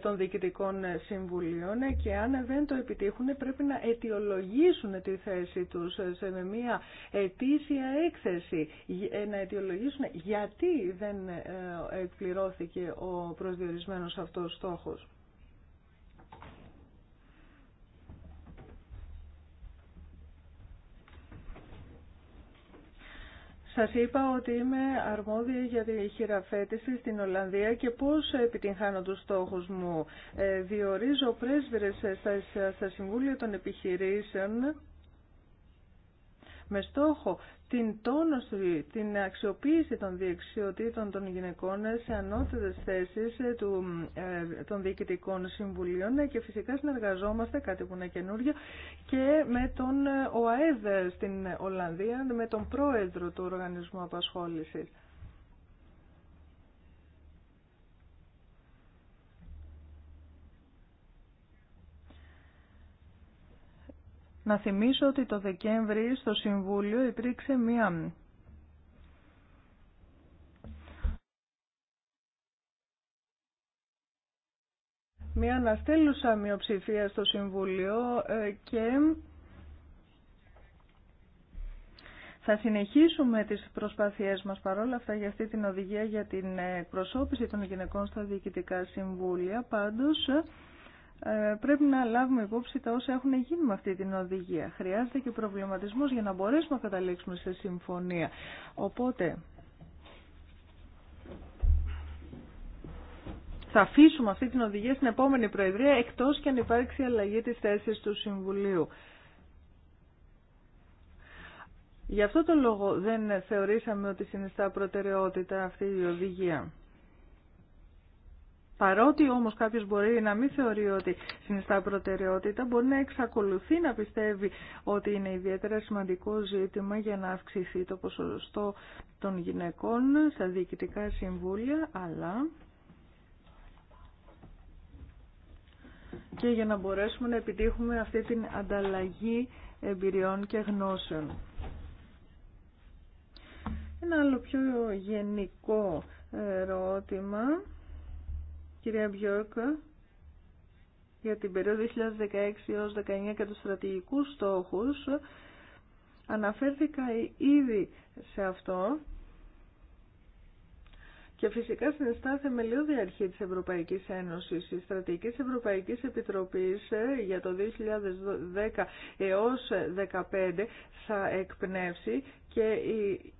των διοικητικών συμβουλίων και αν δεν το επιτύχουν πρέπει να αιτιολογήσουν τη θέση τους σε μια αιτήσια έκθεση, ε, να αιτιολογήσουν γιατί δεν ε, εκπληρώθηκε ο προσδιορισμένος αυτός στόχος. Σας είπα ότι είμαι αρμόδια για τη χειραφέτηση στην Ολλανδία και πώς επιτυγχάνω τους στόχους μου. Ε, διορίζω πρέσβυρες στα, στα συμβούλια των επιχειρήσεων με στόχο την τόνωση, την αξιοποίηση των διεξιοτήτων των γυναικών σε ανώτερες θέσεις ε, του, ε, των διοικητικών συμβουλίων ε, και φυσικά συνεργαζόμαστε, κάτι που είναι καινούριο, και με τον ΟΑΕΔ στην Ολλανδία, με τον πρόεδρο του Οργανισμού Απασχόλησης. Να θυμίσω ότι το Δεκέμβρη στο Συμβούλιο υπήρξε μία μια αναστέλουσα μειοψηφία στο Συμβούλιο ε, και θα συνεχίσουμε τις προσπάθειές μας παρόλα αυτά για αυτή την οδηγία για την προσώπηση των γυναικών στα διοικητικά συμβούλια. Πάντως, ε, πρέπει να λάβουμε υπόψη τα όσα έχουν γίνει με αυτή την οδηγία. Χρειάζεται και προβληματισμός για να μπορέσουμε να καταλήξουμε σε συμφωνία. Οπότε, θα αφήσουμε αυτή την οδηγία στην επόμενη Προεδρία, εκτός και αν υπάρξει αλλαγή της θέσης του Συμβουλίου. Γι' αυτό το λόγο δεν θεωρήσαμε ότι συνιστά προτεραιότητα αυτή η οδηγία. Παρότι όμως κάποιος μπορεί να μην θεωρεί ότι συνιστά προτεραιότητα, μπορεί να εξακολουθεί να πιστεύει ότι είναι ιδιαίτερα σημαντικό ζήτημα για να αυξηθεί το ποσοστό των γυναικών στα διοικητικά συμβούλια, αλλά και για να μπορέσουμε να επιτύχουμε αυτή την ανταλλαγή εμπειριών και γνώσεων. Ένα άλλο πιο γενικό ερώτημα κυρία Μπιόρκ για την περίοδο 2016 έως 2019 και τους στρατηγικούς στόχους. Αναφέρθηκα ήδη σε αυτό και φυσικά συνιστά θεμελιώδη αρχή της Ευρωπαϊκής Ένωσης. Η στρατηγική ευρωπαϊκή Ευρωπαϊκής Επιτροπής ε, για το 2010 έως 2015 θα εκπνεύσει και η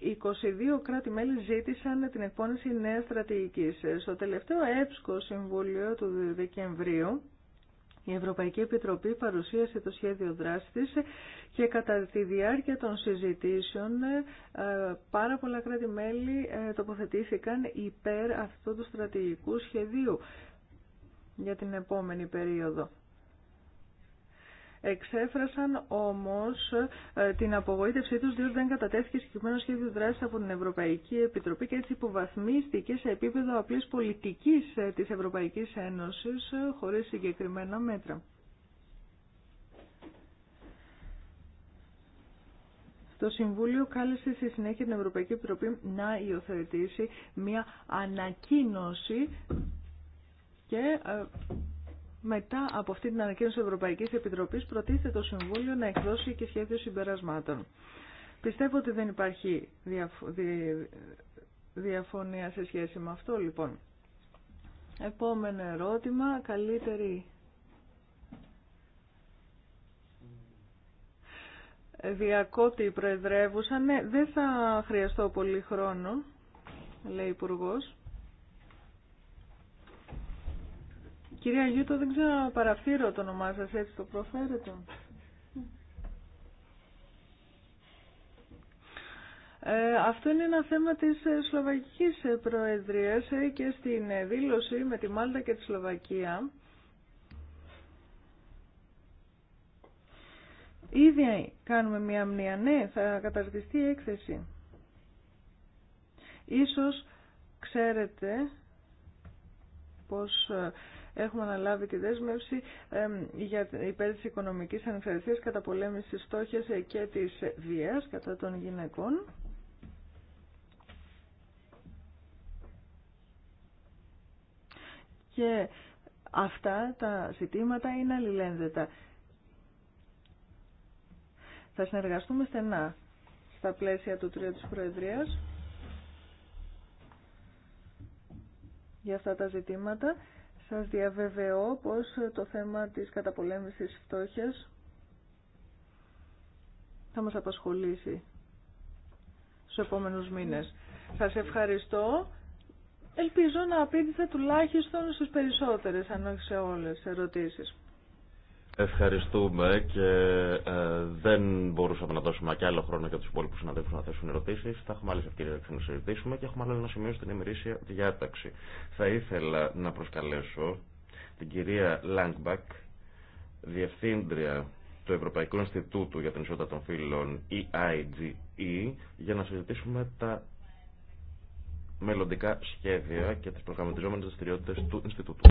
22 κράτη-μέλη ζήτησαν την εκπόνηση νέας στρατηγικής. Στο τελευταίο έψκο συμβούλιο του Δεκεμβρίου, η Ευρωπαϊκή Επιτροπή παρουσίασε το σχέδιο δράσης και κατά τη διάρκεια των συζητήσεων ε, πάρα πολλά κράτη-μέλη ε, τοποθετήθηκαν υπέρ αυτού του στρατηγικού σχεδίου για την επόμενη περίοδο. Εξέφρασαν όμως ε, την απογοήτευσή τους διότι δεν κατατέθηκε συγκεκριμένο σχέδιο δράσης από την Ευρωπαϊκή Επιτροπή και έτσι υποβαθμίστηκε σε επίπεδο απλής πολιτικής ε, της Ευρωπαϊκής Ένωσης ε, χωρίς συγκεκριμένα μέτρα. Το Συμβούλιο κάλεσε στη συνέχεια την Ευρωπαϊκή Επιτροπή να υιοθετήσει μια ανακοίνωση και μετά από αυτή την ανακοίνωση της Ευρωπαϊκής Επιτροπής προτίθεται το Συμβούλιο να εκδώσει και σχέδιο συμπερασμάτων. Πιστεύω ότι δεν υπάρχει διαφωνία σε σχέση με αυτό, λοιπόν. Επόμενο ερώτημα, καλύτερη διακόπτη προεδρεύουσα. Ναι, δεν θα χρειαστώ πολύ χρόνο, λέει ο Υπουργός. Κυρία Γιούτο, δεν ξέρω παραφύρω το όνομά σας, έτσι το προφέρετε. Ε, αυτό είναι ένα θέμα της ε, Σλοβακικής ε, Προεδρίας και στην δήλωση με τη Μάλτα και τη Σλοβακία. Ήδη κάνουμε μια μνήμα, ναι, θα καταρτιστεί η έκθεση. Ίσως ξέρετε πως έχουμε αναλάβει τη δέσμευση για υπέρ της οικονομικής ανεξαρτησίας κατά πολέμηση στόχες ε, και της βίας κατά των γυναικών. Και αυτά τα ζητήματα είναι αλληλένδετα. Θα συνεργαστούμε στενά στα πλαίσια του τρίου της Προεδρίας για αυτά τα ζητήματα. Σας διαβεβαιώ πως το θέμα της καταπολέμησης φτώχειας θα μας απασχολήσει στους επόμενους μήνες. Σας ευχαριστώ. Ελπίζω να απήντηθε τουλάχιστον στις περισσότερες, αν όχι σε όλες, ερωτήσεις. Ευχαριστούμε και ε, δεν μπορούσαμε να δώσουμε και άλλο χρόνο για του υπόλοιπου συναδέλφου να θέσουν ερωτήσει. Θα έχουμε άλλε ευκαιρίε να συζητήσουμε και έχουμε άλλο ένα σημείο στην ημερήσια διάταξη. Θα ήθελα να προσκαλέσω την κυρία Λάγκμπακ, διευθύντρια του Ευρωπαϊκού Ινστιτούτου για την Ισότητα των Φύλων, EIGE, e, για να συζητήσουμε τα μελλοντικά σχέδια και τι προγραμματιζόμενε δραστηριότητε του Ινστιτούτου.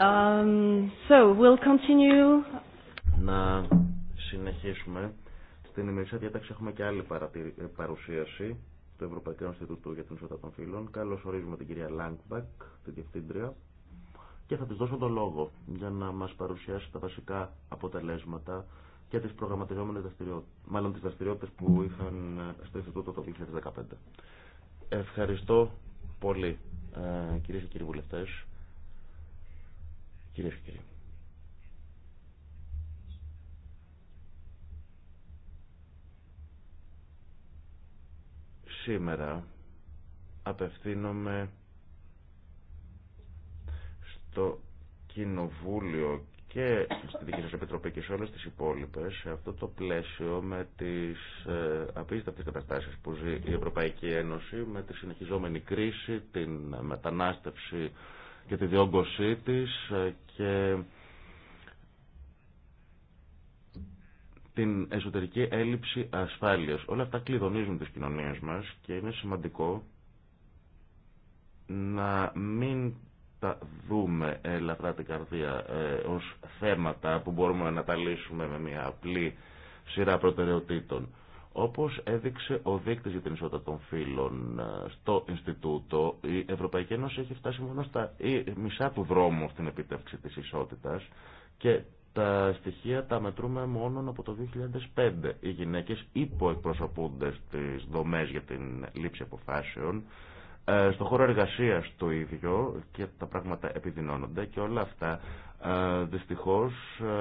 Um, so we'll continue. Να συνεχίσουμε. Στην ημερήσια διάταξη έχουμε και άλλη παρουσίαση του Ευρωπαϊκού Ινστιτούτου για την Ισότητα των Φύλων. Καλώ ορίζουμε την κυρία Λάγκμπακ, την διευθύντρια, και θα τη δώσω το λόγο για να μα παρουσιάσει τα βασικά αποτελέσματα και τι προγραμματιζόμενε δραστηριότητε, μάλλον τι δραστηριότητε που είχαν στο Ινστιτούτο το 2015. Ευχαριστώ πολύ, ε, κυρίε και κύριοι βουλευτέ, Κυρίε και κύριοι. Σήμερα απευθύνομαι στο Κοινοβούλιο και στη δική σας επιτροπή και σε όλες τις υπόλοιπες σε αυτό το πλαίσιο με τις ε, απίστευτες καταστάσεις που ζει η Ευρωπαϊκή Ένωση με τη συνεχιζόμενη κρίση, την μετανάστευση και τη διόγκωσή της ε, και την εσωτερική έλλειψη ασφάλειας. Όλα αυτά κλειδονίζουν τις κοινωνίες μας και είναι σημαντικό να μην τα δούμε ελαφρά την καρδία ε, ως θέματα που μπορούμε να τα λύσουμε με μια απλή σειρά προτεραιοτήτων. Όπως έδειξε ο δείκτης για την ισότητα των φύλων ε, στο Ινστιτούτο, η Ευρωπαϊκή Ένωση έχει φτάσει μόνο στα μισά του δρόμου στην επίτευξη της ισότητας και τα στοιχεία τα μετρούμε μόνο από το 2005. Οι γυναίκες υποεκπροσωπούνται στις δομές για την λήψη αποφάσεων ε, στο χώρο εργασίας το ίδιο και τα πράγματα επιδεινώνονται και όλα αυτά ε, δυστυχώς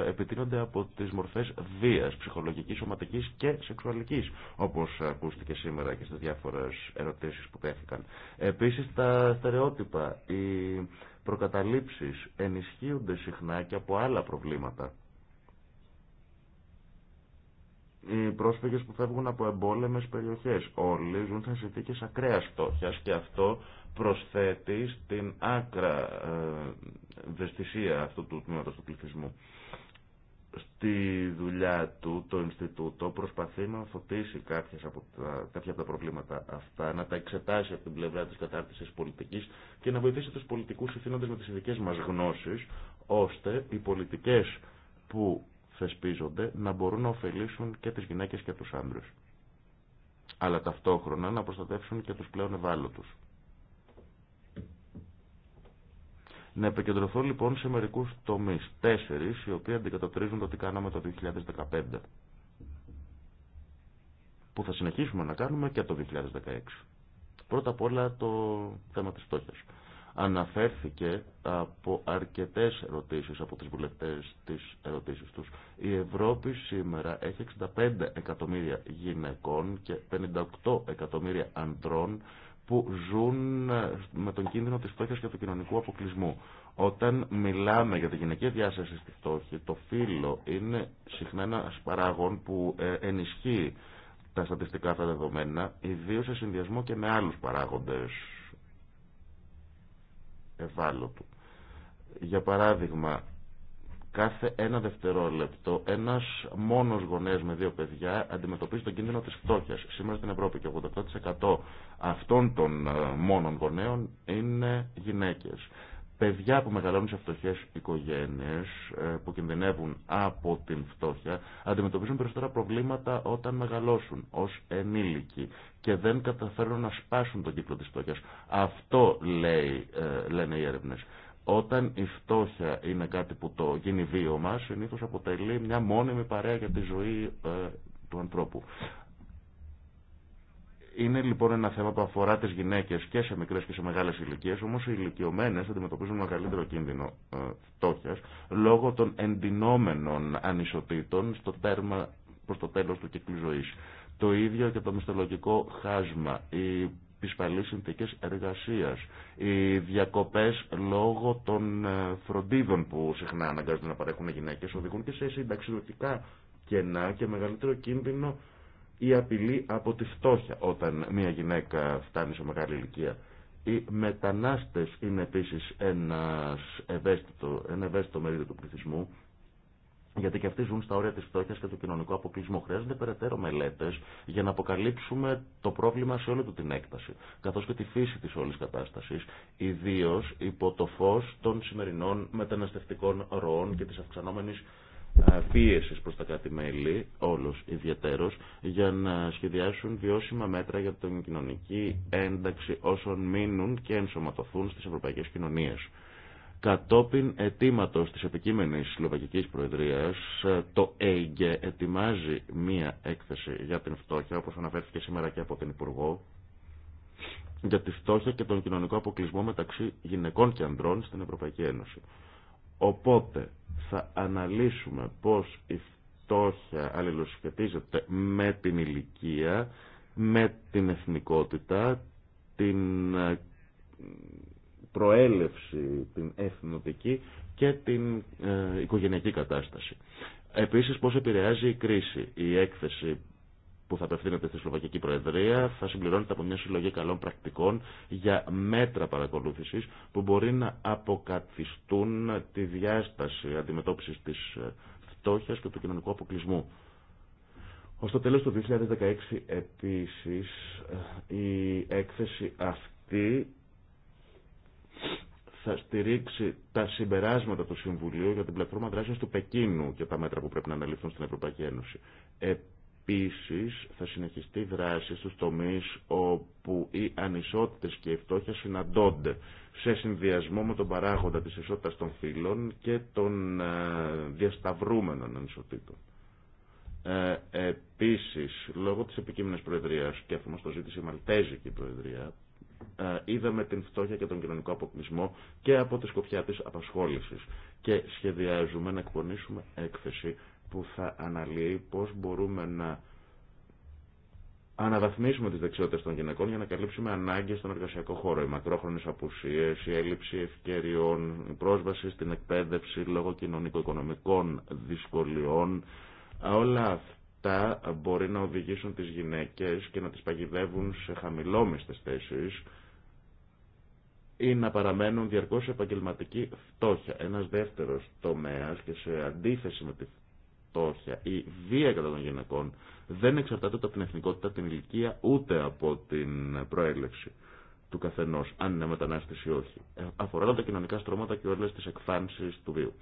ε, επιτείνονται από τις μορφές βίας, ψυχολογικής, σωματικής και σεξουαλικής όπως ακούστηκε σήμερα και στις διάφορες ερωτήσεις που τέθηκαν. Επίσης τα στερεότυπα, οι προκαταλήψεις ενισχύονται συχνά και από άλλα προβλήματα οι πρόσφυγες που φεύγουν από εμπόλεμες περιοχές. Όλοι ζουν σε συνθήκες ακραίας φτώχειας και αυτό προσθέτει στην άκρα δεστησία αυτού του τμήματος του πληθυσμού. Στη δουλειά του το Ινστιτούτο προσπαθεί να φωτίσει από κάποια από τα προβλήματα αυτά, να τα εξετάσει από την πλευρά της κατάρτισης πολιτικής και να βοηθήσει τους πολιτικούς ευθύνοντες με τις ειδικές μας γνώσεις, ώστε οι πολιτικές που θεσπίζονται να μπορούν να ωφελήσουν και τις γυναίκες και τους άντρες. Αλλά ταυτόχρονα να προστατεύσουν και τους πλέον ευάλωτους. Να επικεντρωθώ λοιπόν σε μερικούς τομείς, τέσσερις, οι οποίοι αντικατοπτρίζουν το τι κάναμε το 2015 που θα συνεχίσουμε να κάνουμε και το 2016. Πρώτα απ' όλα το θέμα της φτώχειας αναφέρθηκε από αρκετές ερωτήσεις από τις βουλευτές της ερωτήσεις τους. Η Ευρώπη σήμερα έχει 65 εκατομμύρια γυναικών και 58 εκατομμύρια ανδρών που ζουν ε, με τον κίνδυνο της φτώχειας και του κοινωνικού αποκλεισμού. Όταν μιλάμε για τη γυναική διάσταση στη φτώχεια, το φύλλο είναι συχνά ένα παράγον που ε, ενισχύει τα στατιστικά αυτά δεδομένα, ιδίως σε συνδυασμό και με άλλους παράγοντες για παράδειγμα, κάθε ένα δευτερόλεπτο ένα μόνο γονέα με δύο παιδιά αντιμετωπίζει τον κίνδυνο τη φτώχεια. Σήμερα στην Ευρώπη και 88% αυτών των ε, μόνων γονέων είναι γυναίκε παιδιά που μεγαλώνουν σε φτωχέ οικογένειε, ε, που κινδυνεύουν από την φτώχεια, αντιμετωπίζουν περισσότερα προβλήματα όταν μεγαλώσουν ω ενήλικοι και δεν καταφέρουν να σπάσουν τον κύκλο τη φτώχεια. Αυτό λέει, ε, λένε οι έρευνε. Όταν η φτώχεια είναι κάτι που το γίνει βίωμα, συνήθω αποτελεί μια μόνιμη παρέα για τη ζωή ε, του ανθρώπου. Είναι λοιπόν ένα θέμα που αφορά τι γυναίκε και σε μικρέ και σε μεγάλε ηλικίε, όμω οι ηλικιωμένε αντιμετωπίζουν μεγαλύτερο κίνδυνο ε, λόγω των εντυνόμενων ανισοτήτων στο τέρμα προ το τέλο του κύκλου ζωή. Το ίδιο και το μισθολογικό χάσμα, οι πισπαλεί συνθήκε εργασία, οι διακοπέ λόγω των ε, φροντίδων που συχνά αναγκάζονται να παρέχουν οι γυναίκε οδηγούν και σε συνταξιδοτικά κενά και μεγαλύτερο κίνδυνο η απειλή από τη φτώχεια όταν μια γυναίκα φτάνει σε μεγάλη ηλικία. Οι μετανάστες είναι επίσης ένας ευαίσθητο, ένα ευαίσθητο μερίδιο του πληθυσμού γιατί και αυτοί ζουν στα όρια τη φτώχεια και του κοινωνικού αποκλεισμού. Χρειάζονται περαιτέρω μελέτε για να αποκαλύψουμε το πρόβλημα σε όλη του την έκταση, καθώ και τη φύση τη όλη κατάσταση, ιδίω υπό το φω των σημερινών μεταναστευτικών ροών και τη αυξανόμενη πίεση προ τα κάτι μελη όλο ιδιαίτερο, για να σχεδιάσουν βιώσιμα μέτρα για την κοινωνική ένταξη όσων μείνουν και ενσωματωθούν στι ευρωπαϊκέ κοινωνίε. Κατόπιν αιτήματο τη επικείμενη Σλοβακική προεδρία το ΕΙΓΕ ετοιμάζει μία έκθεση για την φτώχεια, όπω αναφέρθηκε σήμερα και από την Υπουργό, για τη φτώχεια και τον κοινωνικό αποκλεισμό μεταξύ γυναικών και ανδρών στην Ευρωπαϊκή Ένωση. Οπότε θα αναλύσουμε πώς η φτώχεια αλληλοσχετίζεται με την ηλικία, με την εθνικότητα, την ε, προέλευση, την εθνοτική και την ε, οικογενειακή κατάσταση. Επίσης πώς επηρεάζει η κρίση. Η έκθεση που θα απευθύνεται στη Σλοβακική Προεδρία θα συμπληρώνεται από μια συλλογή καλών πρακτικών για μέτρα παρακολούθησης που μπορεί να αποκαθιστούν τη διάσταση αντιμετώπισης της φτώχειας και του κοινωνικού αποκλεισμού. Ως το τέλος του 2016 επίσης η έκθεση αυτή θα στηρίξει τα συμπεράσματα του Συμβουλίου για την πλατφόρμα δράσης του Πεκίνου και τα μέτρα που πρέπει να αναλυθούν στην Ευρωπαϊκή Ένωση. Επίσης θα συνεχιστεί δράση στους τομείς όπου οι ανισότητες και η φτώχεια συναντώνται σε συνδυασμό με τον παράγοντα της ισότητας των φύλων και των ε, διασταυρούμενων ανισοτήτων. Ε, επίσης, λόγω της επικείμενης προεδρίας, και αφού μας το ζήτησε η Μαλτέζικη Προεδρία, ε, είδαμε την φτώχεια και τον κοινωνικό αποκλεισμό και από τη σκοπιά της απασχόλησης και σχεδιάζουμε να εκπονήσουμε έκθεση που θα αναλύει πώς μπορούμε να αναβαθμίσουμε τις δεξιότητες των γυναικών για να καλύψουμε ανάγκες στον εργασιακό χώρο. Οι μακρόχρονες απουσίες, η έλλειψη ευκαιριών, η πρόσβαση στην εκπαίδευση λόγω κοινωνικο-οικονομικών δυσκολιών, όλα αυτά μπορεί να οδηγήσουν τις γυναίκες και να τις παγιδεύουν σε χαμηλόμιστες θέσεις ή να παραμένουν διαρκώς σε επαγγελματική φτώχεια. Ένας δεύτερος τομέας και σε αντίθεση με τη φτώχεια ή βία κατά των γυναικών δεν εξαρτάται ούτε από την εθνικότητα, την ηλικία, ούτε από την προέλευση του καθενό, αν είναι μετανάστευση ή όχι. Ε, αφορά τα κοινωνικά στρώματα και όλε τι εκφάνσει του βίου.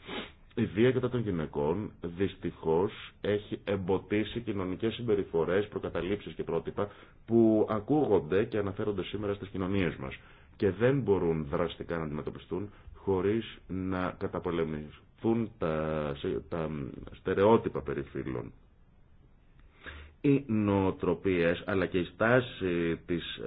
Η βία κατά των γυναικων δεν εξαρταται δυστυχώ έχει εμποτίσει κοινωνικέ συμπεριφορέ, προκαταλήψει και πρότυπα που ακούγονται και αναφέρονται σήμερα στι κοινωνίε μα και δεν μπορούν δραστικά να αντιμετωπιστούν χωρί να, διαγραφούν τα, τα στερεότυπα περί φύλων. Οι νοοτροπίες αλλά και η στάση της,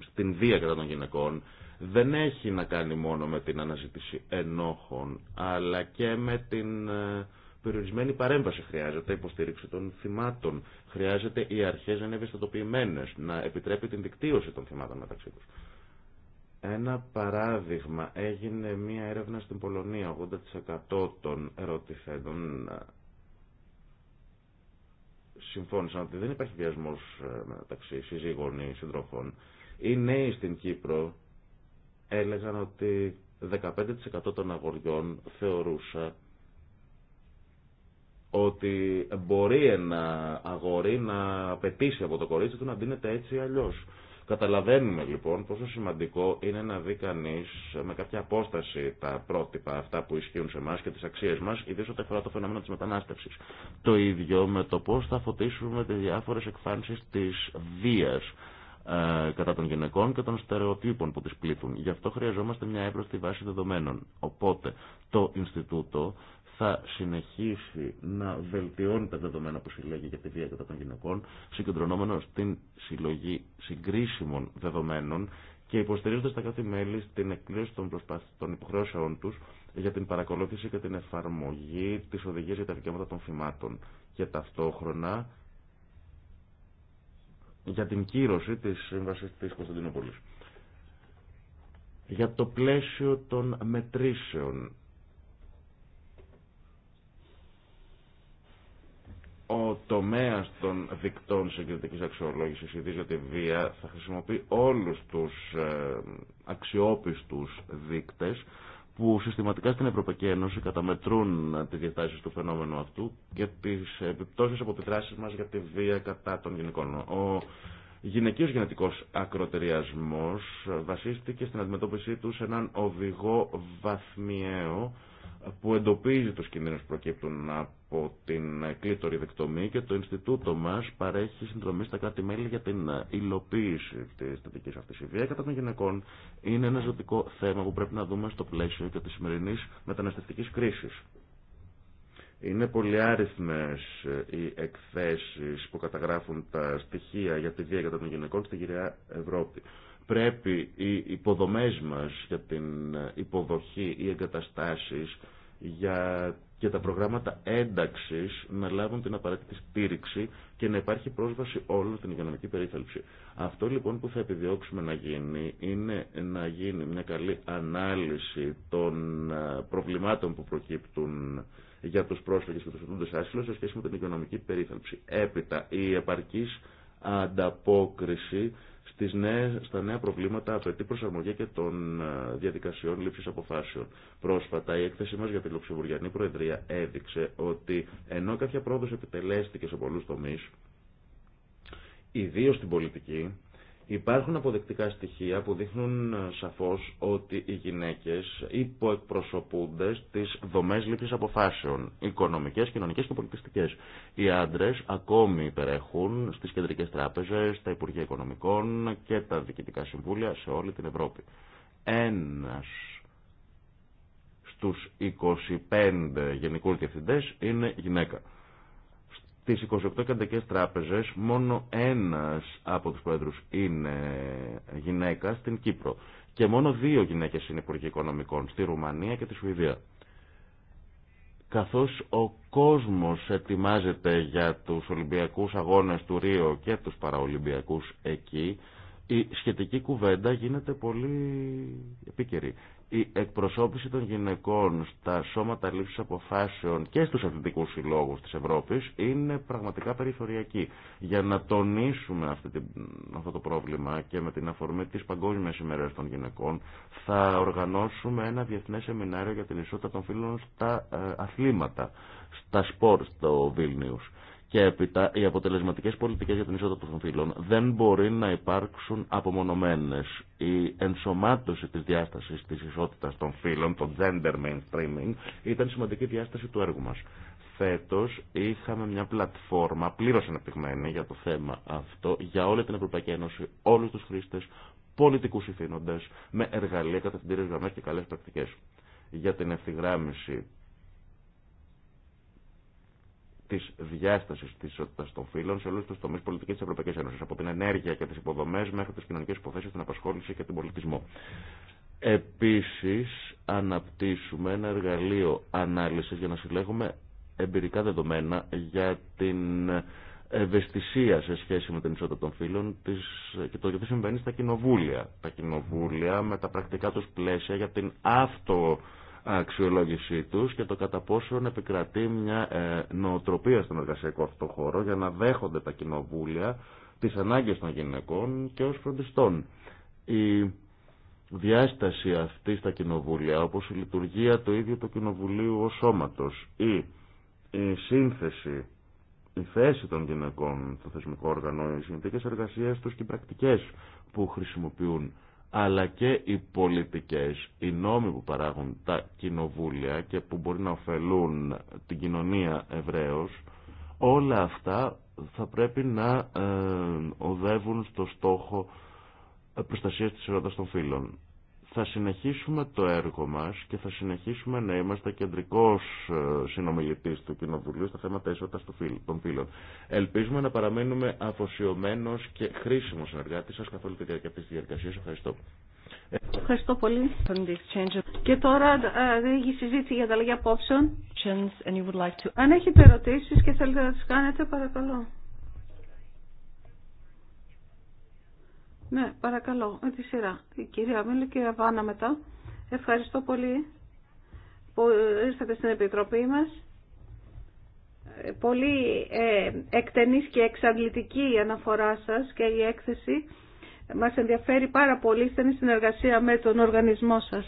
στην βία κατά των γυναικών δεν έχει να κάνει μόνο με την αναζήτηση ενόχων αλλά και με την ε, περιορισμένη παρέμβαση χρειάζεται, υποστήριξη των θυμάτων. Χρειάζεται οι αρχέ να είναι ευαισθητοποιημένε, να επιτρέπει την δικτύωση των θυμάτων μεταξύ του. Ένα παράδειγμα, έγινε μία έρευνα στην Πολωνία, 80% των ερωτηθέντων ε, συμφώνησαν ότι δεν υπάρχει βιασμός ε, μεταξύ συζύγων ή συντροφών. Οι νέοι στην Κύπρο έλεγαν ότι 15% των αγοριών θεωρούσα ότι μπορεί ένα αγόρι να απαιτήσει από το κορίτσι του να δίνεται έτσι ή αλλιώς. Καταλαβαίνουμε λοιπόν πόσο σημαντικό είναι να δει κανεί με κάποια απόσταση τα πρότυπα αυτά που ισχύουν σε εμά και τι αξίε μα, ιδίω όταν αφορά το φαινόμενο τη μετανάστευση. Το ίδιο με το πώ θα φωτίσουμε τι διάφορε εκφάνσει τη βία ε, κατά των γυναικών και των στερεοτύπων που τις πλήττουν. Γι' αυτό χρειαζόμαστε μια εύρωστη βάση δεδομένων. Οπότε το Ινστιτούτο θα συνεχίσει να βελτιώνει τα δεδομένα που συλλέγει για τη βία κατά των γυναικών, συγκεντρωνόμενο στην συλλογή συγκρίσιμων δεδομένων και υποστηρίζοντα τα κάθε μέλη στην εκπλήρωση των, των υποχρεώσεών του για την παρακολούθηση και την εφαρμογή τη οδηγία για τα δικαιώματα των θυμάτων και ταυτόχρονα για την κύρωση τη σύμβαση τη Κωνσταντινούπολη. Για το πλαίσιο των μετρήσεων ο τομέας των δικτών συγκριτικής αξιολόγησης, ιδίως για τη βία, θα χρησιμοποιεί όλους τους ε, αξιόπιστους δείκτες που συστηματικά στην Ευρωπαϊκή Ένωση καταμετρούν ε, τις διατάσει του φαινόμενου αυτού και τις επιπτώσεις από τη δράση μας για τη βία κατά των γυναικών. Ο γυναικείος γενετικός ακροτεριασμός ε, βασίστηκε στην αντιμετώπιση του σε έναν οδηγό βαθμιαίο που εντοπίζει τους κινδύνους που προκύπτουν από την κλήτορη δεκτομή και το Ινστιτούτο μας παρέχει συνδρομή στα κάτι μέλη για την υλοποίηση της θετικής αυτής. Η βία κατά των γυναικών είναι ένα ζωτικό θέμα που πρέπει να δούμε στο πλαίσιο και της σημερινής μεταναστευτικής κρίσης. Είναι πολύ άριθμες ε, οι εκθέσεις που καταγράφουν τα στοιχεία για τη βία κατά των γυναικών στην γυριά Ευρώπη πρέπει οι υποδομές μας για την ε, υποδοχή ή εγκαταστάσεις για και τα προγράμματα ένταξης να λάβουν την απαραίτητη στήριξη και να υπάρχει πρόσβαση όλων στην οικονομική περίθαλψη. Αυτό λοιπόν που θα επιδιώξουμε να γίνει είναι να γίνει μια καλή ανάλυση των ε, προβλημάτων που προκύπτουν για τους πρόσφυγες και τους οτούντες άσυλο σε σχέση με την οικονομική περίθαλψη. Έπειτα η επαρκής ανταπόκριση στις νέες, στα νέα προβλήματα απαιτεί προσαρμογή και των ε, διαδικασιών λήψη αποφάσεων. Πρόσφατα η έκθεση μας για τη Λουξεμβουργιανή Προεδρία έδειξε ότι ενώ κάποια πρόοδο επιτελέστηκε σε πολλού τομεί, ιδίω στην πολιτική, Υπάρχουν αποδεκτικά στοιχεία που δείχνουν ε, σαφώς ότι οι γυναίκες υποεκπροσωπούνται στις δομές λήψης αποφάσεων, οικονομικές, κοινωνικές και πολιτιστικές. Οι άντρες ακόμη υπερέχουν στις κεντρικές τράπεζες, τα Υπουργεία Οικονομικών και τα Διοικητικά Συμβούλια σε όλη την Ευρώπη. Ένας στους 25 γενικούς διευθυντές είναι γυναίκα. Στις 28 κεντρικές τράπεζες μόνο ένας από τους πρόεδρους είναι γυναίκα στην Κύπρο και μόνο δύο γυναίκες είναι υπουργοί οικονομικών στη Ρουμανία και τη Σουηδία. Καθώς ο κόσμος ετοιμάζεται για τους Ολυμπιακούς αγώνες του Ρίο και τους παραολυμπιακούς εκεί, η σχετική κουβέντα γίνεται πολύ επίκαιρη η εκπροσώπηση των γυναικών στα σώματα λήψης αποφάσεων και στους αθλητικούς συλλόγους της Ευρώπης είναι πραγματικά περιθωριακή. Για να τονίσουμε αυτό το πρόβλημα και με την αφορμή της Παγκόσμιας ημέρας των γυναικών θα οργανώσουμε ένα διεθνές σεμινάριο για την ισότητα των φίλων στα ε, αθλήματα, στα σπορ στο Βίλνιους. Και έπειτα οι αποτελεσματικές πολιτικές για την ισότητα των φύλων δεν μπορεί να υπάρξουν απομονωμένες. Η ενσωμάτωση της διάστασης της ισότητας των φύλων, το gender mainstreaming, ήταν σημαντική διάσταση του έργου μας. Φέτος είχαμε μια πλατφόρμα πλήρως αναπτυγμένη για το θέμα αυτό, για όλη την Ευρωπαϊκή Ένωση, όλους τους χρήστες, πολιτικούς υφήνοντες, με εργαλεία, κατευθυντήριες γραμμές και καλές πρακτικές για την ευθυγράμμιση τη διάσταση τη ισότητα των φύλων σε όλου του τομείς πολιτική τη Ευρωπαϊκή Ένωση, από την ενέργεια και τι υποδομέ μέχρι τι κοινωνικέ υποθέσει, την απασχόληση και τον πολιτισμό. Επίση, αναπτύσσουμε ένα εργαλείο ανάλυση για να συλλέγουμε εμπειρικά δεδομένα για την ευαισθησία σε σχέση με την ισότητα των φύλων και το γιατί συμβαίνει στα κοινοβούλια. Τα κοινοβούλια με τα πρακτικά τους πλαίσια για την αυτο αξιολόγησή τους και το κατά πόσον επικρατεί μια ε, νοοτροπία στον εργασιακό αυτό χώρο για να δέχονται τα κοινοβούλια τις ανάγκες των γυναικών και ως φροντιστών. Η διάσταση αυτή στα κοινοβούλια, όπως η λειτουργία το ίδιο του κοινοβουλίου ως σώματος ή η σύνθεση, η θέση των γυναικών στο θεσμικό όργανο, οι συνθήκες εργασίας τους και οι πρακτικές που χρησιμοποιούν αλλά και οι πολιτικές, οι νόμοι που παράγουν τα κοινοβούλια και που μπορεί να ωφελούν την κοινωνία ευρέως, όλα αυτά θα πρέπει να ε, οδεύουν στο στόχο προστασίας της ερώτας των φίλων θα συνεχίσουμε το έργο μας και θα συνεχίσουμε να είμαστε κεντρικός ε, συνομιλητής του Κοινοβουλίου στα θέματα ισότητας των φύλων. Ελπίζουμε να παραμένουμε αφοσιωμένος και χρήσιμος συνεργάτη σας καθ' όλη τη διάρκεια αυτής της διαδικασίας. Ευχαριστώ. Ευχαριστώ πολύ. Και τώρα έχει συζήτηση για τα λόγια απόψεων. Αν έχετε ερωτήσεις και θέλετε να τις κάνετε, παρακαλώ. Ναι, παρακαλώ, με τη σειρά. Η κυρία Μίλη, η Βάνα μετά. Ευχαριστώ πολύ που ήρθατε στην Επιτροπή μας. Ε, πολύ ε, εκτενής και εξαντλητική η αναφορά σας και η έκθεση. Μας ενδιαφέρει πάρα πολύ στενή συνεργασία με τον οργανισμό σας.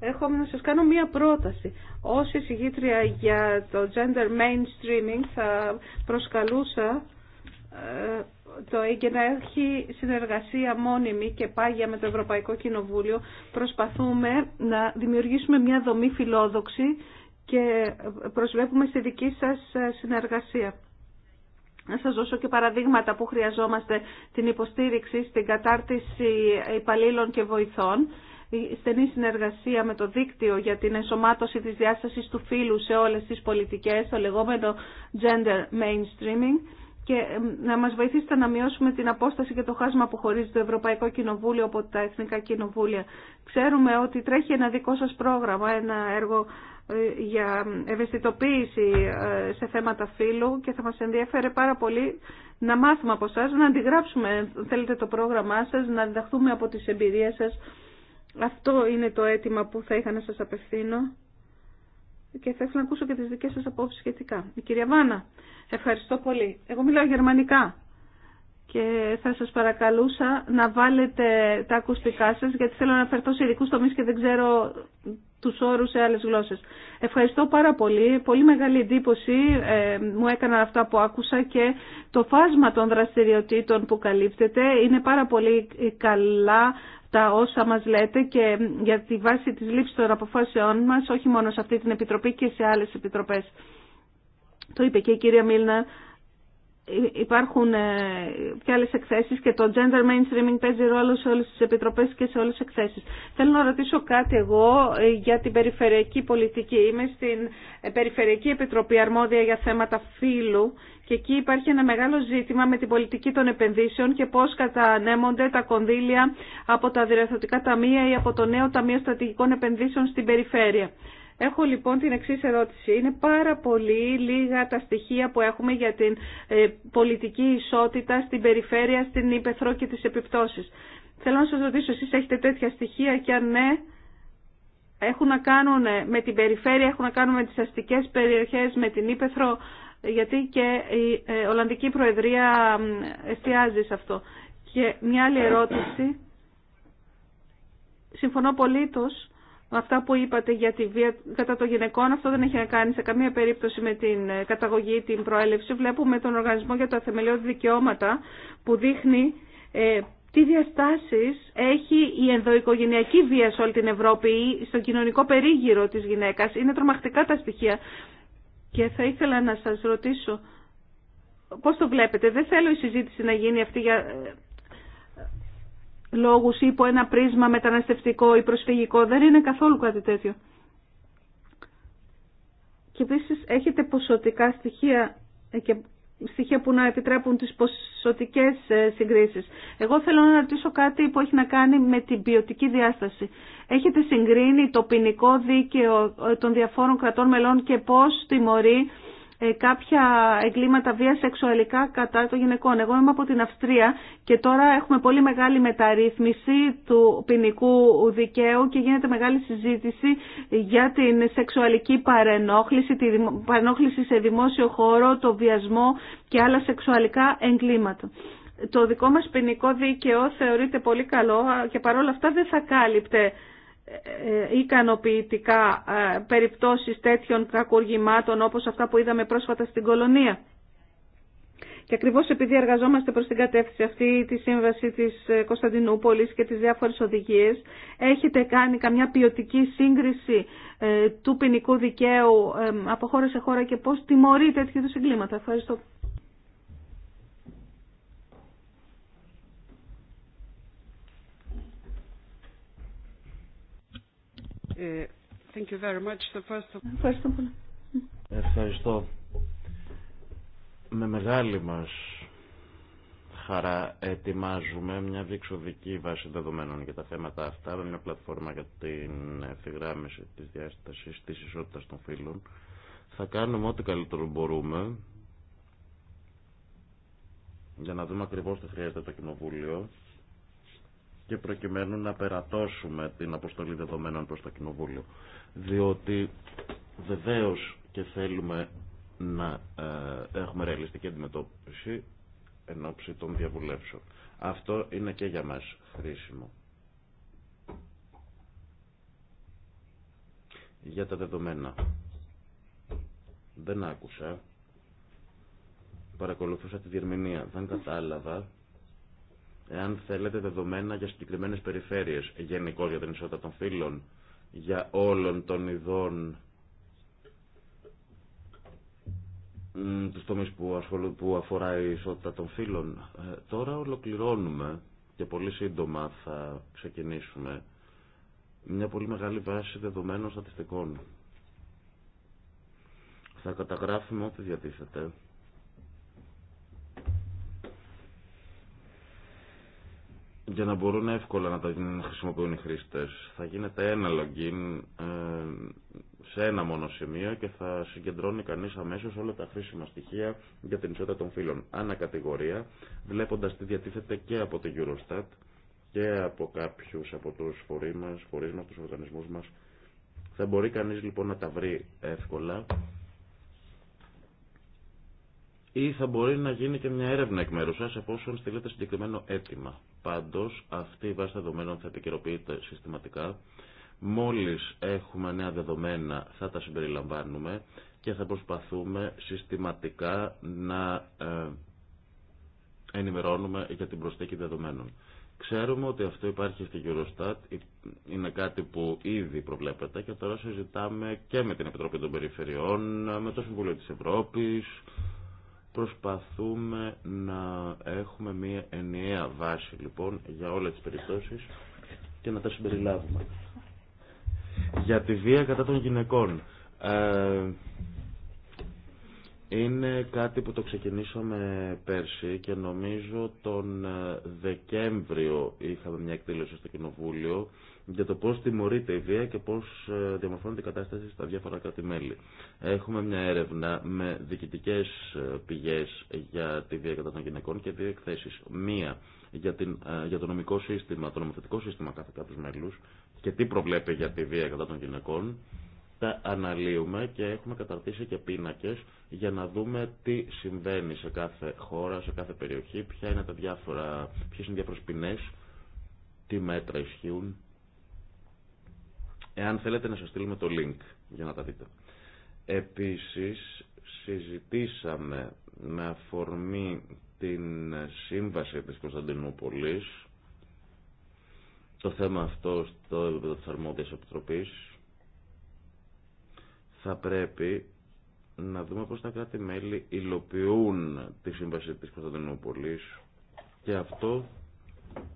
Έχω να σας κάνω μία πρόταση. Ως εισηγήτρια για το gender mainstreaming θα προσκαλούσα ε, το ΕΕ και να έχει συνεργασία μόνιμη και πάγια με το Ευρωπαϊκό Κοινοβούλιο προσπαθούμε να δημιουργήσουμε μια δομή φιλόδοξη και προσβλέπουμε στη δική σας συνεργασία. Να σας δώσω και παραδείγματα που χρειαζόμαστε την υποστήριξη στην κατάρτιση υπαλλήλων και βοηθών η στενή συνεργασία με το δίκτυο για την ενσωμάτωση της διάστασης του φύλου σε όλες τις πολιτικές, το λεγόμενο gender mainstreaming και να μας βοηθήσετε να μειώσουμε την απόσταση και το χάσμα που χωρίζει το Ευρωπαϊκό Κοινοβούλιο από τα Εθνικά Κοινοβούλια. Ξέρουμε ότι τρέχει ένα δικό σας πρόγραμμα, ένα έργο ε, για ευαισθητοποίηση ε, σε θέματα φύλου και θα μας ενδιαφέρει πάρα πολύ να μάθουμε από εσά, να αντιγράψουμε θέλετε το πρόγραμμά σας, να διδαχθούμε από τις εμπειρίες σας. Αυτό είναι το αίτημα που θα είχα να σας απευθύνω και θα ήθελα να ακούσω και τις δικές σας απόψεις σχετικά. Η κυρία Βάνα, ευχαριστώ πολύ. Εγώ μιλάω γερμανικά και θα σας παρακαλούσα να βάλετε τα ακουστικά σας γιατί θέλω να φερθώ σε ειδικού τομείς και δεν ξέρω τους όρους σε άλλες γλώσσες. Ευχαριστώ πάρα πολύ. Πολύ μεγάλη εντύπωση ε, μου έκαναν αυτά που άκουσα και το φάσμα των δραστηριοτήτων που καλύπτεται είναι πάρα πολύ καλά τα όσα μας λέτε και για τη βάση της λήψης των αποφάσεών μας, όχι μόνο σε αυτή την Επιτροπή και σε άλλες Επιτροπές. Το είπε και η κυρία Μίλνα υπάρχουν ε, και άλλες εκθέσεις και το gender mainstreaming παίζει ρόλο σε όλες τις επιτροπές και σε όλες τις εκθέσεις. Θέλω να ρωτήσω κάτι εγώ ε, για την περιφερειακή πολιτική. Είμαι στην ε, Περιφερειακή Επιτροπή Αρμόδια για θέματα φύλου και εκεί υπάρχει ένα μεγάλο ζήτημα με την πολιτική των επενδύσεων και πώς κατανέμονται τα κονδύλια από τα διευθυντικά ταμεία ή από το νέο Ταμείο Στρατηγικών Επενδύσεων στην περιφέρεια. Έχω λοιπόν την εξή ερώτηση. Είναι πάρα πολύ λίγα τα στοιχεία που έχουμε για την ε, πολιτική ισότητα στην περιφέρεια, στην Ήπεθρο και τις επιπτώσεις. Θέλω να σας ρωτήσω, εσείς έχετε τέτοια στοιχεία και αν ναι, έχουν να κάνουν με την περιφέρεια, έχουν να κάνουν με τις αστικές περιοχές, με την Ήπεθρο, γιατί και η ε, Ολλανδική Προεδρία εστιάζει σε αυτό. Και μια άλλη ερώτηση. Συμφωνώ πολύτως Αυτά που είπατε για τη βία κατά των γυναικών, αυτό δεν έχει να κάνει σε καμία περίπτωση με την ε, καταγωγή ή την προέλευση. Βλέπουμε τον Οργανισμό για τα Θεμελιώδη Δικαιώματα που δείχνει ε, τι διαστάσεις έχει η ενδοοικογενειακή βία σε όλη την Ευρώπη ή στο κοινωνικό περίγυρο της γυναίκας. Είναι τρομακτικά τα στοιχεία. Και θα ήθελα να σας ρωτήσω πώς το βλέπετε. Δεν θέλω η συζήτηση να γίνει αυτή για ε, λόγους ή υπό ένα πρίσμα μεταναστευτικό ή προσφυγικό. Δεν είναι καθόλου κάτι τέτοιο. Και επίση έχετε ποσοτικά στοιχεία ε, και στοιχεία που να επιτρέπουν τις ποσοτικές ε, συγκρίσεις. Εγώ θέλω να ρωτήσω κάτι που έχει να κάνει με την ποιοτική διάσταση. Έχετε συγκρίνει το ποινικό δίκαιο ε, των διαφόρων κρατών μελών και πώς τιμωρεί ε, κάποια εγκλήματα βία σεξουαλικά κατά των γυναικών. Εγώ είμαι από την Αυστρία και τώρα έχουμε πολύ μεγάλη μεταρρύθμιση του ποινικού δικαίου και γίνεται μεγάλη συζήτηση για την σεξουαλική παρενόχληση, την παρενόχληση σε δημόσιο χώρο, το βιασμό και άλλα σεξουαλικά εγκλήματα. Το δικό μας ποινικό δίκαιο θεωρείται πολύ καλό και παρόλα αυτά δεν θα κάλυπτε ε, ε, ικανοποιητικά ε, περιπτώσεις τέτοιων κακουργημάτων όπως αυτά που είδαμε πρόσφατα στην Κολονία. Και ακριβώς επειδή εργαζόμαστε προς την κατεύθυνση αυτή τη σύμβαση της Κωνσταντινούπολης και τις διάφορες οδηγίες, έχετε κάνει καμιά ποιοτική σύγκριση του ποινικού δικαίου από χώρα σε χώρα και πώς τιμωρεί τέτοιου είδους εγκλήματα. Ευχαριστώ. Ευχαριστώ Με μεγάλη μας χαρά ετοιμάζουμε μια διεξοδική βάση δεδομένων για τα θέματα αυτά μια πλατφόρμα για την ευθυγράμμιση της διάστασης της ισότητας των φύλων. Θα κάνουμε ό,τι καλύτερο μπορούμε για να δούμε ακριβώς τι χρειάζεται το Κοινοβούλιο και προκειμένου να περατώσουμε την αποστολή δεδομένων προς το Κοινοβούλιο. Διότι βεβαίως και θέλουμε να ε, έχουμε ρεαλιστική αντιμετώπιση εν ώψη των διαβουλεύσεων. Αυτό είναι και για μας χρήσιμο. Για τα δεδομένα. Δεν άκουσα. Παρακολουθούσα τη διερμηνία. Δεν κατάλαβα εάν θέλετε δεδομένα για συγκεκριμένες περιφέρειες, γενικώ για την ισότητα των φύλων, για όλων των ειδών του τομείς που, που αφορά η ισότητα των φύλων. Ε, τώρα ολοκληρώνουμε και πολύ σύντομα θα ξεκινήσουμε μια πολύ μεγάλη βάση δεδομένων στατιστικών. Θα καταγράφουμε ό,τι διατίθεται για να μπορούν εύκολα να τα χρησιμοποιούν οι χρήστες. Θα γίνεται ένα login ε, σε ένα μόνο σημείο και θα συγκεντρώνει κανείς αμέσως όλα τα χρήσιμα στοιχεία για την ισότητα των φύλων. Ανακατηγορία, βλέποντας τι διατίθεται και από το Eurostat και από κάποιους από τους φορείς μας, φορείς μας, τους οργανισμούς μας. Θα μπορεί κανείς λοιπόν να τα βρει εύκολα ή θα μπορεί να γίνει και μια έρευνα εκ μέρου σα εφόσον στείλετε συγκεκριμένο αίτημα. Πάντως, αυτή η βάση δεδομένων θα επικαιροποιείται συστηματικά. Μόλις έχουμε νέα δεδομένα θα τα συμπεριλαμβάνουμε και θα προσπαθούμε συστηματικά να ε, ενημερώνουμε για την προσθήκη δεδομένων. Ξέρουμε ότι αυτό υπάρχει στη Eurostat, είναι κάτι που ήδη προβλέπεται και τώρα συζητάμε και με την Επιτροπή των Περιφερειών, με το Συμβούλιο της Ευρώπης, Προσπαθούμε να έχουμε μια ενιαία βάση λοιπόν για όλες τις περιπτώσεις και να τα συμπεριλάβουμε. Για τη βία κατά των γυναικών. Ε, είναι κάτι που το ξεκινήσαμε πέρσι και νομίζω τον ε, Δεκέμβριο είχαμε μια εκδήλωση στο Κοινοβούλιο για το πώς τιμωρείται η βία και πώς ε, διαμορφώνεται η κατάσταση στα διάφορα κράτη-μέλη. Έχουμε μια έρευνα με διοικητικές ε, πηγές για τη βία κατά των γυναικών και δύο εκθέσεις. Μία για, την, ε, για το νομικό σύστημα, το νομοθετικό σύστημα κάθε κάποιους μέλους και τι προβλέπει για τη βία κατά των γυναικών. Τα αναλύουμε και έχουμε καταρτήσει και πίνακες για να δούμε τι συμβαίνει σε κάθε χώρα, σε κάθε περιοχή, ποια είναι ποιες είναι οι διάφορες ποινές, τι μέτρα ισχύουν Εάν θέλετε να σας στείλουμε το link για να τα δείτε. Επίσης, συζητήσαμε με αφορμή την σύμβαση της Κωνσταντινούπολης το θέμα αυτό στο επίπεδο της αρμόδιας επιτροπής θα πρέπει να δούμε πώς τα κράτη-μέλη υλοποιούν τη σύμβαση της Κωνσταντινούπολης και αυτό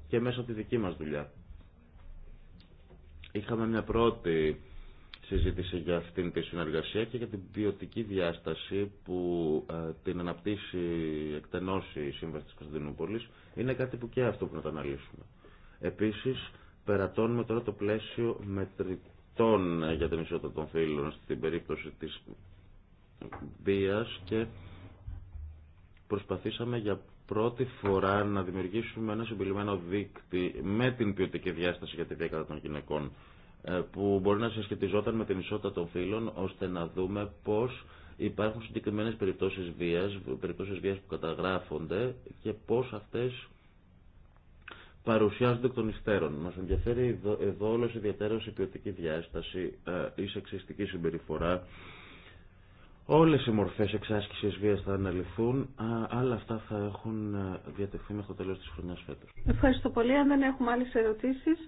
και μέσα από τη δική μας δουλειά. Είχαμε μια πρώτη συζήτηση για αυτήν τη συνεργασία και για την ποιοτική διάσταση που ε, την αναπτύσσει εκτενώς η Σύμβαση της Κωνσταντινούπολης. Είναι κάτι που και αυτό που να το αναλύσουμε. Επίσης, περατώνουμε τώρα το πλαίσιο μετρητών για την ισότητα των φίλων στην περίπτωση της βίας και προσπαθήσαμε για πρώτη φορά να δημιουργήσουμε ένα συμπληρωμένο δίκτυ με την ποιοτική διάσταση για τη διάκρατα των γυναικών ε, που μπορεί να συσχετιζόταν με την ισότητα των φύλων ώστε να δούμε πώς υπάρχουν συγκεκριμένες περιπτώσεις βίας, περιπτώσεις βίας που καταγράφονται και πώς αυτές παρουσιάζονται εκ των υστέρων. Μας ενδιαφέρει εδώ όλος ιδιαίτερος η ποιοτική διάσταση, ε, η σεξιστική συμπεριφορά, Όλες οι μορφές εξάσκησης βίας θα αναλυθούν, αλλά αυτά θα έχουν διατεθεί μέχρι το τέλος της χρονιάς φέτος. Ευχαριστώ πολύ. Αν δεν έχουμε άλλες ερωτήσεις,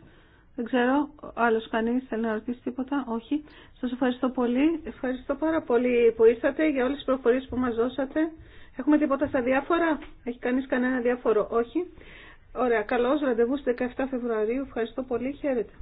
δεν ξέρω, άλλος κανείς θέλει να ρωτήσει τίποτα, όχι. Σας ευχαριστώ πολύ. Ευχαριστώ πάρα πολύ που ήρθατε για όλες τις προφορίες που μας δώσατε. Έχουμε τίποτα στα διάφορα, έχει κανείς κανένα διάφορο, όχι. Ωραία, καλώς ραντεβού στις 17 Φεβρουαρίου. Ευχαριστώ πολύ, χαίρετε.